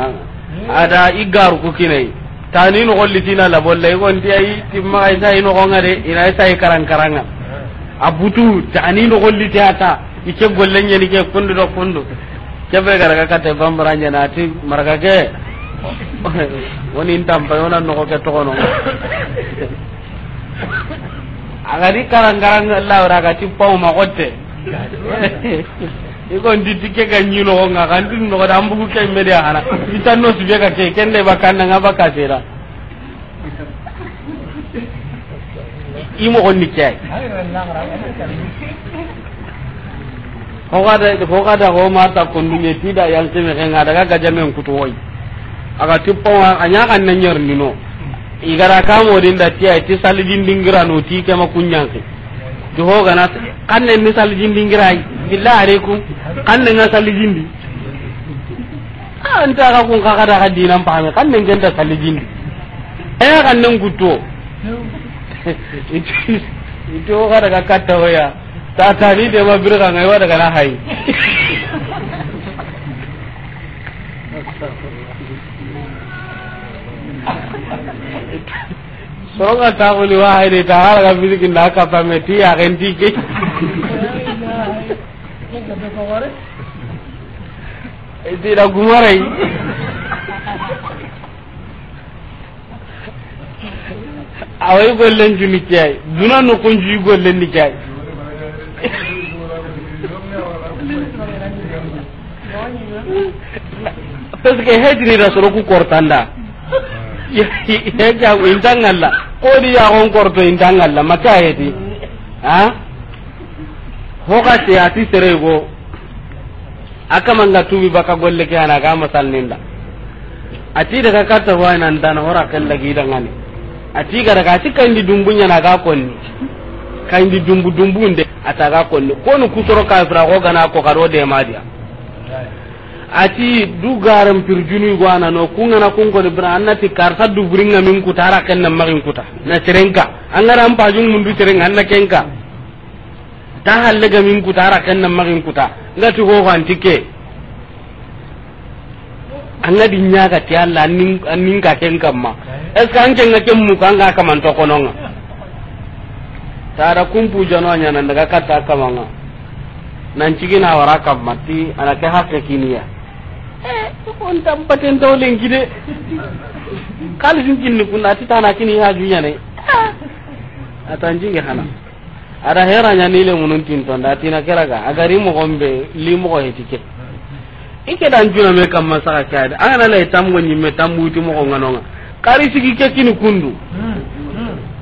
ada igar ku kinai tani no golli tina la bolle ko ndi ay timma ay sai no ko ngare ina ay sai karang karanga abutu tani no golli tata ike golle nyani ke kundu do kundu ke be gara ka kata bambara na ti marga ke woni ntampa yona no ko ke to kono agari karang karanga la ora ga ti pau ma kotte i ikon diti ke ga nyilo ko nga kan tin no da ambu ke mede hana itan no sibe ka ke ken de bakan nga baka tera imo on nikke ko ga da ko ga da ko mata kon dunye tida yang se me nga daga ga jamen kutu hoy aga tippo anya kan nan nyor nino igara kamo din da tiya ti salidin dingira no ti kema kunyanke to ho ga na kanne ni sal jimbi ngirai billah alaikum kanne nga sal jimbi anta ah, ka kun ka kada ka dinan paame kanne ngenda sal jimbi e ito ka daga katta hoya ta ta ni de ma birga ngai wa daga na hai ti ti ke tidak gumarai awai gollen juni kiyai duna no kun ji gollen yi. parce que hejri da soro ku kortanda heja intangalla ko di ya gon korto intangalla maka hedi ha hoka se ati serego nga tubi baka golle ke ana ga masalninda ati daga karta wa nan dana hora kella da ngani ati ga daga ati kandi dumbunya na ga konni di dumbu dumbu nde ga kon konni konu kusoro ka fra ko gana ko karo de madia ati du garam pirjunu gwana no kungana kungo de bra annati karta du buringa min kutara na magin kuta na serenka angara am pajung mundu serenga anna kenka ta halle ga min kuta ara kan nan magin kuta ngati go ho antike annabi di ga ti Allah nin nin ka ken ma es kan ken ngake mu kan ga kaman to kononga tara kumpu jano nya nan daga kata kamanga nan cikin wara kamma mati ana ke hakke kiniya eh on tampaten dolen gide jin kinni kunna ti tana kini ah, ha dunya ne atanjinge hana ada hera nya nile munun tinton da tina keraga agari mo gombe li mo hetike ike dan juna me kam masaka kaade ana le tamgo nyimme tambuti mo ngano nga kari sigi ke kini kundu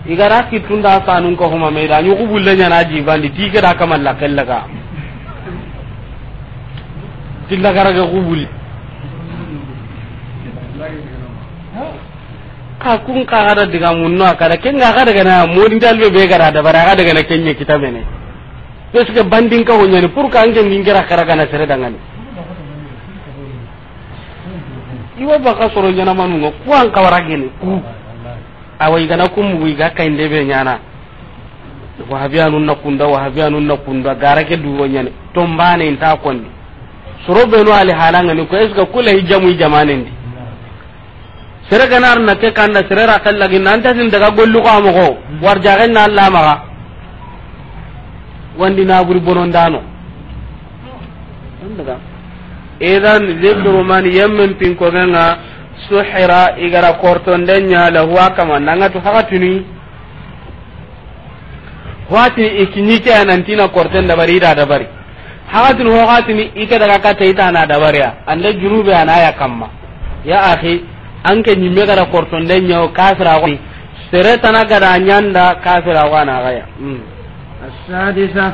igara ki tunda sanun ko huma me da nyugo bulle nya na jibandi tike da kamal Tinda kallaga tilla garaga ka kun ka gara diga munno akara ken ga gara gana modin dalbe be gara da bara gara gana kenye kitabe ne pes ke banding ka honya ne pur ka ange ningira kara gana sere dangan iwa baka soro nyana manu ngo ku an ka warage ne ku awai gana kum wi ga kain de be nyana wahabiyanun nakunda kunda wahabiyanun na kunda gara ke duwo nyane tombane inta kondi soro be no ali halanga ni ko eska kula hijamu hijamane ndi sere ganar na ke kanda sere ra kalla gin nan ta sin daga gollu ko amugo war jagen na Allah maga wandi na buri bonon dano daga idan zibru man yammin pin ko ganga suhira igara korton denya la huwa kama nanga to hakatuni wati ikini ke anantina korton da bari da da bari hakatun ho hakatuni ike daga ka taita na da bari ya ande jurube anaya kamma ya akhi anke ñimme gara kortonde ñawo kafira ko sere gada ñanda kafira ko ana gaya السادسة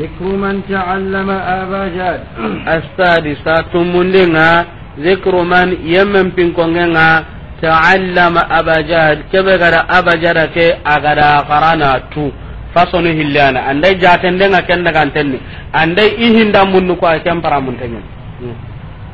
ذكر من تعلم آبا جاد السادسة تمندنا ذكر من يمن بنكوننا تعلم أبا جاد كبغر أبا جاد كي jatendenga ken daga antenni andai ihinda ko a ken para muntenyen hmm.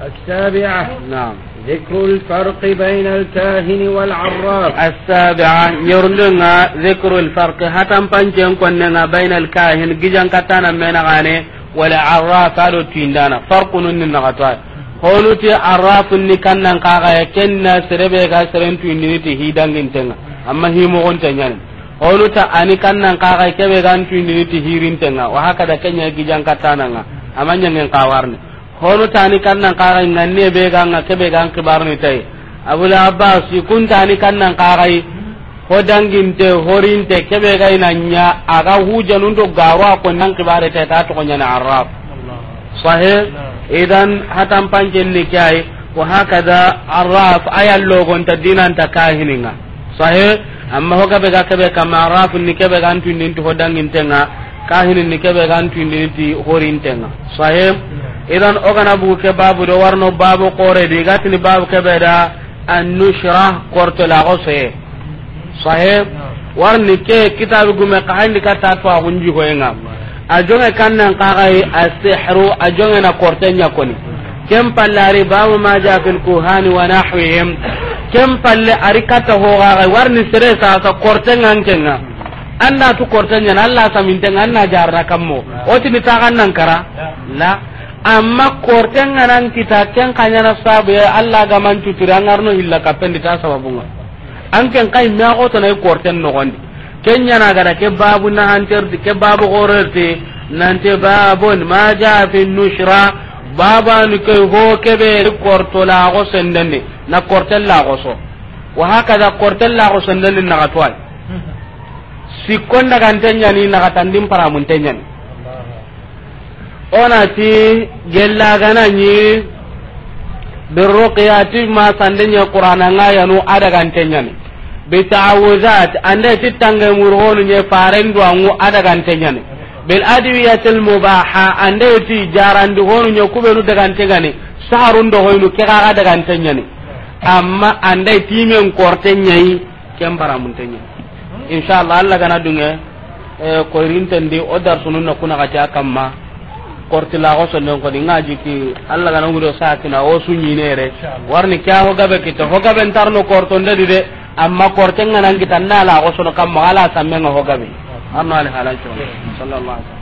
السابعة نعم ذكر الفرق بين الكاهن والعراف السابعة يرلنا ذكر الفرق هتم بانجن كنا بين الكاهن جيجان كتانا من غاني ولا عراف قالوا تيندانا فرق نن نغطا هولوتي عراف نكنا كاغا كنا سربي غا سرن تينديتي هيدان نتنا amma himo gonta nyani holuta ani kannan kaga kebe gan tuindiniti hirintenga wa hakada kenya gijan katananga amanya ngen kawarne honu tani kannan kagai nanne be ganga kebe gan kibar ni tai abul abbas kun tani kannan kagai ho danginte horinte kebe gai nanya aga hujanun do garwa ko nan kibare tai ta to nyana arab sahe idan hatan panjen ni kai wa hakada arraf aya logon ta dinan ta kahininga sahe amma ho kabe ga kabe kama arraf ni ga antu ni to ho dangin dangintenga kahinin ni kebe gan tundin ti horintenga sahe idan ogana buke babu do warno babu qore di gatini babu kebeda an nushra qorto la soye sahib warni ke kitabu gume ka handi kata to agunji hoyenga ajonge kannan kagai asihru ajonge na kortenya koni ken palle ari ma ja fil kuhani wa nahwihim ken palle ari kata ho gagai warni sere sa sa kortenga ankenga anda tu kortenya na Allah samintenga anna jarna kammo otini tagannan kara la amma korten ganan kita ken saabu sabe alla ga man an arno hilla kappendi ta sababunga an ken kai mi ago to nay korten no ken nyana gara ke babu nahanterti ke babu gorerte nante babun ma ja fi nushra baba ni ke ho korto la go na kortel la go so wa hakaza kortel la go sendende na gatwal sikkonda kan tenya onati gellagananyi birruqiyati ma sandenya qur'ana ngayanu adagantenyani bitawuzat ande tittange murhonu nye farendu angu adagantenyani bil adwiyati al mubaha ande ti jarandi honu nye kubenu dagantegani saharun do hoynu kekaga dagantenyani amma ande timen kortenyayi kembaramuntenyani inshallah allah gana dunge eh, koyrintendi o darsununna kunagati a kamma korti la kortilaxo sonden kodi nga jiki allah gana nguro sakina wo nere warni ke a hogabe kita hogabe ntarno kortondedi de amma korte nganangita ko sono kamma ala sammenga hogabe arno ali halal sallallahu alaihi